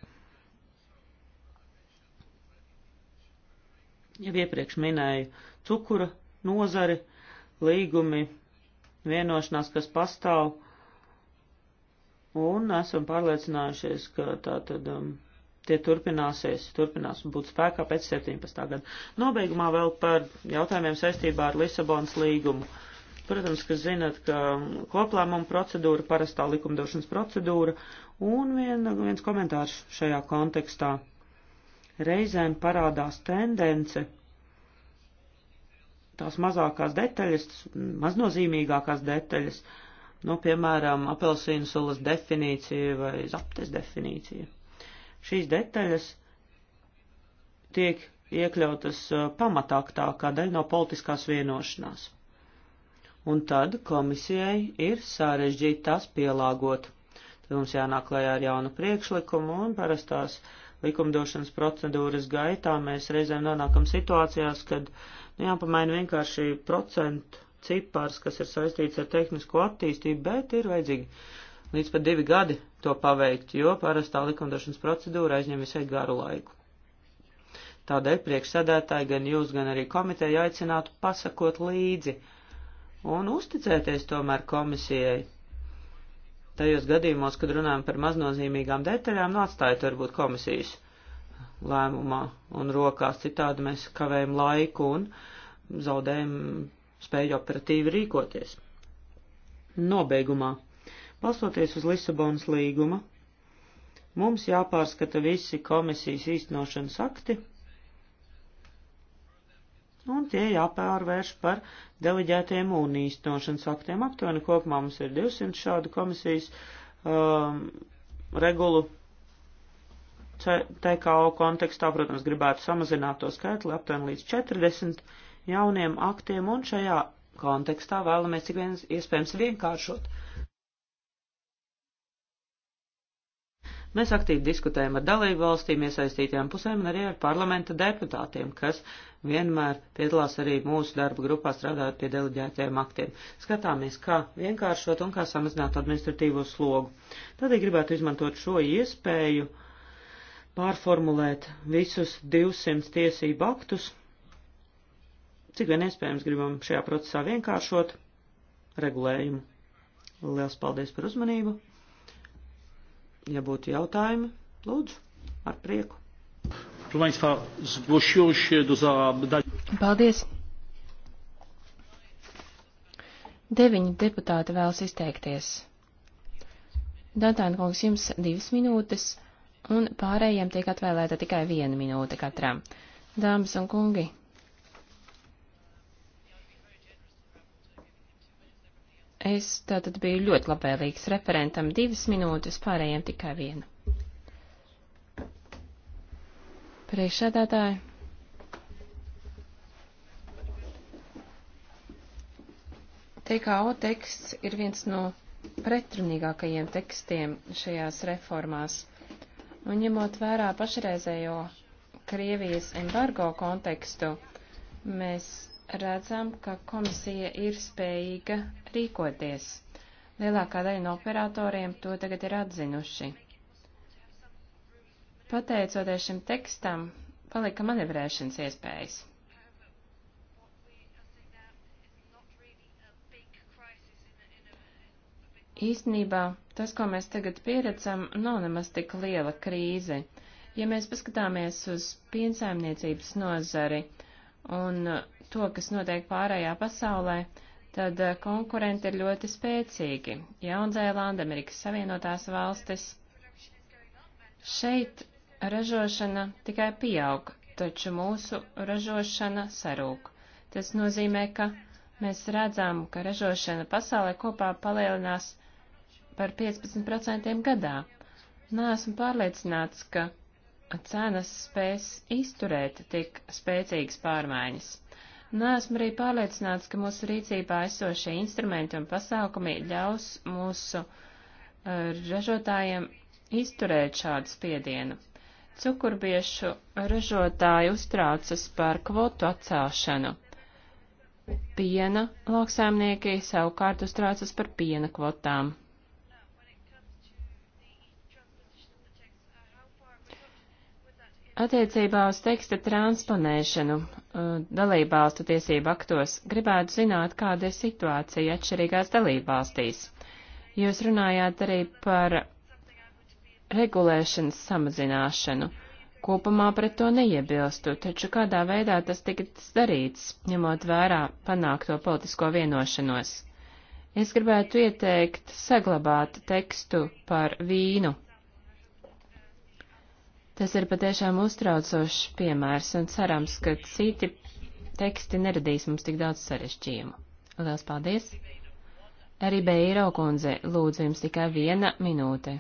Jau iepriekš minēju cukura nozari, līgumi, vienošanās, kas pastāv, un esam pārliecinājušies, ka tā tad um, tie turpināsies, turpinās būt spēkā pēc 17. gada. Nobeigumā vēl par jautājumiem saistībā ar Lisabonas līgumu. Protams, ka zinat, ka koplēmuma procedūra, parastā likumdošanas procedūra, un vien, viens komentārs šajā kontekstā. Reizēm parādās tendence tās mazākās detaļas, maznozīmīgākās detaļas, nu, piemēram, apelsīnu sulas definīcija vai zaptes definīcija. Šīs detaļas tiek iekļautas uh, pamatāktā kā daļa no politiskās vienošanās. Un tad komisijai ir sarežģīti tās pielāgot. Tad mums jānāk klajā ar jaunu priekšlikumu un parastās likumdošanas procedūras gaitā mēs reizēm nonākam situācijās, kad jāpamaina vienkārši procentu cipars, kas ir saistīts ar tehnisko attīstību, bet ir vajadzīgi līdz pat divi gadi to paveikt, jo parastā likumdošanas procedūra aizņem visai garu laiku. Tādēļ priekšsēdētāji gan jūs, gan arī komiteja aicinātu pasakot līdzi un uzticēties tomēr komisijai. Tajos gadījumos, kad runājam par maznozīmīgām detaļām, nāctājiet nu, varbūt komisijas lēmumā un rokās. Citādi mēs kavējam laiku un zaudējam spēju operatīvi rīkoties. Nobeigumā, balstoties uz Lisabonas līguma, mums jāpārskata visi komisijas īstenošanas akti, un tie jāpārvērš par deleģētiem un īstenošanas aktiem. Aptuveni kopumā mums ir 200 šādu komisijas um, regulu TKO kontekstā, protams, gribētu samazināt to skaitli aptuveni līdz 40 jauniem aktiem, un šajā kontekstā vēlamies cik viens iespējams vienkāršot. Mēs aktīvi diskutējam ar dalību valstīm, iesaistītajām pusēm un arī ar parlamenta deputātiem, kas vienmēr piedalās arī mūsu darba grupā strādājot pie deleģētajiem aktiem. Skatāmies, kā vienkāršot un kā samazināt administratīvo slogu. Tādēļ gribētu izmantot šo iespēju uh, pārformulēt visus 200 tiesību aktus, cik vien iespējams gribam šajā procesā vienkāršot regulējumu. Lielas paldies par uzmanību. Ja būtu jautājumi, lūdzu, ar prieku. Paldies. Deviņi deputāti vēlas izteikties. Dantāna kungs, jums divas minūtes un pārējiem tiek atvēlēta tikai viena minūte katram. Dāmas un kungi! Es tātad biju ļoti labvēlīgs referentam divas minūtes, pārējiem tikai viena. Priekšsēdētāji! TKO teksts ir viens no pretrunīgākajiem tekstiem šajās reformās. Un ņemot vērā pašreizējo Krievijas embargo kontekstu, mēs redzam, ka komisija ir spējīga rīkoties. Lielākā daļa no operatoriem to tagad ir atzinuši. Pateicoties šim tekstam, palika manevrēšanas iespējas. Īstenībā tas, ko mēs tagad pieredzam, nav nemaz tik liela krīze. Ja mēs paskatāmies uz piensaimniecības nozari un to, kas notiek pārējā pasaulē, tad eh, konkurenti ir ļoti spēcīgi. Jaunzēlanda, Amerikas Savienotās valstis. Šeit ražošana tikai pieaug, taču mūsu ražošana sarūk. Tas nozīmē, ka mēs redzam, ka ražošana pasaulē kopā palielinās par 15% gadā. Nāsmu pārliecināts, ka cenas spēs izturēt tik spēcīgas pārmaiņas. Nāsmu arī pārliecināts, ka mūsu rīcībā esošie instrumenti un pasākumi ļaus mūsu eh, ražotājiem izturēt šādu spiedienu. Cukurbiešu ražotāji uztraucas par kvotu atcelšanu. Piena lauksaimnieki savukārt uztraucas par piena kvotām. Attiecībā uz teksta transponēšanu uh, dalībvalstu tiesību aktos gribētu zināt, kāda ir situācija atšķirīgās dalībvalstīs. Jūs runājāt arī par regulēšanas samazināšanu. Kopumā pret to neiebilstu, taču kādā veidā tas tika darīts, ņemot vērā panākto politisko vienošanos. Es gribētu ieteikt saglabāt tekstu par vīnu Tas ir patiešām uztraucošs piemērs un cerams, ka citi teksti neradīs mums tik daudz sarešķījumu. Lielas paldies! Arī Beiro kundze, lūdzu jums tikai viena minūte.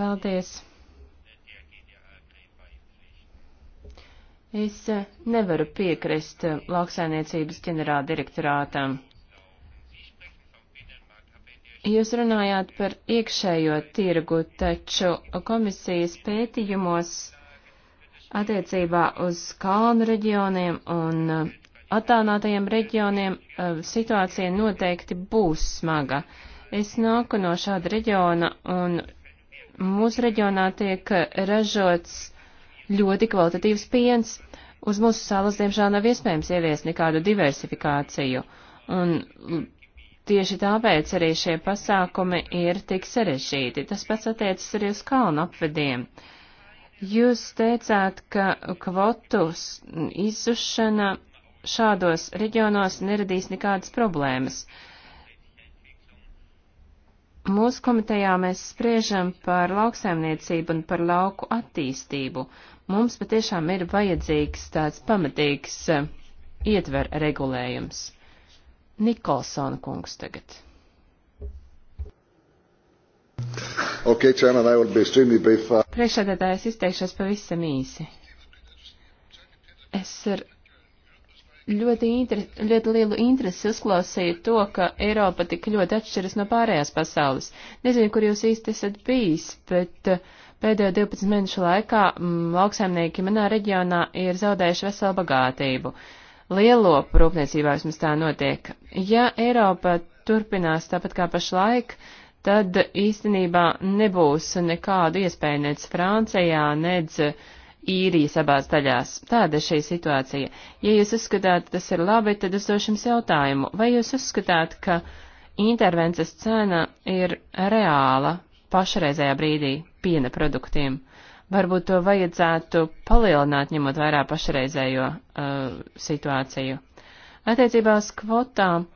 Paldies! Es nevaru piekrist lauksainiecības ģenerāldirektorātam. Jūs runājāt par iekšējo tirgu, taču komisijas pētījumos attiecībā uz kalnu reģioniem un uh, attālinātajiem reģioniem uh, situācija noteikti būs smaga. Es nāku no šāda reģiona un mūsu reģionā tiek ražots ļoti kvalitatīvs piens. Uz mūsu salas, diemžēl, nav iespējams ieviest nekādu diversifikāciju. Un Tieši tāpēc arī šie pasākumi ir tik sarežģīti. Tas pats attiecas arī uz kalnu apvediem. Jūs teicāt, ka kvotu izzušana šādos reģionos neradīs nekādas problēmas. Mūsu komitejā mēs spriežam par lauksaimniecību un par lauku attīstību. Mums patiešām ir vajadzīgs tāds pamatīgs eh, ietver regulējums. Nikolsona kungs tagad. Okay, chairman, I will be extremely brief. Priekšsēdētājs izteikšos pavisam īsi. Es ar ļoti, interes, ļoti lielu interesi uzklausīju to, ka Eiropa tik ļoti atšķiras no pārējās pasaules. Nezinu, kur jūs īsti esat bijis, bet uh, pēdējo 12 mēnešu laikā m, mm, lauksaimnieki manā reģionā ir zaudējuši veselu bagātību. Uh, lielo rūpniecībā vismaz tā notiek. Ja Eiropa turpinās tāpat kā pašlaik, tad īstenībā nebūs nekādu iespēju nec Francijā, nec īrijas abās daļās. Tāda šī situācija. Ja jūs uzskatāt, tas ir labi, tad uzdošu jums jautājumu. Vai jūs uzskatāt, ka intervences cena ir reāla pašreizējā brīdī piena produktiem? Varbūt to vajadzētu palielināt, ņemot vērā pašreizējo uh, situāciju. Attiecībā uz kvotām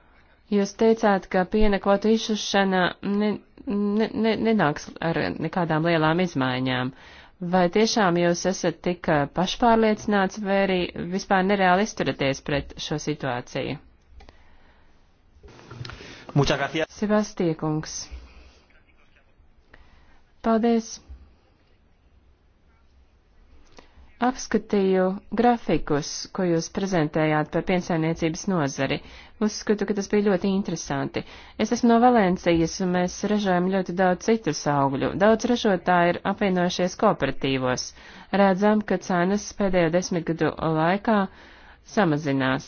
jūs teicāt, ka piena kvotu izšušana ne, ne, ne, nenāks ar nekādām lielām izmaiņām. Vai tiešām jūs esat tik uh, pašpārliecināts vai arī vispār nereāli izturaties pret šo situāciju? Sebastiekungs. Paldies! Apskatīju grafikus, ko jūs prezentējāt par piensaimniecības nozari. Uzskatu, ka tas bija ļoti interesanti. Es esmu no Valencijas, un mēs ražojam ļoti daudz citus augļu. Daudz ražotāji ir apvienojušies kooperatīvos. Redzam, ka cenas pēdējo desmitgadu laikā samazinās.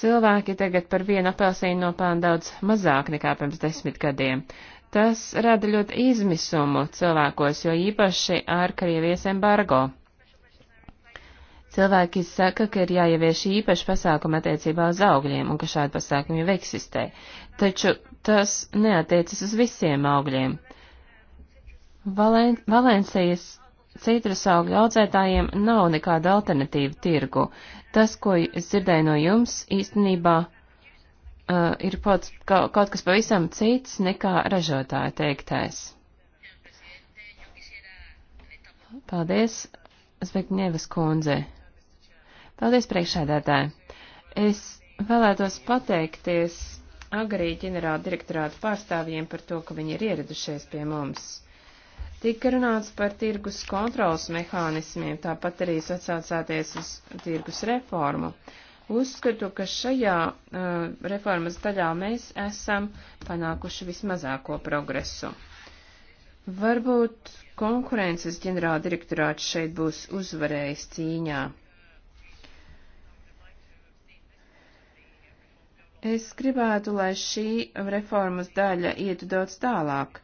Cilvēki tagad par vienu apelsīnu nopelna daudz mazāk nekā pirms desmit gadiem. Tas rada ļoti izmisumu cilvēkos, jo īpaši ar Krievijas embargo. Cilvēki saka, ka ir jāievieš īpaši pasākumi attiecībā uz augļiem un ka šādi pasākumi jau eksistē, taču tas neatiecas uz visiem augļiem. Valen Valencijas citrus augļu audzētājiem nav nekāda alternatīva tirgu. Tas, ko es dzirdēju no jums, īstenībā uh, ir kaut, kaut kas pavisam cits nekā ražotāja teiktais. Paldies, Zvekņevas kundze. Paldies, priekšēdētāji. Es vēlētos pateikties agrī ģenerāla direktorāta pārstāvjiem par to, ka viņi ir ieradušies pie mums. Tika runāts par tirgus kontrolas mehānismiem, tāpat arī atsaucāties uz tirgus reformu. Uzskatu, ka šajā uh, reformas daļā mēs esam panākuši vismazāko progresu. Varbūt konkurences ģenerāla direktorāts šeit būs uzvarējis cīņā Es gribētu, lai šī reformas daļa ietu daudz tālāk.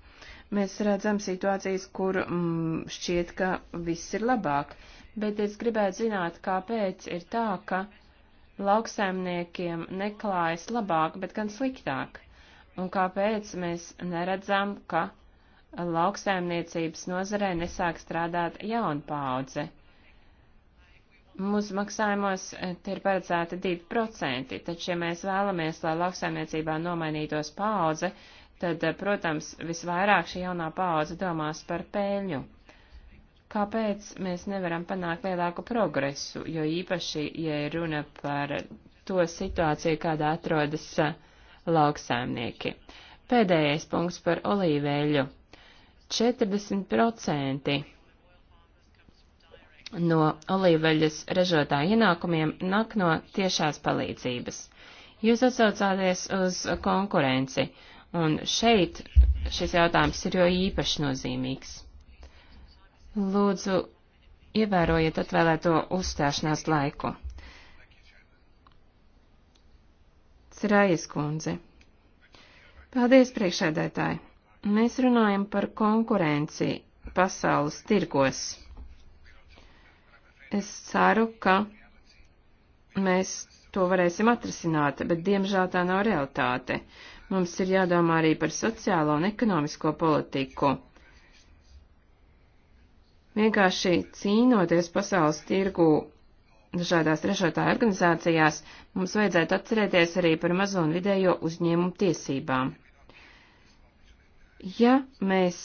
Mēs redzam situācijas, kur mm, šķiet, ka viss ir labāk, bet es gribētu zināt, kāpēc ir tā, ka lauksaimniekiem neklājas labāk, bet gan sliktāk, un kāpēc mēs neredzam, ka lauksaimniecības nozarē nesāk strādāt jauna paudze. Mūsu maksājumos eh, te ir paredzēta 2%, taču, ja mēs vēlamies, lai lauksaimniecībā nomainītos paudze, tad, eh, protams, visvairāk šī jaunā paudze domās par pēļņu. Kāpēc mēs nevaram panākt lielāku progresu, jo īpaši, ja ir runa par to situāciju, kādā atrodas eh, lauksaimnieki? Pēdējais punkts par olīveļu. 40% no olīveļas ražotāju ienākumiem nāk no tiešās palīdzības. Jūs atsaucāties uz konkurenci, un šeit šis jautājums ir jo īpaši nozīmīgs. Lūdzu, ievērojiet atvēlēto uzstāšanās laiku. Cirājas kundze. Paldies, priekšēdētāji! Mēs runājam par konkurenci pasaules tirgos. Es ceru, ka mēs to varēsim atrisināt, bet diemžēl tā nav realitāte. Mums ir jādomā arī par sociālo un ekonomisko politiku. Vienkārši cīnoties pasaules tirgu dažādās trešotāju organizācijās, mums vajadzētu atcerēties arī par mazo un vidējo uzņēmumu tiesībām. Ja mēs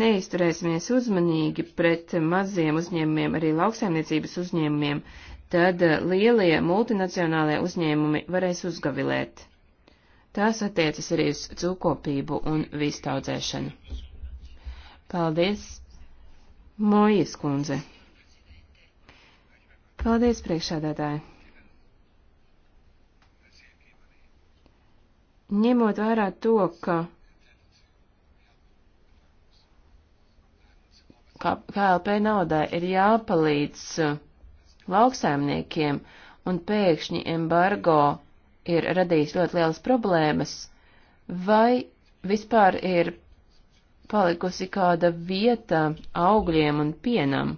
neizturēsimies uzmanīgi pret maziem uzņēmumiem, arī lauksaimniecības uzņēmumiem, tad eh, lielie multinacionālie uzņēmumi varēs uzgavilēt. Tās attiecas arī uz cūkopību un vīstaudzēšanu. Paldies, Mojas kundze. Paldies, priekšādātāji. Ņemot vērā to, ka KLP naudai ir jāpalīdz uh, lauksaimniekiem, un pēkšņi embargo ir radījis ļoti lielas problēmas, vai vispār ir palikusi kāda vieta augļiem un pienam,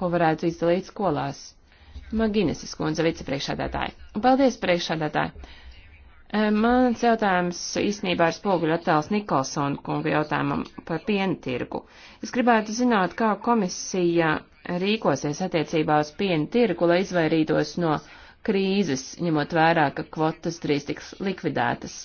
ko varētu izdalīt skolās? Magineses kundze vicepriekšādātāji. Paldies, priekšādātāji! Mans jautājums īstenībā ir spoguļu attēls Nikolsona kunga jautājumam par piena tirgu. Es gribētu zināt, kā komisija rīkosies attiecībā uz piena tirgu, lai izvairītos no krīzes, ņemot vērā, ka kvotas drīz tiks likvidētas.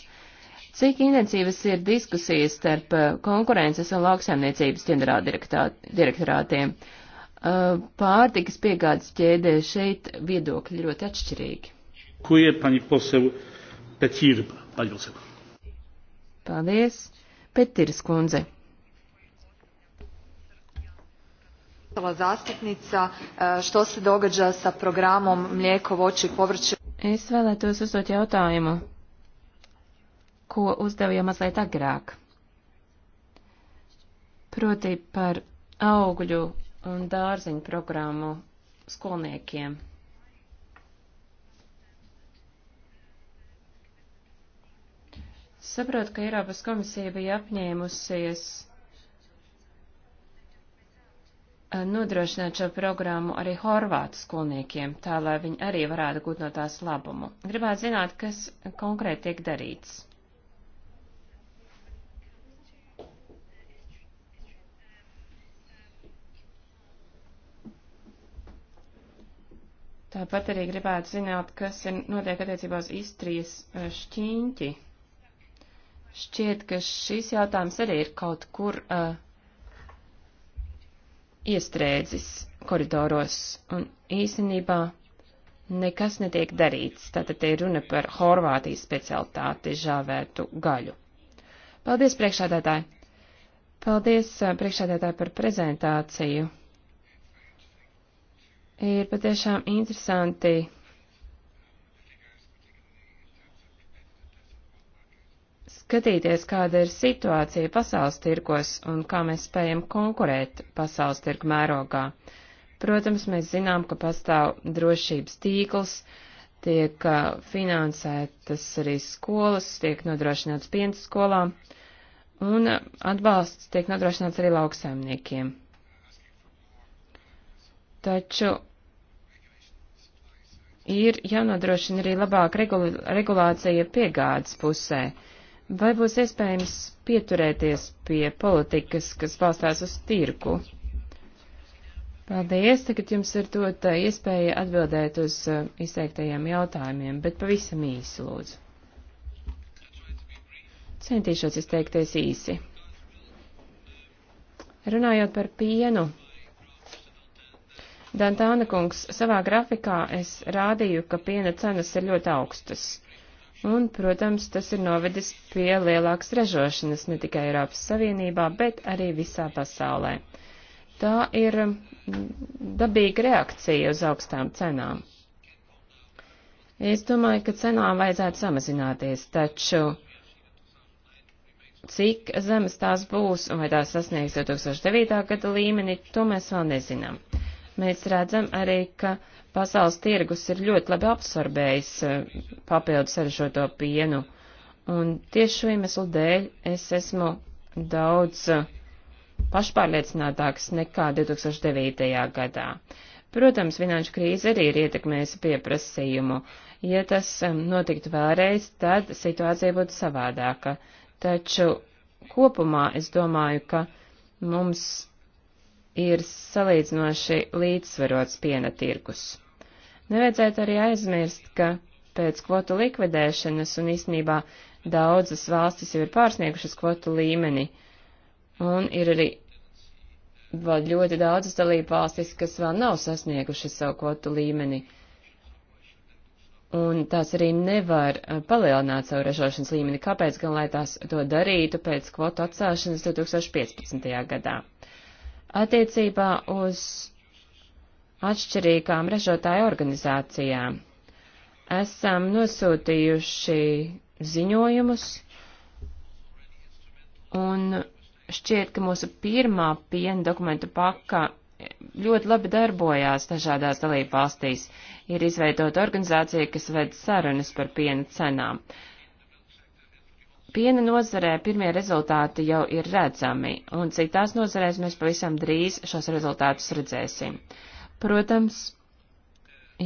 Cik intensīvas ir diskusijas starp uh, konkurences un lauksaimniecības ģenerāldirektorātiem? Uh, pārtikas piegādes ķēdē šeit viedokļi ļoti atšķirīgi. Kuja, pani poseu, Petīra paļūsa. Paldies. Petiras kundze. zastupnica, e, što se događa sa programom mlijeko, voće i povrće? Es vēlētos uzdot jautājumu, ko uzdevu jau mazliet agrāk. Proti par augļu un dārziņu programmu skolniekiem. Saprotu, ka Eiropas komisija bija apņēmusies eh, nodrošināt šo programmu arī horvātu skolniekiem, tā lai viņi arī varētu gūt no tās labumu. Gribētu zināt, kas konkrēti tiek darīts. Tāpat arī gribētu zināt, kas ir notiek attiecībā uz Istrijas eh, šķīņķi. Šķiet, ka šīs jautājums arī ir kaut kur uh, iestrēdzis koridoros, un īstenībā nekas netiek darīts. Tātad te ir runa par Horvātijas specialitāti žāvētu gaļu. Paldies, priekšādātāji! Paldies, uh, priekšādātāji, par prezentāciju. Ir patiešām interesanti skatīties, kāda ir situācija pasaules tirkos un kā mēs spējam konkurēt pasaules tirku mērogā. Protams, mēs zinām, ka pastāv drošības tīkls, tiek finansētas arī skolas, tiek nodrošināts piens skolām, un atbalsts tiek nodrošināts arī lauksaimniekiem. Taču ir jānodrošina arī labāk regul regulācija piegādes pusē. Uh, Vai būs iespējams pieturēties pie politikas, kas balstās uz tirku? Paldies, tagad jums ir dota eh, iespēja atbildēt uz eh, izteiktajiem jautājumiem, bet pavisam īsi lūdzu. Centīšos izteikties īsi. Runājot par pienu, Dantāna kungs, savā grafikā es rādīju, ka piena cenas ir ļoti augstas un, protams, tas ir novedis pie lielākas ražošanas ne tikai Eiropas Savienībā, bet arī visā pasaulē. Tā ir mm, dabīga reakcija uz augstām cenām. Es domāju, ka cenām vajadzētu samazināties, taču cik zemes tās būs un vai tās sasniegs 2009. gada līmeni, to mēs vēl nezinām. Mēs redzam arī, ka pasaules tirgus ir ļoti labi absorbējis eh, papildu sarežģīto pienu. Un tieši šo iemeslu dēļ es esmu daudz eh, pašpārliecinātāks nekā 2009. gadā. Protams, finanšu krīze arī ir ietekmējusi pieprasījumu. Ja tas eh, notiktu vēlreiz, tad situācija būtu savādāka. Taču kopumā es domāju, ka mums ir salīdzinoši līdzsvarots piena tirkus. Nevajadzētu arī aizmirst, ka pēc kvotu likvidēšanas un īstenībā daudzas valstis jau ir pārsniegušas kvotu līmeni, un ir arī vēl ļoti daudzas dalība valstis, kas vēl nav sasniegušas savu kvotu līmeni, un tās arī nevar palielināt savu ražošanas līmeni, kāpēc gan lai tās to darītu pēc kvotu atcelšanas 2015. gadā attiecībā uz atšķirīgām ražotāju organizācijām. Esam nosūtījuši ziņojumus, un šķiet, ka mūsu pirmā piena dokumentu paka ļoti labi darbojās dažādās dalību valstīs. Ir izveidota organizācija, kas ved sarunas par piena cenām. Uh, Piena nozarē pirmie rezultāti jau ir redzami, un citās nozarēs mēs pavisam drīz šos rezultātus redzēsim. Protams,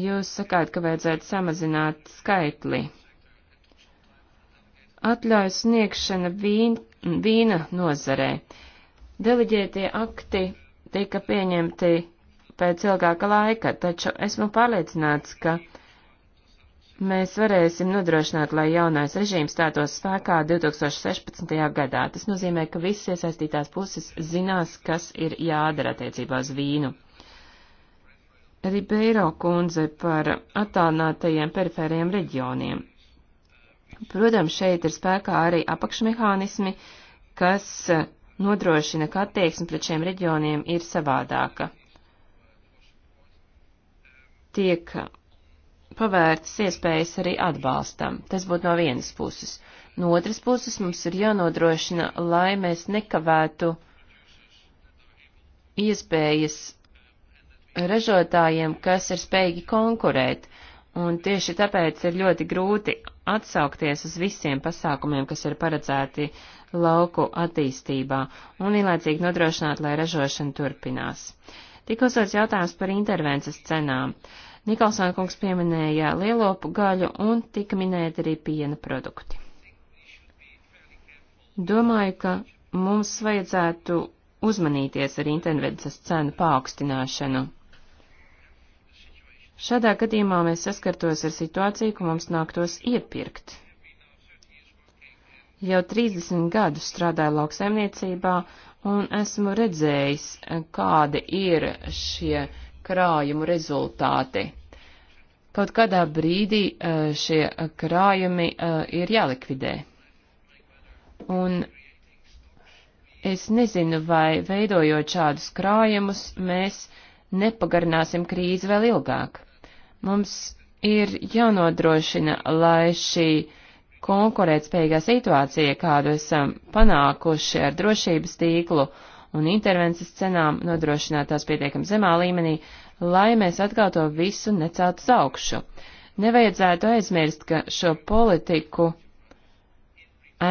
jūs sakāt, ka vajadzētu samazināt skaitli. Atļaujas sniegšana vīn, vīna nozarē. Deliģētie akti tika pieņemti pēc ilgāka laika, taču esmu pārliecināts, ka mēs varēsim nodrošināt, lai jaunais režīms stātos spēkā 2016. gadā. Tas nozīmē, ka visas iesaistītās puses zinās, kas ir jādara attiecībā uz vīnu. Ribeiro kundze par attālinātajiem perifēriem reģioniem. Protams, šeit ir spēkā arī apakšmehānismi, kas nodrošina, ka attieksme pret šiem reģioniem ir savādāka. Tiek pavērtas iespējas arī atbalstam. Tas būtu no vienas puses. No otras puses mums ir jānodrošina, lai mēs nekavētu iespējas ražotājiem, kas ir spējīgi konkurēt, un tieši tāpēc ir ļoti grūti atsaukties uz visiem pasākumiem, kas ir paredzēti lauku attīstībā, un vienlaicīgi nodrošināt, lai ražošana turpinās. Tik uzdots jautājums par intervences cenām. Uh, Nikolsāna kungs pieminēja lielopu gaļu un tika minēti arī piena produkti. Domāju, ka mums vajadzētu uzmanīties ar intervences cenu paaugstināšanu. Šādā gadījumā mēs saskartos ar situāciju, ka mums nāktos iepirkt. Jau 30 gadus strādāju lauksaimniecībā un esmu redzējis, kādi ir šie krājumu rezultāti. Kaut kādā brīdī eh, šie eh, krājumi eh, ir jālikvidē. Un es nezinu, vai veidojot šādus krājumus, mēs nepagarināsim krīzi vēl ilgāk. Mums ir jānodrošina, lai šī konkurētspējīgā situācija, kādu esam panākuši ar drošības tīklu, uh, un intervences cenām nodrošinātās pietiekam zemā līmenī, lai mēs atkal to visu neceltu uz augšu. Nevajadzētu aizmirst, ka šo politiku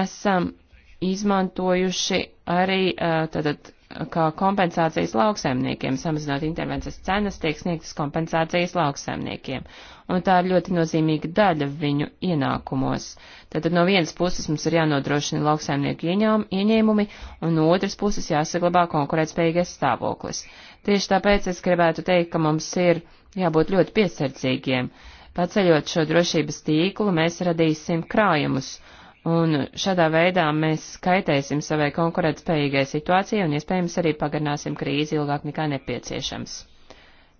esam izmantojuši arī tātad kā kompensācijas lauksaimniekiem, samazinot intervences cenas, tiek sniegtas kompensācijas lauksaimniekiem. Un tā ir ļoti nozīmīga daļa viņu ienākumos. Tātad no vienas puses mums ir jānodrošina lauksaimnieku ieņēmumi, un no otras puses jāsaglabā konkurētspējīgais stāvoklis. Tieši tāpēc es gribētu teikt, ka mums ir jābūt ļoti piesardzīgiem. Paceļot šo drošības tīklu, mēs radīsim krājumus Un šādā veidā mēs kaitēsim savai konkurētspējīgai situācijai un iespējams arī pagarināsim krīzi ilgāk nekā nepieciešams.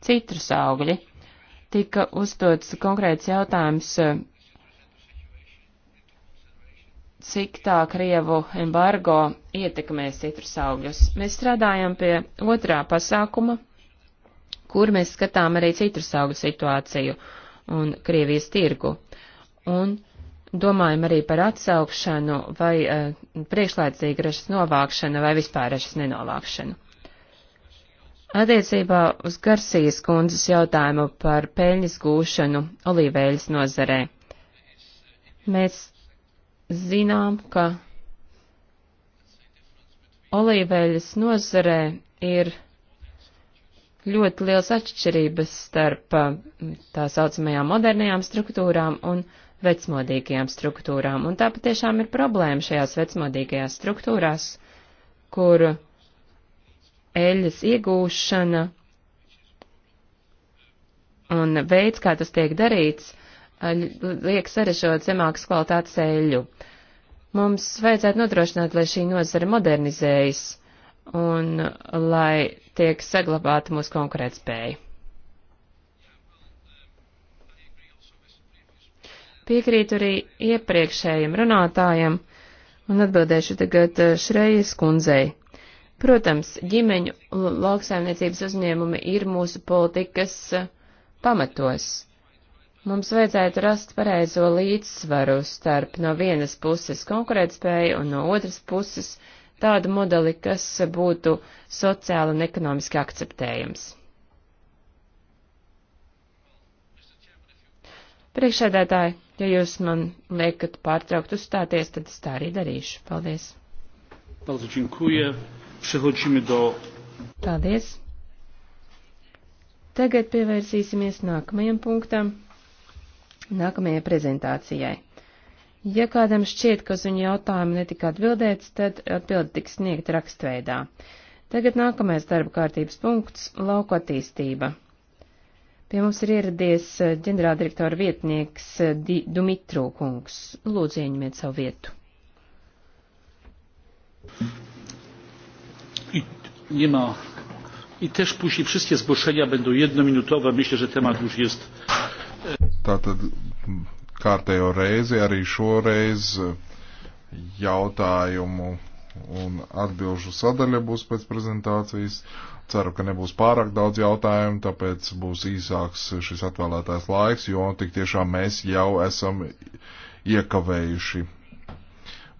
Citrus augļi. Tika uzdots konkrēts jautājums, cik tā Krievu embargo ietekmēs citrus augļus. Mēs strādājam pie otrā pasākuma, kur mēs skatām arī citrus augļu situāciju un Krievijas tirgu. Un Domājam arī par atsaukšanu vai uh, priekšlaicīgu ražas novākšanu vai vispār ražas nenovākšanu. Attiecībā uz Garsijas kundzes jautājumu par peļņas gūšanu olīveļas nozarē. Mēs zinām, ka olīveļas nozarē ir ļoti liels atšķirības starp eh, tā saucamajām modernajām struktūrām un vecmodīgajām struktūrām, un tā patiešām ir problēma šajās vecmodīgajās struktūrās, kur eļas iegūšana un veids, kā tas tiek darīts, liek sarežot zemākas kvalitātes eļu. Mums vajadzētu nodrošināt, lai šī nozara modernizējas un lai tiek saglabāta mūsu konkurētspēja. Piekrītu arī iepriekšējiem runātājiem un atbildēšu tagad eh, Šrejas kundzei. Protams, ģimeņu lauksaimniecības uzņēmumi ir mūsu politikas eh, pamatos. Mums vajadzētu rast pareizo līdzsvaru starp no vienas puses konkurētspēju un no otras puses tādu modeli, kas būtu sociāli un ekonomiski akceptējams. Priekšsēdētāji, ja jūs man liekat pārtraukt uzstāties, tad es tā arī darīšu. Paldies! Paldies! Tagad pievērsīsimies nākamajam punktam, nākamajai prezentācijai. Ja kādam šķiet, ka uz viņu jautājumu netika atbildēts, tad atbildi tiks sniegta rakstveidā. Tagad nākamais darba kārtības punkts - lauku attīstība. Pie mums ir ieradies eh, ģenerāldirektora vietnieks eh, Di Dumitru kungs. Lūdzu, ieņemiet savu vietu. I, nie ma. I też później wszystkie zgłoszenia będą jednominutowe. Myślę, że temat już jest. E, Tātad kārtējo reizi, arī šoreiz e, jautājumu un atbilžu sadaļa būs pēc prezentācijas. Ceru, ka nebūs pārāk daudz jautājumu, tāpēc būs īsāks šis atvēlētais laiks, jo tik tiešām mēs jau esam iekavējuši.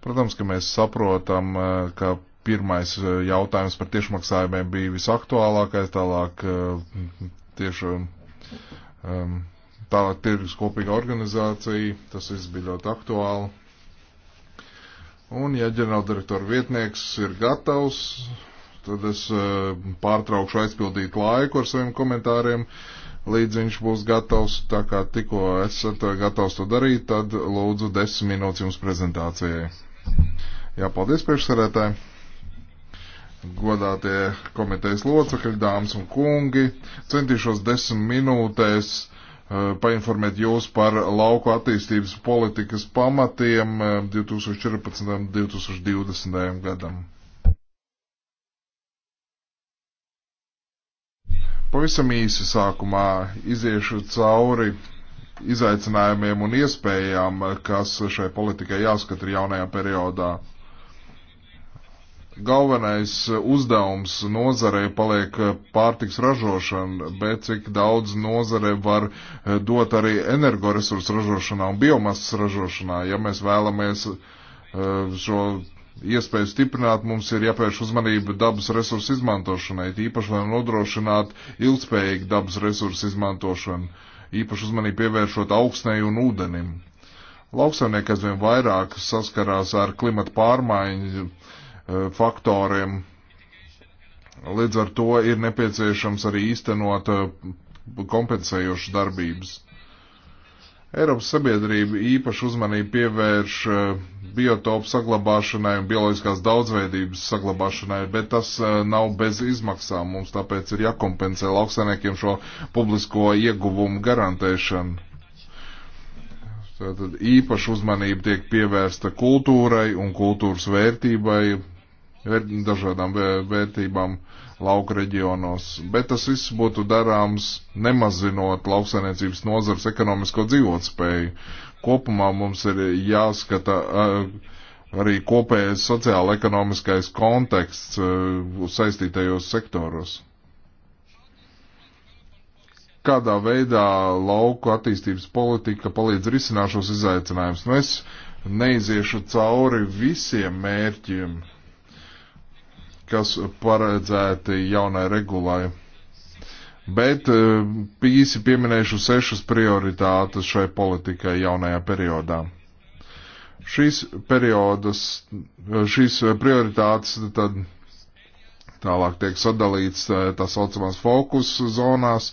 Protams, ka mēs saprotam, eh, ka pirmais eh, jautājums par tiešmaksājumiem bija visaktuālākais, tālāk eh, tieši ehm, tālāk tirgus kopīga organizācija, tas viss bija ļoti aktuāli. Un, ja ģenerāldirektora vietnieks ir gatavs, tad es eh, pārtraukšu aizpildīt laiku ar saviem komentāriem, līdz viņš būs gatavs. Tā kā tikko esat gatavs to darīt, tad lūdzu desmit minūtes jums prezentācijai. Jā, paldies priekšsarētāji. Godātie komitejas locekļi, dāmas un kungi, centīšos desmit minūtēs Eh, painformēt jūs par lauku attīstības politikas pamatiem 2014. un 2020. gadam. Pavisam īsi sākumā iziešu cauri izaicinājumiem un iespējām, kas šai politikai jāskatra jaunajā periodā galvenais eh, uzdevums nozarei paliek eh, pārtiks ražošana, bet cik daudz nozare var eh, dot arī energoresursu ražošanā un biomasas ražošanā. Ja mēs vēlamies šo iespēju stiprināt, mums ir jāpērš uzmanība dabas resursu izmantošanai, īpaši lai nodrošinātu ilgspējīgu dabas resursu izmantošanu, īpaši uzmanību pievēršot augstnei un ūdenim. Lauksaimnieki aizvien vairāk saskarās ar klimatu pārmaiņu E, faktoriem. Līdz ar to ir nepieciešams arī īstenot e, kompensējošas darbības. Eiropas sabiedrība īpaši uzmanību pievērš e, biotopu saglabāšanai un bioloģiskās daudzveidības saglabāšanai, bet tas nav bez izmaksām. Mums tāpēc ir jākompensē lauksaimniekiem šo publisko ieguvumu garantēšanu. Tātad īpaši uzmanība tiek pievērsta kultūrai un kultūras vērtībai, dažādām vērtībām lauka reģionos. Bet tas viss būtu darāms nemazinot lauksainiecības nozars ekonomisko dzīvotspēju. Kopumā mums ir jāskata arī kopējais sociāla-ekonomiskais konteksts saistītajos sektoros. Kādā veidā lauku attīstības politika palīdz risināt šos izaicinājumus? Nu, es neiziešu cauri visiem mērķiem, kas paredzēti jaunai regulai. Bet e, īsi pieminēšu sešas prioritātes šai politikai jaunajā periodā. Šīs periodas, šīs prioritātes tad tālāk tiek sadalīts e, tā saucamās fokus zonās,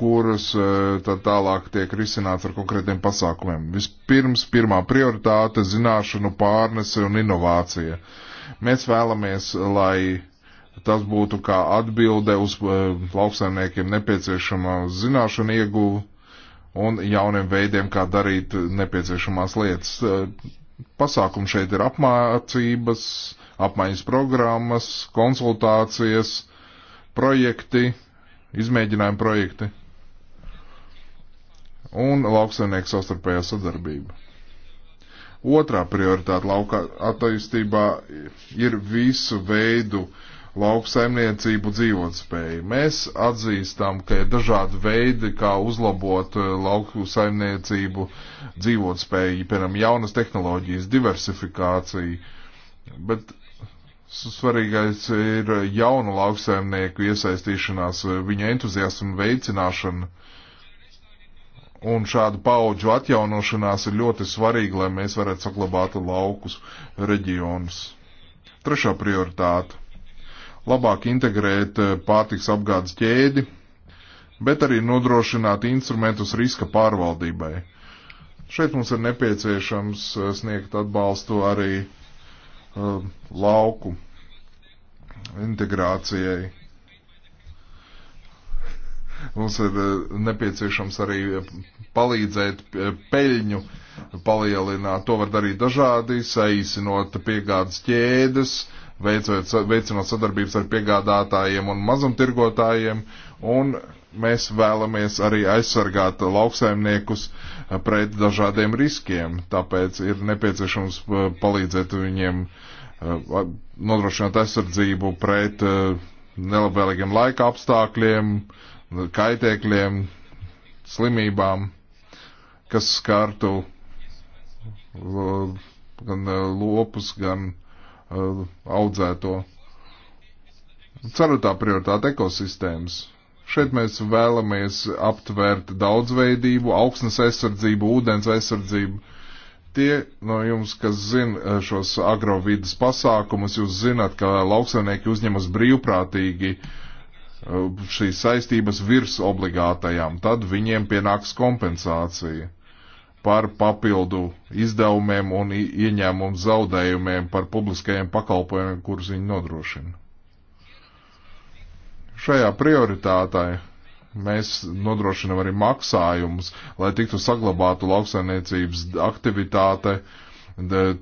kuras e, tad tālāk tiek risināts ar konkrētiem pasākumiem. Vispirms, pirmā prioritāte - zināšanu pārnese un inovācija. Uh, Mēs vēlamies, lai tas būtu kā atbilde uz eh, lauksaimniekiem nepieciešamā zināšanu ieguvu un jauniem veidiem, kā darīt nepieciešamās lietas. Eh, pasākumi šeit ir apmācības, apmaiņas programmas, konsultācijas, projekti, izmēģinājumu projekti un lauksaimnieku savstarpējā sadarbība. Otrā prioritāte lauka attīstībā ir visu veidu lauksaimniecību dzīvotspēju. Mēs atzīstam, ka ir dažādi veidi, kā uzlabot eh, lauku saimniecību dzīvotspēju, piemēram, jaunas tehnoloģijas, diversifikāciju, bet svarīgais ir jaunu lauksaimnieku iesaistīšanās, eh, viņa entuziasmu veicināšana Un šādu paudžu atjaunošanās ir ļoti svarīgi, lai mēs varētu saglabāt laukus reģionus. Trešā prioritāte - labāk integrēt eh, pārtiks apgādes ķēdi, bet arī nodrošināt instrumentus riska pārvaldībai. Šeit mums ir nepieciešams eh, sniegt atbalstu arī uh, lauku integrācijai Mums ir e, nepieciešams arī palīdzēt e, peļņu palielināt. To var darīt dažādi, saīsinot piegādas ķēdes, veicot, veicinot sadarbības ar piegādātājiem un mazumtirgotājiem. Un mēs vēlamies arī aizsargāt lauksaimniekus e, pret dažādiem riskiem. Tāpēc ir nepieciešams palīdzēt viņiem nodrošināt aizsardzību pret nelabvēlīgiem laika apstākļiem, uh, kaitēkļiem, slimībām, kas skartu gan e, lopus, gan e, audzēto. Ceturtā prioritāte - ekosistēmas. Šeit mēs vēlamies aptvērt daudzveidību, augsnes aizsardzību, ūdens aizsardzību. Tie no jums, kas zina e, šos agrovidas pasākumus, jūs zināt, ka lauksaimnieki uzņemas brīvprātīgi uh, Uh, šīs saistības virs obligātajām, tad viņiem pienāks kompensācija par papildu izdevumiem un ieņēmumu zaudējumiem par publiskajiem pakalpojumiem, kurus viņi nodrošina. Šajā prioritātē mēs nodrošinām arī maksājumus, lai tiktu saglabātu lauksainiecības aktivitāte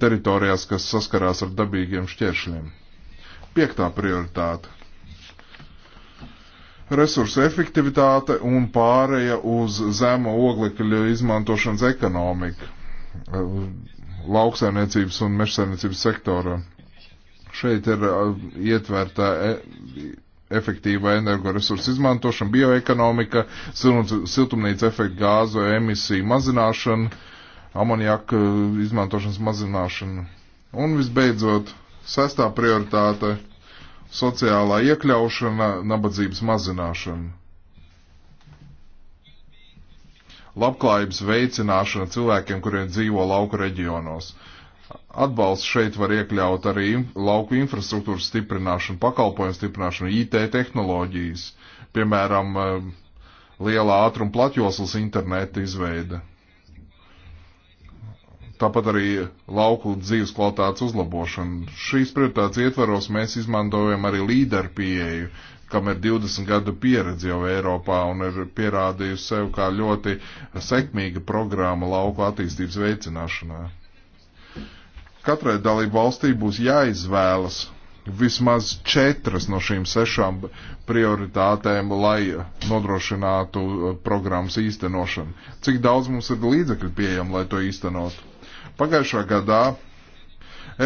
teritorijās, kas saskarās ar dabīgiem šķēršļiem. Piektā prioritāte resursu efektivitāte un pāreja uz zema oglekļa izmantošanas ekonomiku eh, lauksainiecības un mežsainiecības sektorā. Šeit ir eh, ietverta e efektīva energoresursu izmantošana, bioekonomika, siltumnīca efekta gāzu emisiju mazināšana, amoniaka eh, izmantošanas mazināšana. Un visbeidzot, sestā prioritāte sociālā iekļaušana, nabadzības mazināšana, labklājības veicināšana cilvēkiem, kuriem dzīvo lauku reģionos. Atbalsts šeit var iekļaut arī lauku infrastruktūras stiprināšanu, pakalpojumu stiprināšanu, IT tehnoloģijas, piemēram, eh, lielā ātruma platjoslas interneta izveida tāpat arī lauku dzīves kvalitātes uzlabošanu. Šīs prioritātes ietvaros mēs izmantojam arī līderu pieeju, kam ir 20 gadu pieredze jau Eiropā un ir pierādījusi sev kā ļoti sekmīga programma lauku attīstības veicināšanā. Katrai dalību valstī būs jāizvēlas vismaz četras no šīm sešām prioritātēm, lai nodrošinātu programmas īstenošanu. Cik daudz mums ir līdzekļu pieejam, lai to īstenotu? Pagājušā gadā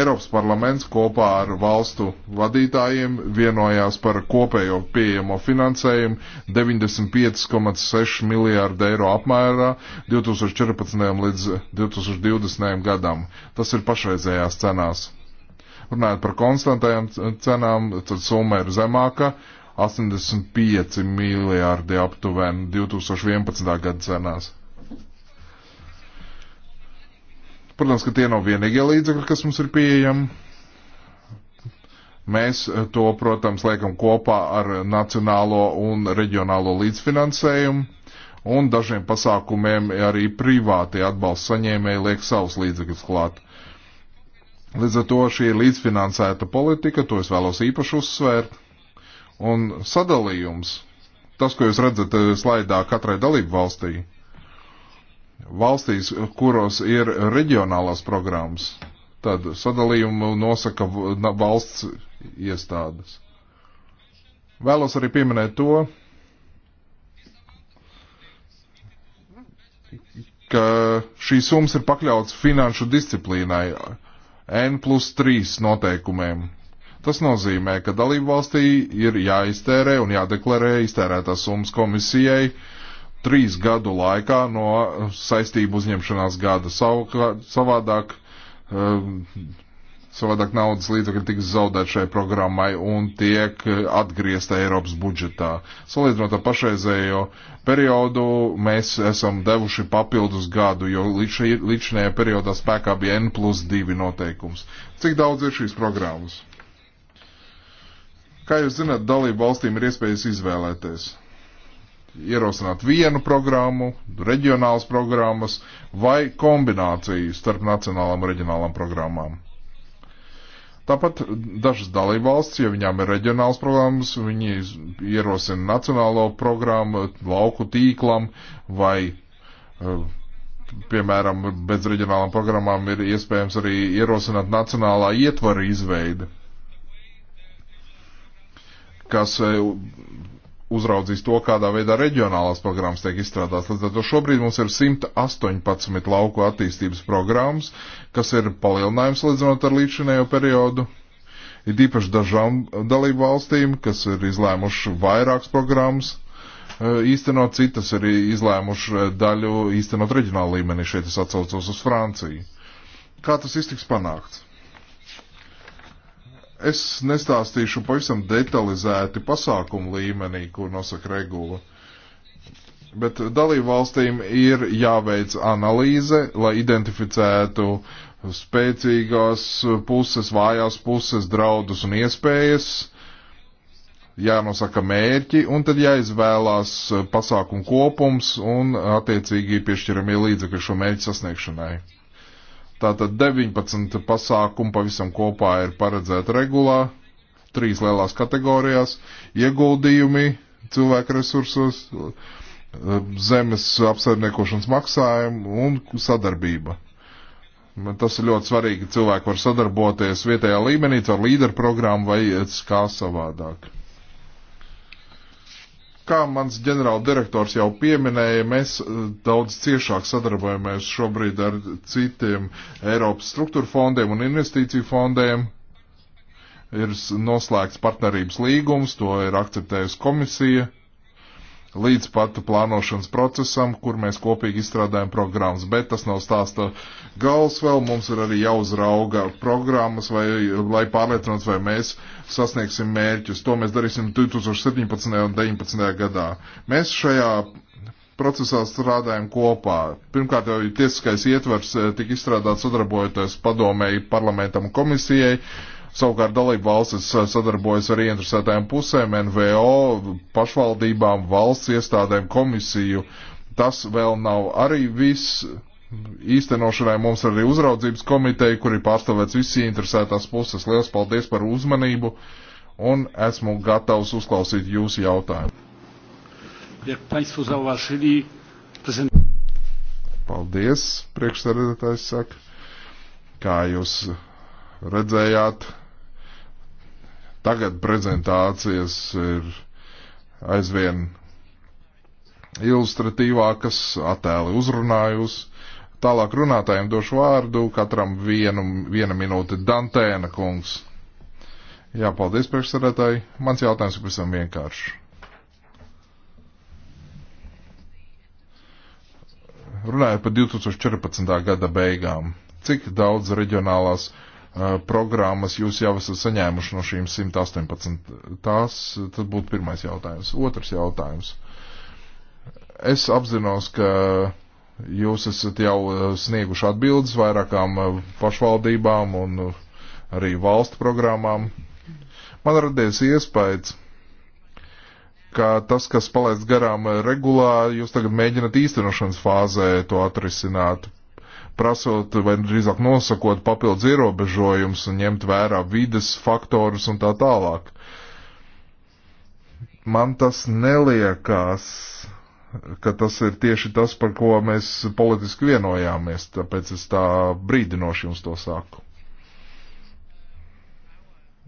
Eiropas parlaments kopā ar valstu vadītājiem vienojās par kopējo pieejamo finansējumu 95,6 miljārdu eiro apmērā 2014. līdz 2020. gadam. Tas ir pašreizējās cenās. Runājot par konstantajām cenām, tad summa ir zemāka 85 miljārdi aptuveni 2011. gada cenās. Protams, ka tie nav vienīgie līdzekļi, kas mums ir pieejami. Mēs eh, to, protams, liekam kopā ar nacionālo un reģionālo līdzfinansējumu, un dažiem pasākumiem arī privāti atbalsta saņēmēji liek savus līdzekļus klāt. Līdz ar to šī ir līdzfinansēta politika, to es vēlos īpaši uzsvērt, un sadalījums, tas, ko jūs redzat eh, slaidā katrai dalību valstī, valstīs, kuros ir reģionālās programmas, tad sadalījumu nosaka valsts iestādes. Vēlos arī pieminēt to, ka šīs summas ir pakļauts finanšu disciplīnai N plus 3 noteikumiem. Tas nozīmē, ka dalību valstī ir jāiztērē un jādeklarē iztērētās summas komisijai uh, trīs gadu laikā no saistību uzņemšanās gada. Savukār, savādāk, um, savādāk naudas līdzekļi tiks zaudēt šai programmai un tiek atgriezta Eiropas budžetā. Salīdzinot ar pašreizējo periodu, mēs esam devuši papildus gadu, jo līdz šajā periodā spēkā bija N plus 2 noteikums. Cik daudz ir šīs programmas? Kā jūs zināt, dalību valstīm ir iespējas izvēlēties ierosināt vienu programmu, reģionālas programmas vai kombināciju starp nacionālām un reģionālām programmām. Tāpat dažas dalībvalstis, ja viņām ir reģionāls programmas, viņi ierosina nacionālo programmu lauku tīklam vai, eh, piemēram, bez reģionālām programmām ir iespējams arī ierosināt nacionālā ietvara izveidi, kas eh, uzraudzīs to, kādā veidā reģionālās programmas tiek izstrādātas. Līdz ar to šobrīd mums ir 118 lauku attīstības programmas, kas ir palielinājums līdzinot ar līdzinējo periodu. Ir īpaši dažām dalību valstīm, kas ir izlēmuši vairākas programmas e, īstenot, citas ir izlēmuši e, daļu īstenot reģionāla līmenī. Šeit es atsaucos uz Franciju. Kā tas iztiks panākts? Es nestāstīšu pavisam detalizēti pasākumu līmenī, ko nosaka regula. Bet dalību valstīm ir jāveic analīze, lai identificētu spēcīgās puses, vājās puses, draudus un iespējas, jānosaka mērķi, un tad jāizvēlās pasākumu kopums un attiecīgi piešķiramie līdzekļi šo mērķu sasniegšanai. Tātad 19 pasākumu pavisam kopā ir paredzēta regulā, trīs lielās kategorijās - ieguldījumi cilvēku resursos, zemes apsaimniekošanas maksājumi un sadarbība. Tas ir ļoti svarīgi, cilvēki var sadarboties vietējā līmenī ar līderu programmu vai eh, kā savādāk. Kā mans ģenerāldirektors jau pieminēja, mēs eh, daudz ciešāk sadarbojamies šobrīd ar citiem Eiropas struktūra fondiem un investīciju fondiem. Ir noslēgts partnerības līgums, to ir akceptējusi komisija līdz pat plānošanas procesam, kur mēs kopīgi izstrādājam programmas. Bet tas nav stāsta gals vēl, mums ir arī jāuzrauga programmas, vai, lai pārliecinātu, vai mēs sasniegsim mērķus. To mēs darīsim 2017. un 2019. gadā. Mēs šajā procesā strādājam kopā. Pirmkārt, jau tiesiskais ietvers eh, tika izstrādāts sadarbojoties padomēji parlamentam un komisijai. Uh, Savukārt dalību valstis eh, sadarbojas ar ieinteresētajām pusēm, NVO, pašvaldībām, valsts iestādēm, komisiju. Tas vēl nav arī viss. Īstenošanai mums ir arī uzraudzības komiteja, kur ir pārstāvēts visi interesētās puses. Lielas paldies par uzmanību un esmu gatavs uzklausīt jūsu jautājumu. Paldies, priekšsēdētājs saka. Kā jūs redzējāt, Tagad prezentācijas ir aizvien ilustratīvākas, attēli uzrunājusi. Tālāk runātājiem došu vārdu, katram vienu, viena minūte Dantēna kungs. Jā, paldies priekšsarētāji. Mans jautājums ir pavisam vienkāršs. Runājot par 2014. gada beigām, cik daudz reģionālās uh, Eh, programmas jūs jau esat saņēmuši no šīm 118. Tās, tad būtu pirmais jautājums. Otrs jautājums. Es apzinos, ka jūs esat jau eh, snieguši atbildes vairākām eh, pašvaldībām un arī valstu programmām. Man radies iespējas, ka tas, kas palaists garām regulā, jūs tagad mēģinat īstenošanas fāzē to atrisināt prasot vai drīzāk nosakot papildus ierobežojumus un ņemt vērā vides faktorus un tā tālāk. Man tas neliekās, ka tas ir tieši tas, par ko mēs politiski vienojāmies, tāpēc es tā brīdinoši jums to saku.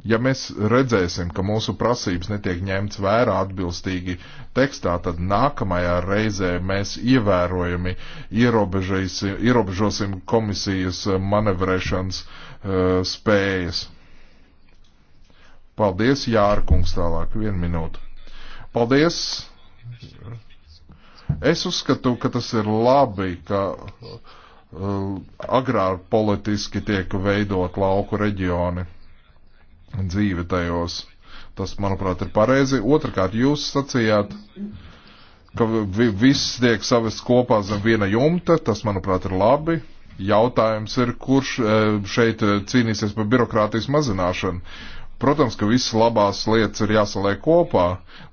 Ja mēs redzēsim, ka mūsu prasības netiek ņemts vērā atbilstīgi tekstā, tad nākamajā reizē mēs ievērojami ierobežosim komisijas manevrēšanas uh, spējas. Paldies, Jārkungs, tālāk, vienu minūtu. Paldies! Es uzskatu, ka tas ir labi, ka uh, eh, agrāri politiski tiek veidot lauku reģioni dzīve tajos. Tas, manuprāt, ir pareizi. Otrakārt, jūs sacījāt, ka vi viss tiek savest kopā zem viena jumta. Tas, manuprāt, ir labi. Jautājums ir, kurš e, šeit e, cīnīsies par birokrātijas mazināšanu. Protams, ka visas labās lietas ir jāsaliek kopā,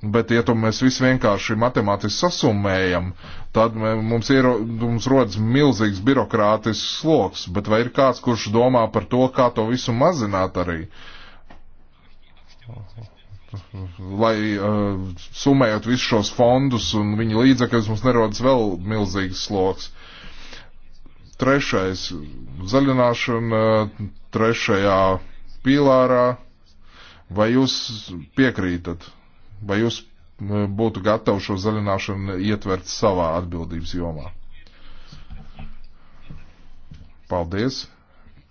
bet ja to mēs visi vienkārši matemātiski sasumējam, tad mums, ir, mums rodas milzīgs birokrātisks sloks, bet vai ir kāds, kurš domā par to, kā to visu mazināt arī? Uh, lai uh, summējot visus šos fondus un viņa līdzekļus, mums nerodas vēl milzīgs sloks. Trešais - zaļināšana trešajā pīlārā. Vai jūs piekrītat? Vai jūs uh, būtu gatavi šo zaļināšanu ietvert savā atbildības jomā? Paldies!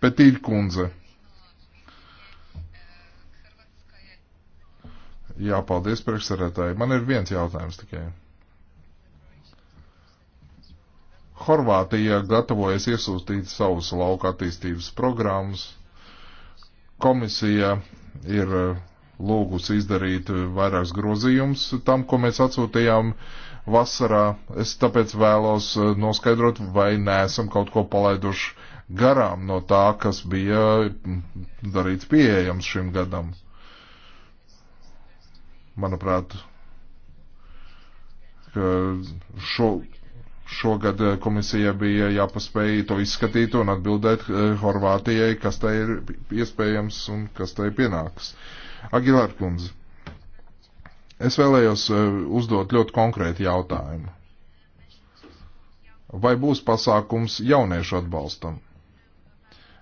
Petīra kundze! Jā, paldies priekšsarētāji. Man ir viens jautājums tikai. Horvātija gatavojas iesūstīt savus lauka attīstības programmas. Komisija ir eh, lūgusi izdarīt eh, vairākus grozījumus tam, ko mēs atsūtījām vasarā. Es tāpēc vēlos eh, noskaidrot, vai neesam kaut ko palaiduši garām no tā, kas bija mm, darīts pieejams šim gadam manuprāt, ka šo, šogad eh, komisija bija jāpaspēj to izskatīt un atbildēt eh, Horvātijai, kas tai ir iespējams un kas tai pienāks. Agilār kundze, es vēlējos eh, uzdot ļoti konkrētu jautājumu. Vai būs pasākums jauniešu atbalstam?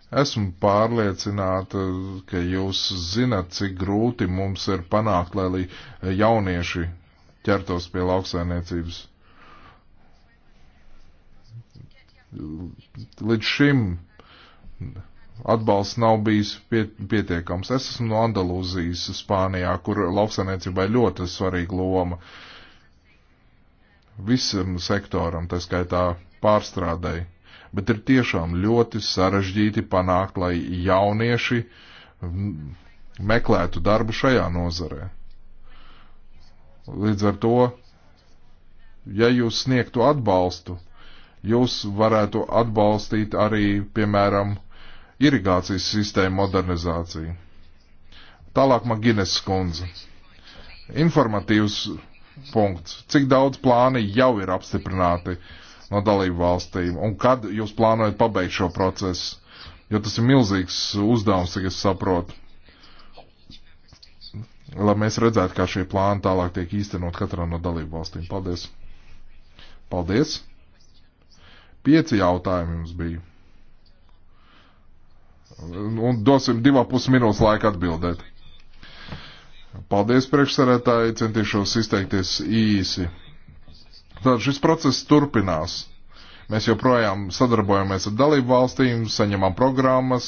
Esmu pārliecināta, ka jūs zinat, cik grūti mums ir panākt, lai jaunieši ķertos pie lauksainiecības. Līdz šim atbalsts nav bijis pietiekams. Es esmu no Andalūzijas, Spānijā, kur lauksainiecībai ļoti svarīga loma visam sektoram, tā skaitā pārstrādēji bet ir tiešām ļoti sarežģīti panākt, lai jaunieši mm, meklētu darbu šajā nozarē. Līdz ar to, ja jūs sniegtu atbalstu, jūs varētu atbalstīt arī, piemēram, irigācijas sistēmu modernizāciju. Tālāk man Gines skundze. Informatīvs punkts. Cik daudz plāni jau ir apstiprināti? Uh, no dalību valstīm, un kad jūs plānojat pabeigt šo procesu, jo tas ir milzīgs uzdevums, cik es saprotu, lai mēs redzētu, kā šie plāni tālāk tiek īstenot katrā no dalību valstīm. Paldies! Paldies! Pieci jautājumi jums bija. Un dosim divā pusminūtes laika atbildēt. Paldies priekšsarētāji, centīšos izteikties īsi. Tātad šis process turpinās. Mēs joprojām sadarbojamies ar dalību valstīm, saņemam programmas,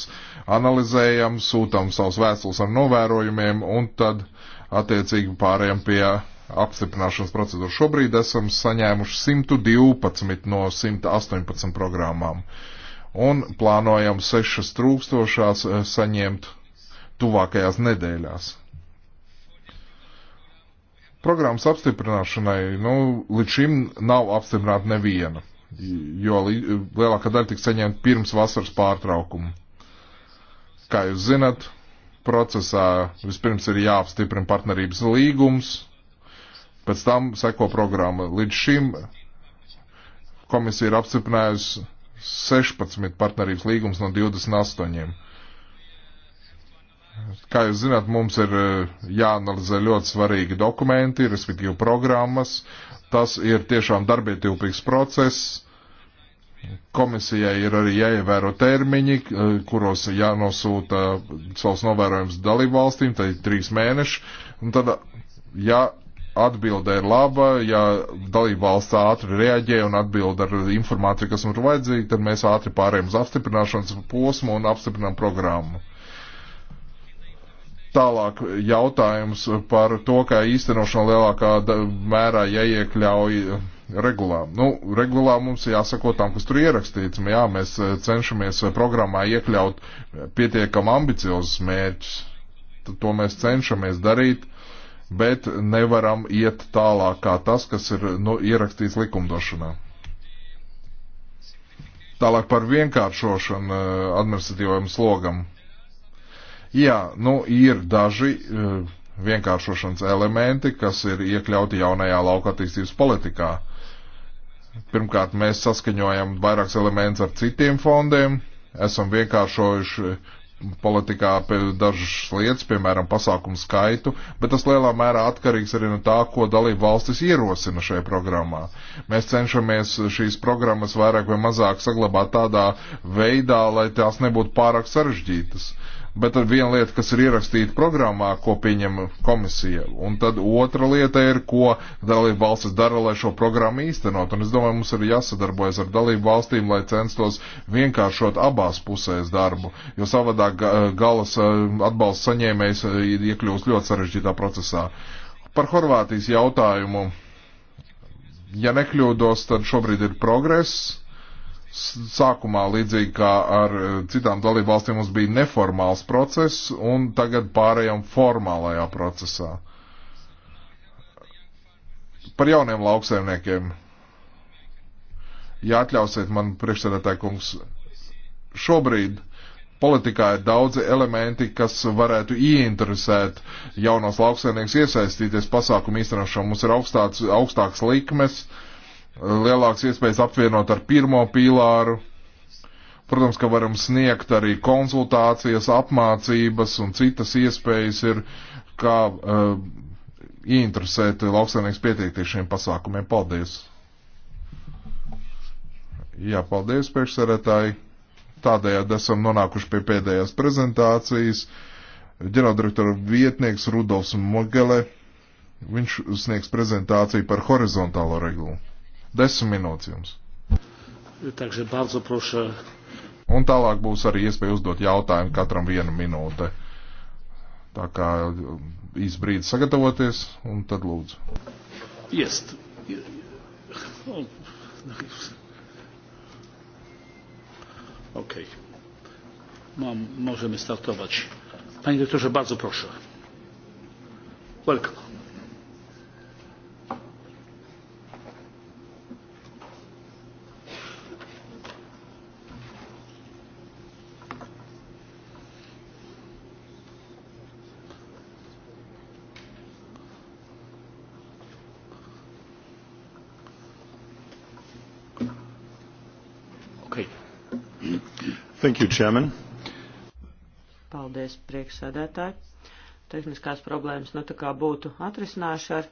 analizējam, sūtam savus vēstules ar novērojumiem un tad attiecīgi pārējām pie apstiprināšanas procedūru. Šobrīd esam saņēmuši 112 no 118 programmām un plānojam 6000 eh, saņemt tuvākajās nedēļās. Programmas apstiprināšanai nu, līdz šim nav apstiprināta neviena, jo lielākā daļa tika saņemta pirms vasaras pārtraukuma. Kā jūs zinat, procesā vispirms ir jāapstiprina partnerības līgums, pēc tam seko programma. Līdz šim komisija ir apstiprinājusi 16 partnerības līgums no 28. Kā jūs zināt, mums ir eh, jāanalizē ļoti svarīgi dokumenti, respektīvi programmas. Tas ir tiešām darbietilpīgs process. Komisijai ir arī jāievēro termiņi, eh, kuros jānosūta savs novērojums dalību valstīm, tad ir trīs mēneši. Un tad, ja atbilde ir laba, ja dalību valsts ātri reaģē un atbild ar informāciju, kas mums ir vajadzīga, tad mēs ātri pārējām uz apstiprināšanas posmu un apstiprinām programmu. Tālāk jautājums par to, kā īstenošana lielākā mērā jāiekļauj regulā. Nu, regulā mums jāsako tam, kas tur ierakstīts. Jā, mēs eh, cenšamies programmā iekļaut pietiekam ambiciozus mērķus. To mēs cenšamies darīt, bet nevaram iet tālāk kā tas, kas ir nu, ierakstīts likumdošanā. Tālāk par vienkāršošanu eh, administratīvajam slogam Jā, nu ir daži eh, vienkāršošanas elementi, kas ir iekļauti jaunajā lauka attīstības politikā. Pirmkārt, mēs saskaņojam vairākus elementus ar citiem fondiem, esam vienkāršojuši politikā dažas lietas, piemēram, pasākumu skaitu, bet tas lielā mērā atkarīgs arī no tā, ko dalību valstis ierosina šajā programmā. Mēs cenšamies šīs programmas vairāk vai mazāk saglabāt tādā veidā, lai tās nebūtu pārāk sarežģītas. Uh, bet viena lieta, kas ir ierakstīta programmā, ko pieņem komisija, un tad otra lieta ir, ko dalību valstis dara, lai šo programmu īstenot. Un es domāju, mums ir jāsadarbojas ar dalību valstīm, lai censtos vienkāršot abās pusēs darbu, jo savādāk galas eh, atbalsts saņēmējs eh, iekļūst ļoti sarežģītā procesā. Par Horvātijas jautājumu. Ja nekļūdos, tad šobrīd ir progress, sākumā, līdzīgi kā ar eh, citām dalībvalstīm, mums bija neformāls process, un tagad pārējām formālajā procesā. Par jauniem lauksaimniekiem. Ja atļausiet man priekšsēdētāji kungs, šobrīd politikā ir daudzi elementi, kas varētu ieinteresēt jaunos lauksaimniekus iesaistīties pasākumu īstenošanā. Mums ir augstāks, augstāks likmes, uh, lielāks iespējas apvienot ar pirmo pīlāru. Protams, ka varam sniegt arī konsultācijas, apmācības un citas iespējas ir, kā uh, ieinteresēt lauksaimnieks pieteikties šiem pasākumiem. Paldies! Jā, paldies, priekšsarētāji! Tādējādi esam nonākuši pie pēdējās prezentācijas. Ģenerāldirektora vietnieks Rudolfs Mogele, viņš sniegs prezentāciju par horizontālo regulu. Desmit minūtes jums. Takže bardzo prošu. Un tālāk būs arī iespēja uzdot jautājumu katram vienu minūte. Tā kā um, īs brīdis sagatavoties, un tad lūdzu. Jest. Ok. Mam, możemy startować. Panie dyrektorze, bardzo proszę. Welcome. Thank you, Chairman. Paldies, priekšsēdētāji. Tehniskās problēmas nu tā kā būtu atrisinājuši ar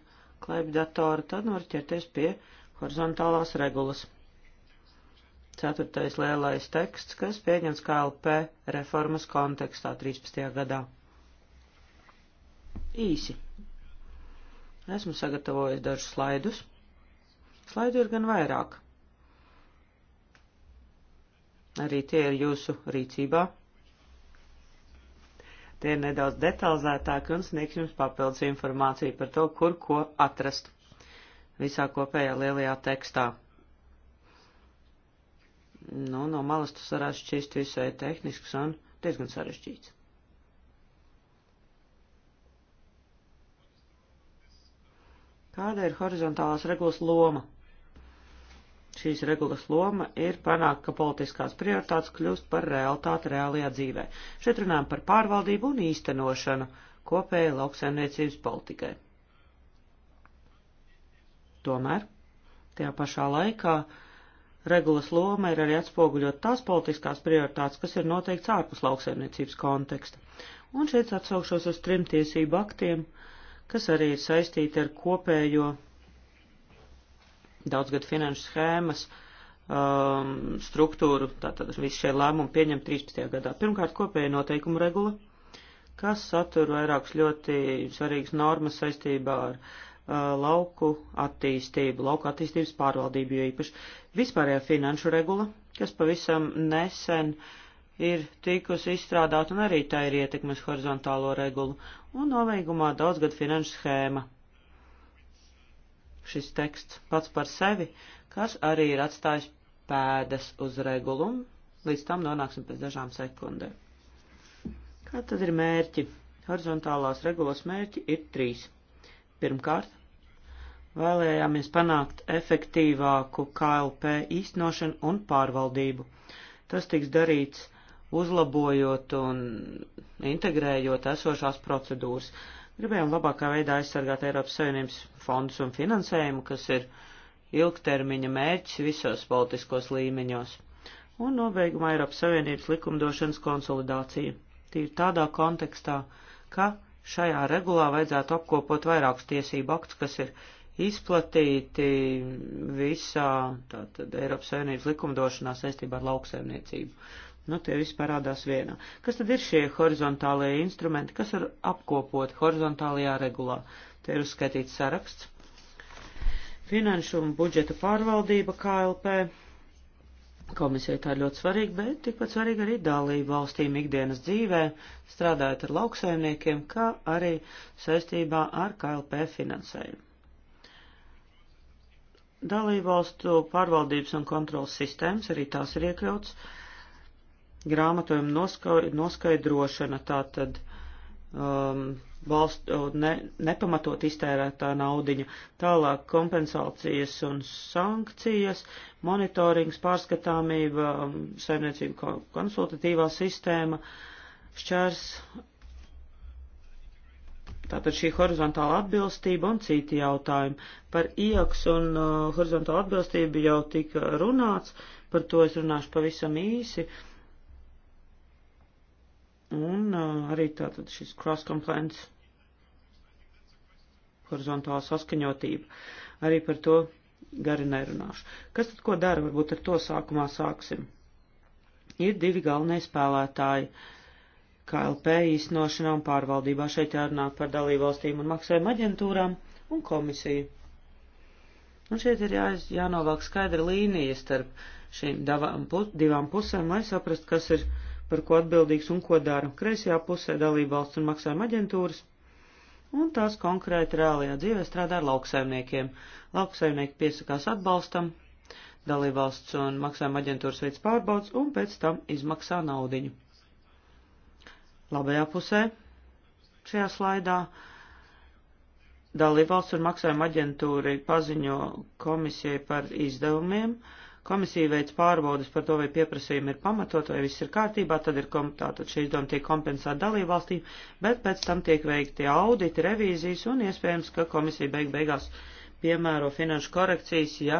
klaipdatoru, tad var ķerties pie horizontālās regulas. Ceturtais lielais teksts, kas pieņems KLP reformas kontekstā 13. gadā. Īsi. Esmu sagatavojis dažus slaidus. Slaidu ir gan vairāk. Arī tie ir jūsu rīcībā. Tie ir nedaudz detalizētāki un sniegs jums papildus informāciju par to, kur ko atrast visā kopējā lielajā tekstā. Nu, no malas tas varētu šķist visai tehnisks un diezgan sarežģīts. Kāda ir horizontālās regulas loma? šīs regulas loma ir panākt, ka politiskās prioritātes kļūst par realitāti reālajā dzīvē. Šeit runājam par pārvaldību un īstenošanu kopēja lauksaimniecības politikai. Tomēr, tajā pašā laikā, regulas loma ir arī atspoguļot tās politiskās prioritātes, kas ir noteikts ārpus lauksaimniecības konteksta. Un šeit atsaukšos uz trim tiesību aktiem, kas arī ir saistīti ar kopējo daudzgad finanšu schēmas um, struktūru, tātad visi šie lēmumi pieņem 13. gadā. Pirmkārt, kopēja noteikumu regula, kas satur vairākas ļoti svarīgas normas saistībā ar uh, lauku attīstību, lauku attīstības pārvaldību, jo īpaši vispārējā finanšu regula, kas pavisam nesen ir tikusi izstrādāta un arī tā ir ietekmes horizontālo regulu, un noveigumā daudzgad finanšu schēma šis teksts pats par sevi, kas arī ir atstājis pēdas uz regulumu, līdz tam nonāksim pēc dažām sekundēm. Kā tad ir mērķi? Horizontālās regulas mērķi ir trīs. Pirmkārt, vēlējāmies panākt efektīvāku KLP īstenošanu un pārvaldību. Tas tiks darīts uzlabojot un integrējot esošās procedūras. Uh, Gribējām labākā veidā aizsargāt Eiropas Savienības fondus un finansējumu, kas ir ilgtermiņa mērķis visos politiskos līmeņos. Un nobeigumā Eiropas Savienības likumdošanas konsolidācija. Tīri tādā kontekstā, ka šajā regulā vajadzētu apkopot vairākus tiesību aktus, kas ir izplatīti visā tātad, Eiropas Savienības likumdošanā saistībā ar lauksaimniecību. Nu, tie visi parādās vienā. Kas tad ir šie horizontālie instrumenti, kas ir apkopot horizontālajā regulā? Te ir uzskaitīts saraksts. Finanšu un budžeta pārvaldība KLP. Komisija tā ir ļoti svarīga, bet tikpat svarīga arī dalība valstīm ikdienas dzīvē, strādājot ar lauksaimniekiem, kā arī saistībā ar KLP finansējumu. Dalībvalstu pārvaldības un kontrolas sistēmas arī tās ir iekļauts uh, grāmatojuma noska, noskaidrošana, tātad um, valst, ne, nepamatot iztērētā naudiņa, tālāk kompensācijas un sankcijas, monitorings, pārskatāmība, um, saimniecība konsultatīvā sistēma, šķērs, tātad šī horizontāla atbilstība un citi jautājumi. Par IAKS un uh, horizontālu atbilstību jau tika runāts, par to es runāšu pavisam īsi. Uh, Un uh, arī tātad šis cross-compliance, horizontāla saskaņotība. Arī par to gari nerunāšu. Kas tad ko dara? Varbūt ar to sākumā sāksim. Ir divi galvenie spēlētāji KLP īstenošanā un pārvaldībā. Šeit jārunā par dalībvalstīm un maksājuma aģentūrām un komisiju. Un šeit ir jā, jānovelk skaidra līnija starp šīm divām pusēm, lai saprastu, kas ir par ko atbildīgs un ko dara. Kreisajā pusē dalībvalsts un maksājuma aģentūras, un tās konkrēti reālajā dzīvē strādā ar lauksaimniekiem. Lauksaimnieki piesakās atbalstam, dalībvalsts un maksājuma aģentūras veids pārbaudas un pēc tam izmaksā naudiņu. Labajā pusē šajā slaidā dalībvalsts un maksājuma aģentūra paziņo komisijai par izdevumiem, uh, Komisija veic pārbaudas par to, vai pieprasījumi ir pamatot, vai viss ir kārtībā, tad ir kom, tātad šī izdevuma tiek kompensēta dalībvalstīm, bet pēc tam tiek veikti auditi, revīzijas un iespējams, ka komisija beig beigās piemēro finanšu korekcijas, ja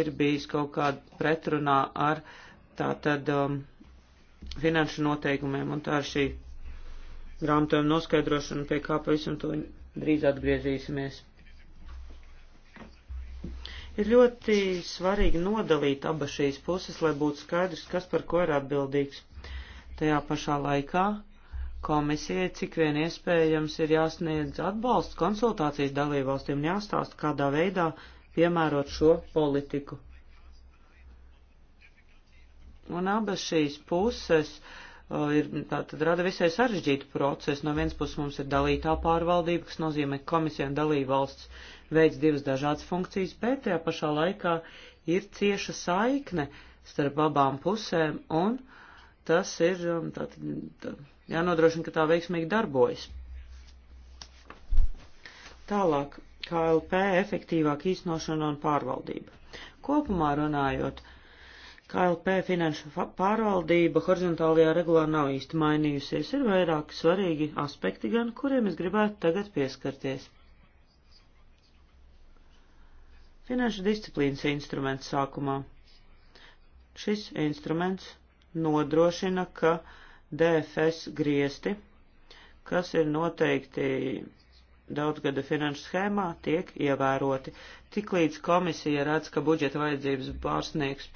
ir bijis kaut kāda pretrunā ar tātad um, finanšu noteikumiem un tā ir šī grāmatojuma noskaidrošana, pie kā pavisam to drīz atgriezīsimies. Ir ļoti svarīgi nodalīt abas šīs puses, lai būtu skaidrs, kas par ko ir atbildīgs. Tajā pašā laikā komisijai cik vien iespējams ir jāsniedz atbalsts konsultācijas dalībvalstīm un jāstāsta, kādā veidā piemērot šo politiku. Un abas šīs puses uh, ir, tātad rada visai sarežģītu procesu. No vienas puses mums ir dalītā pārvaldība, kas nozīmē, ka komisija un dalībvalsts veids divas dažādas funkcijas, bet tajā pašā laikā ir cieša saikne starp abām pusēm, un tas ir um, tā, tā, jānodrošina, ka tā veiksmīgi darbojas. Tālāk, KLP efektīvāk īstenošana un pārvaldība. Kopumā runājot, KLP finanšu pārvaldība horizontālajā regulā nav īsti mainījusies, ir vairāki svarīgi aspekti gan, kuriem es gribētu tagad pieskarties. Finanšu disciplīnas instruments sākumā. Šis instruments nodrošina, ka DFS griesti, kas ir noteikti daudzgada finanšu schēmā tiek ievēroti. Tiklīdz komisija redz, ka budžeta vajadzības pārsniegs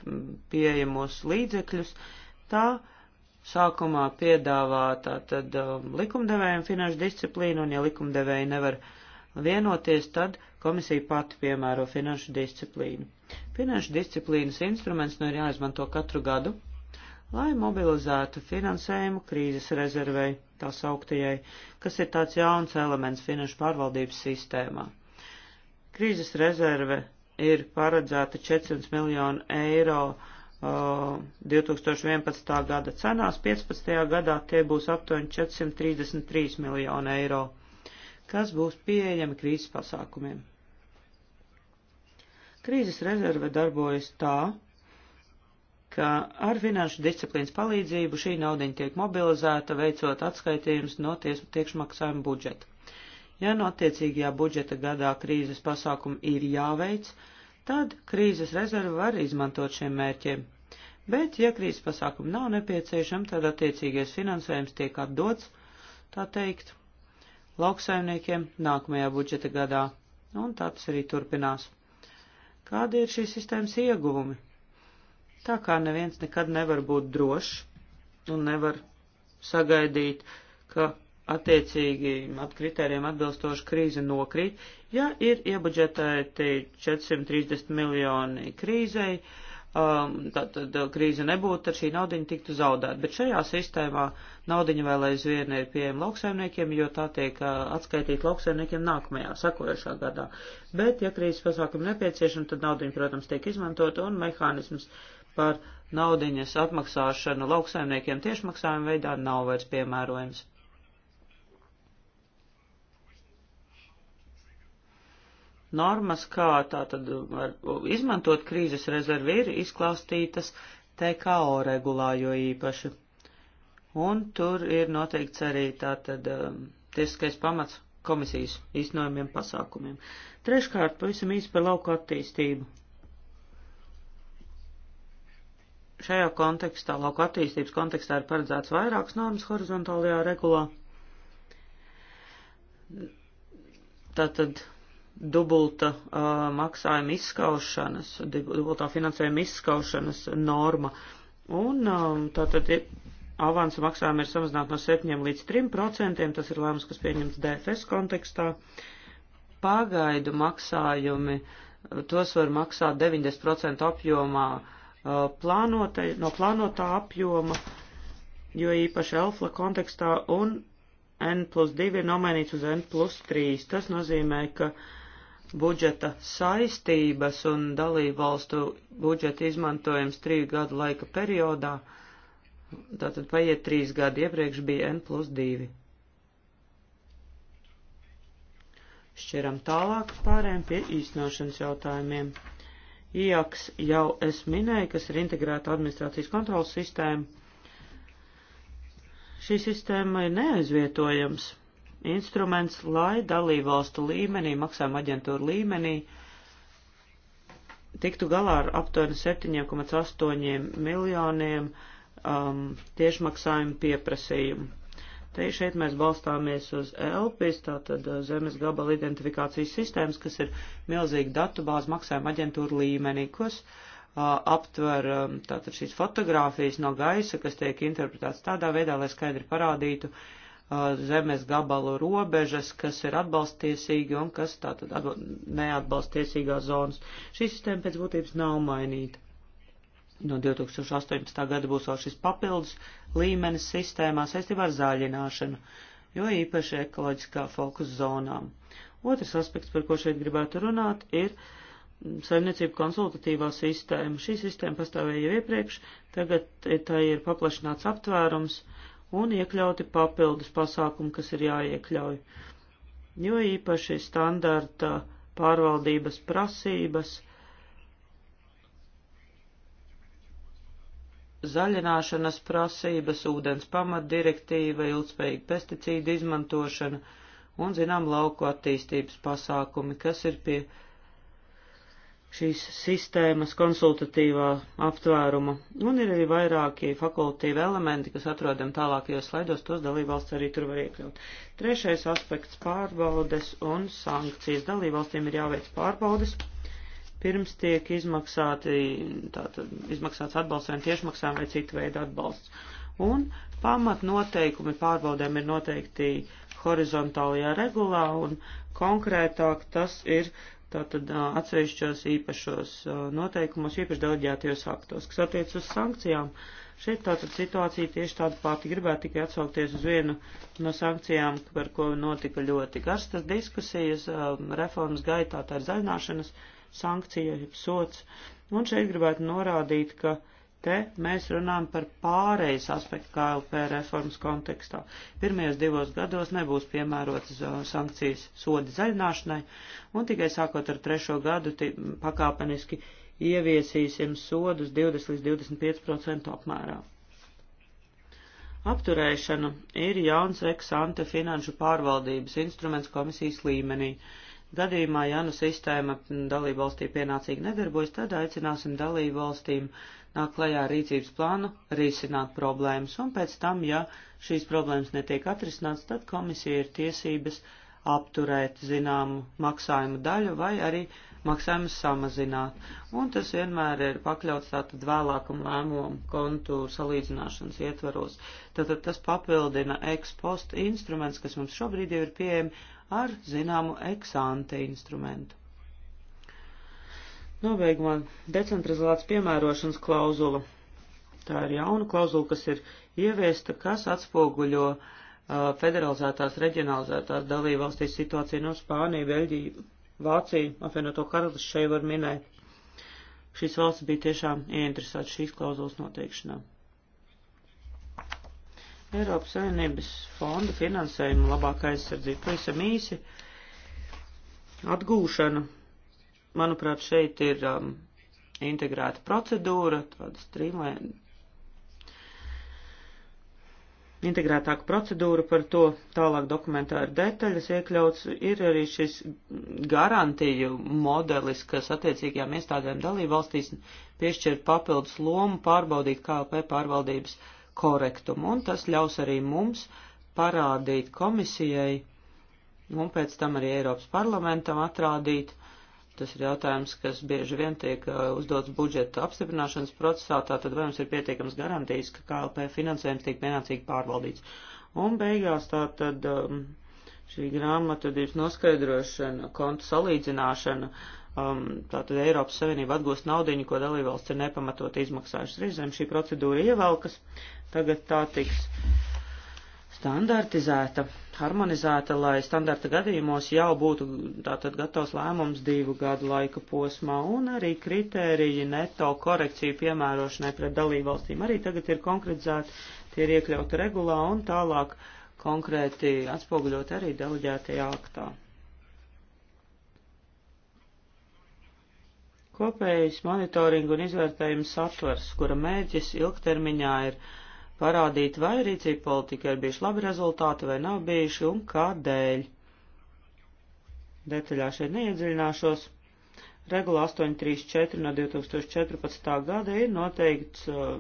pieejamos līdzekļus, tā sākumā piedāvā tātad um, likumdevējiem finanšu disciplīnu, un ja likumdevēji nevar vienoties, tad Komisija pati piemēro finanšu disciplīnu. Finanšu disciplīnas instruments nu ir jāizmanto katru gadu, lai mobilizētu finansējumu krīzes rezervei, tā sauktajai, kas ir tāds jauns elements finanšu pārvaldības sistēmā. Krīzes rezerve ir paredzēta 400 miljonu eiro uh, 2011. gada cenās, 15. gadā tie būs aptuveni 433 miljoni eiro, kas būs pieejami krīzes pasākumiem. Krīzes rezerve darbojas tā, ka ar finanšu disciplīnas palīdzību šī naudiņa tiek mobilizēta, veicot atskaitījumus no tiekšmaksājuma budžeta. Ja no attiecīgajā budžeta gadā krīzes pasākumi ir jāveic, tad krīzes rezerve var izmantot šiem mērķiem. Bet, ja krīzes pasākumi nav nepieciešami, tad attiecīgais finansējums tiek atdots, tā teikt, lauksaimniekiem nākamajā budžeta gadā, un tā tas arī turpinās. Kādi ir šīs sistēmas ieguvumi? Tā kā neviens nekad nevar būt drošs un nevar sagaidīt, ka attiecīgi at kritērijiem atbilstoši krīze nokrīt, ja ir iebuģetēti 430 miljoni krīzei, uh, um, tad, tad uh, krīze nebūtu, tad šī naudiņa tiktu zaudēta. Bet šajā sistēmā naudiņa vēl aizvien ir pieejama lauksaimniekiem, jo tā tiek uh, atskaitīta lauksaimniekiem nākamajā, sakojošā gadā. Bet, ja krīzes pasākumi nepieciešami, tad naudiņa, protams, tiek izmantota un mehānisms par naudiņas atmaksāšanu lauksaimniekiem tiešmaksājuma veidā nav vairs piemērojams. normas, kā tātad var izmantot krīzes rezervi, ir izklāstītas TKO regulā jo īpaši. Un tur ir noteikts arī tātad um, tiesiskais pamats komisijas īstenojumiem pasākumiem. Treškārt, pavisam īsi par lauku attīstību. Šajā kontekstā, lauku attīstības kontekstā ir paredzēts vairākas normas horizontālajā regulā. Tātad dubulta uh, maksājuma izskaušanas, dubultā finansējuma izskaušanas norma. Un um, tātad avansu maksājumi ir samazināti no 7 līdz 3 procentiem, tas ir lēmums, kas pieņemts DFS kontekstā. Pagaidu maksājumi, uh, tos var maksāt 90% apjomā uh, plānotai, no plānotā apjoma, jo īpaši elfla kontekstā, un N plus 2 ir nomainīts uz N plus 3. Tas nozīmē, ka uh, budžeta saistības un dalību valstu budžeta izmantojums triju gadu laika periodā, tātad paiet trīs gadi, iepriekš bija N plus 2. Šķiram tālāk pārējiem pie īstenošanas jautājumiem. IAKS jau es minēju, kas ir integrēta administrācijas kontrolas sistēma. Šī sistēma ir neaizvietojams instruments, lai dalībvalstu līmenī, maksājuma aģentūra līmenī tiktu galā ar aptuveni 7,8 miljoniem um, tiešmaksājumu pieprasījumu. Te šeit mēs balstāmies uz ELPIS, tātad uh, zemes gabala identifikācijas sistēmas, kas ir milzīga datubāze maksājuma aģentūra līmenī, kas uh, aptver um, tātad šīs fotogrāfijas no gaisa, kas tiek interpretēts tādā veidā, lai skaidri parādītu, uh, zemes gabalu robežas, kas ir atbalstiesīgi un kas tātad atba neatbalstiesīgās zonas. Šī sistēma pēc būtības nav mainīta. No 2018. gada būs vēl šis papildus līmenis sistēmā saistībā ar zāļināšanu, jo īpaši ekoloģiskā fokus zonām. Otrs aspekts, par ko šeit gribētu runāt, ir saimniecību konsultatīvā sistēma. Šī sistēma pastāvēja jau iepriekš, tagad tā ir paplašināts aptvērums, uh, un iekļauti papildus pasākumi, kas ir jāiekļauj, jo īpaši standarta pārvaldības prasības, zaļināšanas prasības, ūdens pamatdirektīva, ilgspējīga pesticīdu izmantošana un, zinām, lauku attīstības pasākumi, kas ir pie šīs sistēmas konsultatīvā aptvēruma, un ir arī vairāki fakultīvi elementi, kas atrodam tālākajos slaidos, tos dalībvalsts arī tur var iekļaut. Trešais aspekts - pārbaudes un sankcijas. Dalībvalstīm ir jāveic pārbaudes, pirms tiek izmaksāti, tātad, izmaksāts atbalsts vai tiešmaksājumi vai citu veidu atbalsts. Un pamat noteikumi pārbaudēm ir noteikti horizontālajā regulā, un konkrētāk tas ir tātad atsevišķos īpašos noteikumos, īpaši deleģētajos aktos, kas attiec uz sankcijām. Šeit tātad situācija tieši tāda pati gribētu tikai atsaukties uz vienu no sankcijām, par ko notika ļoti karstas diskusijas reformas gaitā, tā ir zaļināšanas sankcija, sots. Un šeit gribētu norādīt, ka uh, Te mēs runājam par pārejas aspektu KLP reformas kontekstā. Pirmajos divos gados nebūs piemērotas uh, sankcijas sodi zaļināšanai, un tikai sākot ar trešo gadu pakāpeniski ieviesīsim sodus 20 līdz 25% apmērā. Apturēšana ir jauns eksante finanšu pārvaldības instruments komisijas līmenī. Gadījumā, ja nu sistēma dalībvalstī pienācīgi nedarbojas, tad aicināsim dalībvalstīm valstīm nāk klajā rīcības plānu, risināt problēmas, un pēc tam, ja šīs problēmas netiek atrisināts, tad komisija ir tiesības apturēt zināmu maksājumu daļu vai arī maksājumus samazināt. Un tas vienmēr ir pakļauts tātad vēlākam lēmumam kontu salīdzināšanas ietvaros. Tātad tas papildina ekspost instruments, kas mums šobrīd jau ir pieejami ar zināmu eksante instrumentu. Nobeigumā decentralizēts piemērošanas klauzula. Tā ir jauna klauzula, kas ir ieviesta, kas atspoguļo uh, federalizētās, reģionalizētās dalībvalstīs situāciju no Spāniju, Beļģiju, Vāciju, apvienoto karalistu šeit var minēt. Šīs valsts bija tiešām ieinteresētas šīs klauzulas noteikšanā. Eiropas Savienības fonda finansējuma labākā aizsardzība pavisam īsi atgūšana manuprāt, šeit ir um, integrēta procedūra, tāda streamlēna, integrētāka procedūra par to tālāk dokumentā ir detaļas iekļauts, ir arī šis garantiju modelis, kas attiecīgajām iestādēm dalībvalstīs piešķir papildus lomu pārbaudīt KLP pārvaldības korektumu, un tas ļaus arī mums parādīt komisijai un pēc tam arī Eiropas parlamentam atrādīt, Tas ir jautājums, kas bieži vien tiek uh, uzdots budžeta apstiprināšanas procesā, tātad vai mums ir pietiekams garantijas, ka KLP finansējums tiek pienācīgi pārvaldīts. Un beigās tātad um, šī grāmatvedības noskaidrošana, kontu salīdzināšana, um, tātad Eiropas Savienība atgūst naudiņu, ko dalībvalsts ir nepamatot izmaksājušas. Reizēm šī procedūra ievelkas, tagad tā tiks standartizēta harmonizēta, lai standarta gadījumos jau būtu tātad gatavs lēmums divu gadu laika posmā, un arī kritēriji neto korekciju piemērošanai pret dalībvalstīm arī tagad ir konkretizēti, tie ir iekļauti regulā un tālāk konkrēti atspoguļot arī deleģētajā aktā. Kopējais monitoringa un izvērtējums satvers, kura mērķis ilgtermiņā ir parādīt, vai rīcība politika ir bijuši labi rezultāti vai nav bijuši un kādēļ. Detaļā šeit neiedziļināšos. Regula 834 no 2014. gada ir noteikts uh,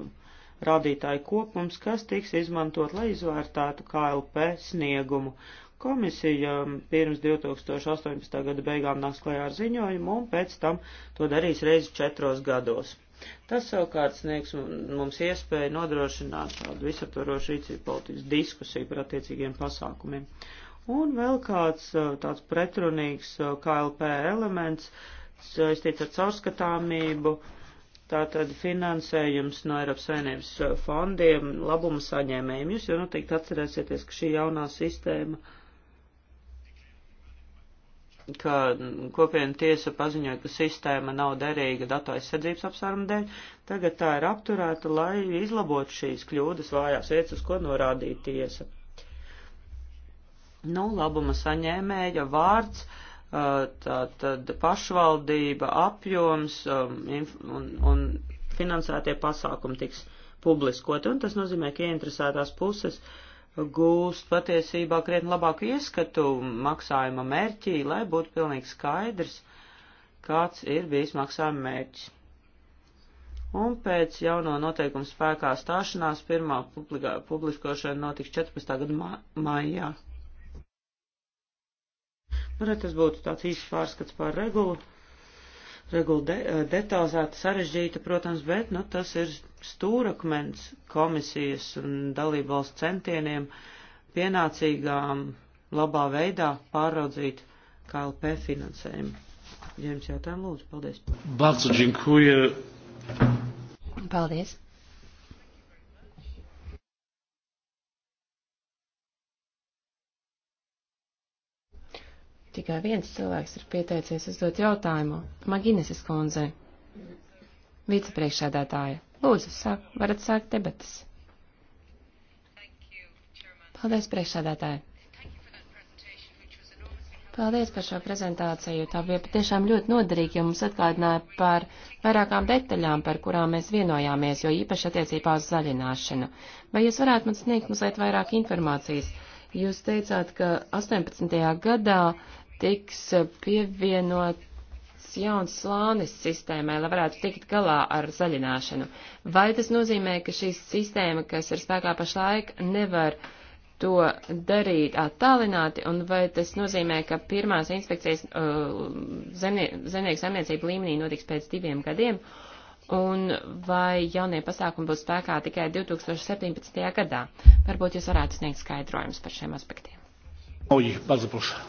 rādītāju kopums, kas tiks izmantot, lai izvērtētu KLP sniegumu. Komisija um, pirms 2018. gada beigām nāks klajā ar ziņojumu un pēc tam to darīs reizi četros gados. Tas savukārt sniegs mums iespēju nodrošināt tādu visaptvarošu rīcību politikas diskusiju par attiecīgiem pasākumiem. Un vēl kāds tāds pretrunīgs KLP elements saistīts ar caurskatāmību, tātad finansējums no Eiropas Savienības fondiem labuma saņēmējiem. Jūs jau noteikti atcerēsieties, ka šī jaunā sistēma ka kopiena tiesa paziņoja, ka sistēma nav derīga datu aizsardzības apsvērumu dēļ, tagad tā ir apturēta, lai izlabotu šīs kļūdas vājās vietas, uz ko norādīja tiesa. Nu, labuma saņēmēja vārds, tātad pašvaldība, apjoms un, un finansētie pasākumi tiks publiskoti, un tas nozīmē, ka ieinteresētās puses uh, gūst patiesībā krietni labāku ieskatu maksājuma mērķī, lai būtu pilnīgi skaidrs, kāds ir bijis maksājuma mērķis. Un pēc jauno noteikumu spēkā stāšanās pirmā publikā, publiskošana notiks 14. gada ma maijā. Nu, re, tas būtu tāds īsts pārskats par regulu regula de, eh, detalizēta, sarežģīta, protams, bet, nu, tas ir stūrakmens komisijas un dalību valsts centieniem pienācīgām labā veidā pāraudzīt KLP finansējumu. Jums jautājumu lūdzu, paldies. Bārcu, džinkuja. Paldies. Tikai viens cilvēks ir pieteicies uzdot jautājumu Magineses kundzei. Vicepriekšsēdētāja, lūdzu, sāk, varat sākt debatas. Paldies, priekšsēdētāji. Paldies par šo prezentāciju. Tā bija patiešām ļoti noderīga, jo mums atgādināja par vairākām detaļām, par kurām mēs vienojāmies, jo īpaši attiecībā uz zaļināšanu. Vai jūs varētu man sniegt mazliet vairāk informācijas? Jūs teicāt, ka 18. gadā tiks pievienots jauns slānis sistēmai, lai varētu tikt galā ar zaļināšanu? Vai tas nozīmē, ka šī sistēma, kas ir spēkā pašlaik, nevar to darīt attālināti, un vai tas nozīmē, ka pirmās inspekcijas uh, zemnie, zemnieku saimniecību līmenī notiks pēc diviem gadiem, un vai jaunie pasākumi būs spēkā tikai 2017. gadā? Varbūt jūs varētu sniegt skaidrojumus par šiem aspektiem. Oji, bardzo proszę.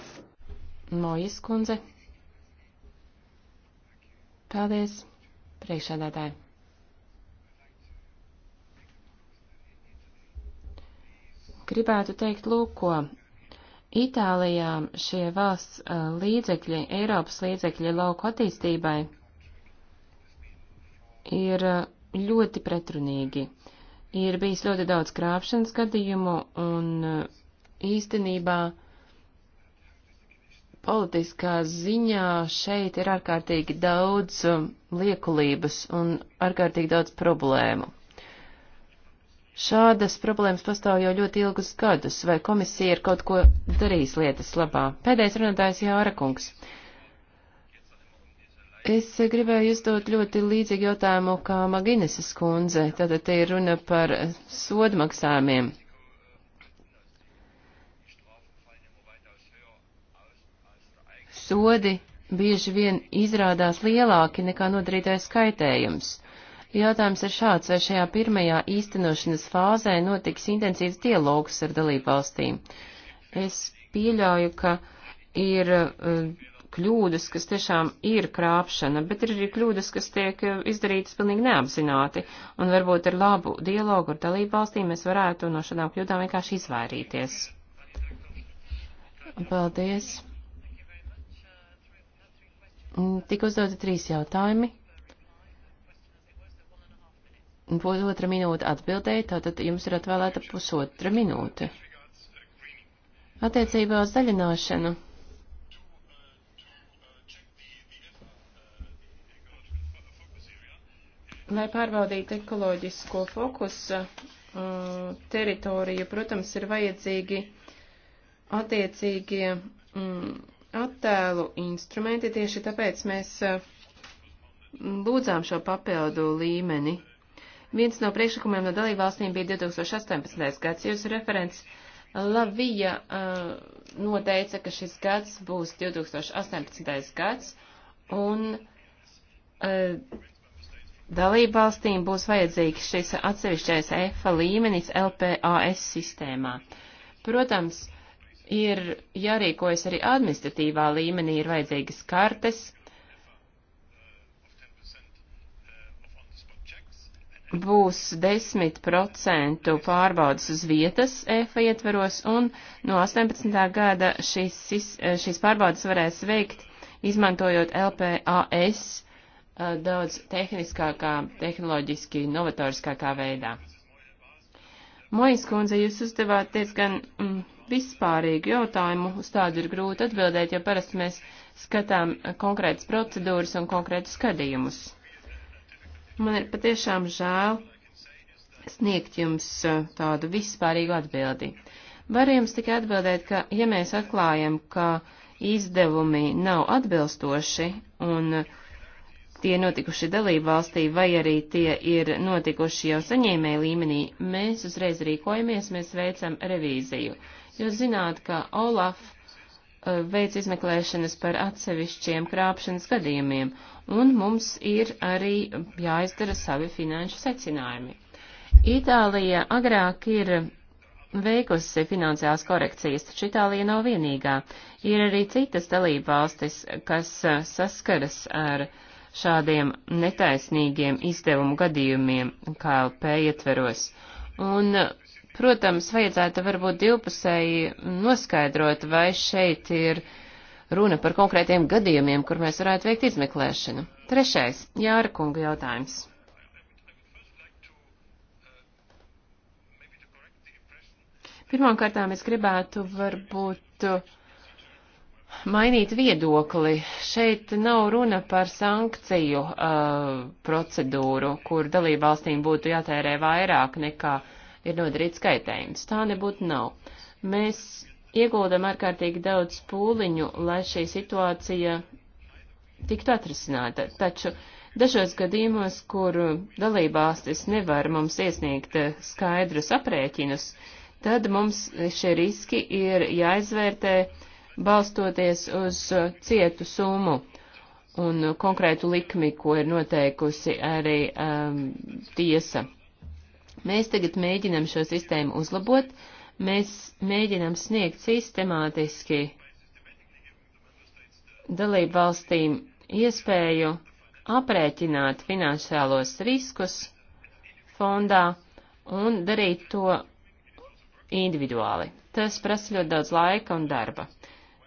Mojas kundze. Paldies, priekšādātāji. Gribētu teikt, lūk, ko Itālijā šie valsts uh, līdzekļi, Eiropas līdzekļi lauku attīstībai ir ļoti pretrunīgi. Ir bijis ļoti daudz krāpšanas gadījumu un uh, īstenībā uh, politiskā ziņā šeit ir ārkārtīgi daudz um, liekulības un ārkārtīgi daudz problēmu. Šādas problēmas pastāv jau ļoti ilgus gadus, vai komisija ir kaut ko darījis lietas labā. Pēdējais runātājs Jāra Kungs. Es gribēju uzdot ļoti līdzīgu jautājumu kā Magineses kundze, tātad te ir runa par sodu maksājumiem. sodi bieži vien izrādās lielāki nekā nodarītais skaitējums. Jautājums ir šāds, vai šajā pirmajā īstenošanas fāzē notiks intensīvs dialogs ar dalībvalstīm. Es pieļauju, ka ir eh, kļūdas, kas tiešām ir krāpšana, bet ir arī kļūdas, kas tiek eh, izdarītas pilnīgi neapzināti, un varbūt ar labu dialogu ar dalībvalstīm mēs varētu no šādām kļūdām vienkārši izvairīties. Paldies! Mm, tik uzdoti trīs jautājumi. Pusotra minūte atbildēja, tātad jums ir atvēlēta pusotra minūte. Attiecībā uz daļināšanu. Lai pārbaudītu ekoloģisko fokusu uh, teritoriju, protams, ir vajadzīgi attiecīgie mm, attēlu instrumenti, tieši tāpēc mēs eh, lūdzām šo papildu līmeni. Viens no priekšlikumiem no dalībvalstīm bija 2018. gads. Jūsu referents Lavija uh, noteica, ka šis gads būs 2018. gads, un uh, dalībvalstīm būs vajadzīgs šis atsevišķais EFA līmenis LPAS sistēmā. Protams, ir jārīkojas arī administratīvā līmenī, ir vajadzīgas kartes. Būs 10% pārbaudas uz vietas EFA ietveros, un no 18. gada šīs, šīs pārbaudas varēs veikt, izmantojot LPAS eh, daudz tehniskākā, tehnoloģiski novatoriskākā veidā. Mojas kundze, jūs uzdevāt diezgan mm, vispārīgu jautājumu, uz tādu ir grūti atbildēt, jo parasti mēs skatām konkrētas procedūras un konkrētus gadījumus. Man ir patiešām žēl sniegt jums tādu vispārīgu atbildi. Varu jums tikai atbildēt, ka ja mēs atklājam, ka izdevumi nav atbilstoši un tie notikuši dalību valstī vai arī tie ir notikuši jau saņēmēji līmenī, mēs uzreiz rīkojamies, mēs veicam revīziju. Jūs zināt, ka Olaf e, veic izmeklēšanas par atsevišķiem krāpšanas gadījumiem, un mums ir arī jāizdara savi finanšu secinājumi. Itālija agrāk ir veikusi finansiālas korekcijas, taču Itālija nav vienīgā. Ir arī citas dalība valstis, kas e, saskaras ar šādiem netaisnīgiem izdevumu gadījumiem KLP ietveros. Un Protams, vajadzētu varbūt divpusēji noskaidrot, vai šeit ir runa par konkrētiem gadījumiem, kur mēs varētu veikt izmeklēšanu. Trešais - Jāra kunga jautājums. Pirmkārtām es gribētu varbūt mainīt viedokli. Šeit nav runa par sankciju uh, procedūru, kur dalībvalstīm būtu jātērē vairāk nekā uh, ir nodarīts kaitējums. Tā nebūtu nav. Mēs ieguldam ārkārtīgi daudz pūliņu, lai šī situācija tiktu atrisināta, taču dažos gadījumos, kur dalībvalstis nevar mums iesniegt skaidrus aprēķinus, tad mums šie riski ir jāizvērtē balstoties uz cietu summu un konkrētu likmi, ko ir noteikusi arī um, tiesa. Mēs tagad mēģinam šo sistēmu uzlabot, mēs mēģinam sniegt sistemātiski dalību valstīm iespēju aprēķināt finansiālos riskus fondā un darīt to individuāli. Tas prasa ļoti daudz laika un darba.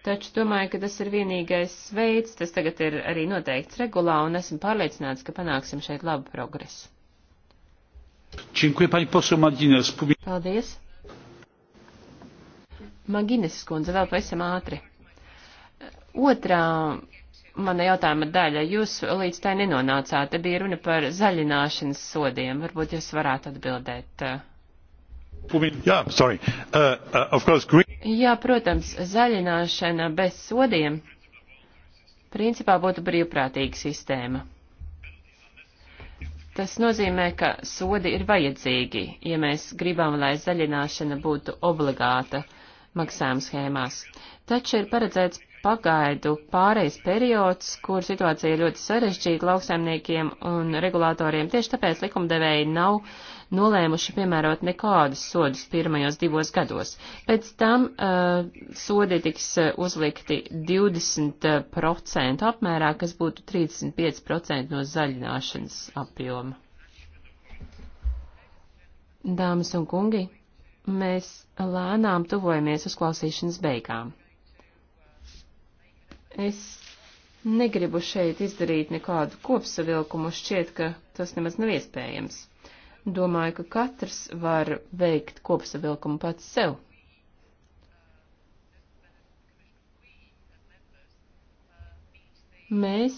Taču domāju, ka tas ir vienīgais veids, tas tagad ir arī noteikts regulā, un esmu pārliecināts, ka panāksim šeit labu progresu. Paldies! Magineses kundze vēl pavisam ātri. Otrā mana jautājuma daļa. Jūs līdz tai nenonācāt. Te bija runa par zaļināšanas sodiem. Varbūt jūs varētu atbildēt. Jā, sorry. Uh, uh, of course, green... Jā, protams, zaļināšana bez sodiem principā būtu brīvprātīga sistēma. Tas nozīmē, ka sodi ir vajadzīgi, ja mēs gribam, lai zaļināšana būtu obligāta maksājuma schēmās. Taču ir paredzēts pagaidu pārejas periods, kur situācija ir ļoti sarežģīta lauksaimniekiem un regulātoriem. Tieši tāpēc likumdevēji nav uh, nolēmuši piemērot nekādus sodus pirmajos divos gados. Pēc tam uh, sodi tiks uh, uzlikti 20% uh, apmērā, kas būtu 35% no zaļināšanas apjoma. Dāmas un kungi, mēs lēnām tuvojamies uzklausīšanas beigām. Es negribu šeit izdarīt nekādu kopsavilkumu, šķiet, ka tas nemaz nav iespējams. Domāju, ka katrs var veikt kopsavilkumu pats sev. Mēs,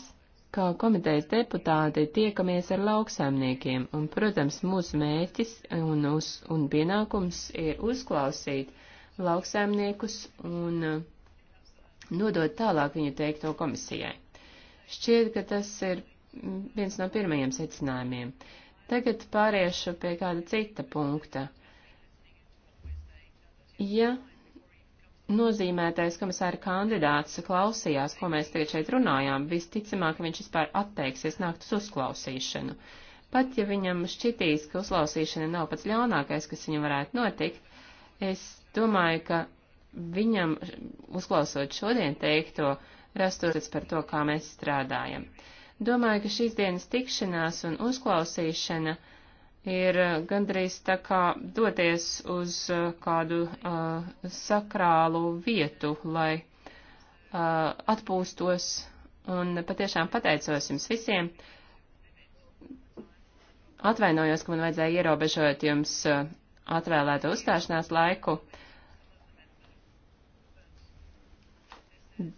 kā komitejas deputāti, tiekamies ar lauksaimniekiem, un, protams, mūsu mēķis un, uz, un pienākums ir uzklausīt lauksaimniekus un uh, nodot tālāk viņu teikto komisijai. Šķiet, ka tas ir mm, viens no pirmajiem secinājumiem. Uh, Tagad pāriešu pie kāda cita punkta. Ja nozīmētais komisāra kandidāts klausījās, ko mēs tagad šeit runājām, visticamāk, ka viņš vispār atteiksies nākt uz uzklausīšanu. Pat ja viņam šķitīs, ka uzklausīšana nav pats ļaunākais, kas viņam varētu notikt, es domāju, ka viņam, uzklausot šodien teikto, rastos par to, kā mēs strādājam. Uh, Domāju, ka šīs dienas tikšanās un uzklausīšana ir eh, gandrīz tā kā doties uz eh, kādu uh, sakrālu vietu, lai uh, atpūstos un patiešām pateicos jums visiem. Atvainojos, ka man vajadzēja ierobežot jums atvēlēto uzstāšanās laiku. Uh,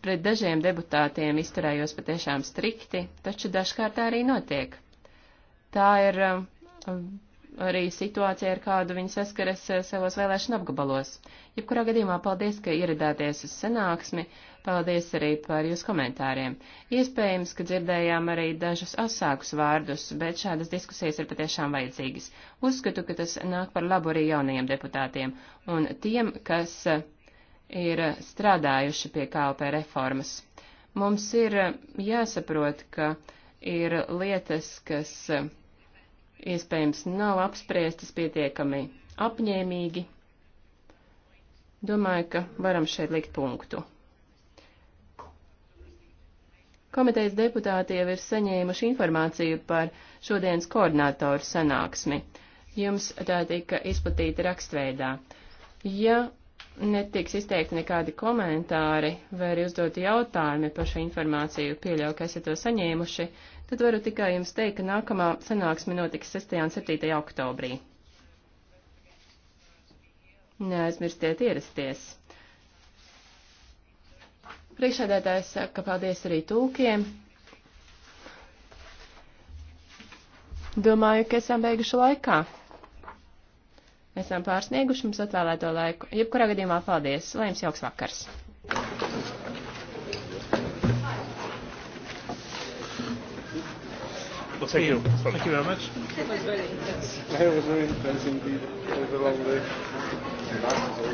Pret dažiem deputātiem izturējos patiešām strikti, taču dažkārt tā arī notiek. Tā ir um, arī situācija, ar kādu viņi saskaras uh, savos vēlēšana apgabalos. Jebkurā gadījumā paldies, ka ieradāties uz sanāksmi, paldies arī par jūsu komentāriem. Iespējams, ka dzirdējām arī dažus asākus vārdus, bet šādas diskusijas ir patiešām vajadzīgas. Uzskatu, ka tas nāk par labu arī jaunajiem deputātiem un tiem, kas uh, ir strādājuši pie KLP reformas. Mums ir jāsaprot, ka ir lietas, kas iespējams nav apspriestas pietiekami apņēmīgi. Domāju, ka varam šeit likt punktu. Komitejas deputāti jau ir saņēmuši informāciju par šodienas koordinātoru sanāksmi. Jums tā tika izplatīta rakstveidā. Ja netiks izteikti nekādi komentāri vai arī uzdoti jautājumi par šo informāciju, pieļauju, ka esat to saņēmuši, tad varu tikai jums teikt, ka nākamā sanāksme notiks 6. un 7. oktobrī. Neaizmirstiet ierasties. Priekšādētājs saka paldies arī tūkiem. Domāju, ka esam beiguši laikā. Mēs esam pārsnieguši mums atvēlēto laiku. Jebkurā gadījumā paldies. Lai jums jauks vakars. Well, thank you. Thank you very much. It was very intense. It was very intense indeed. It was a long day.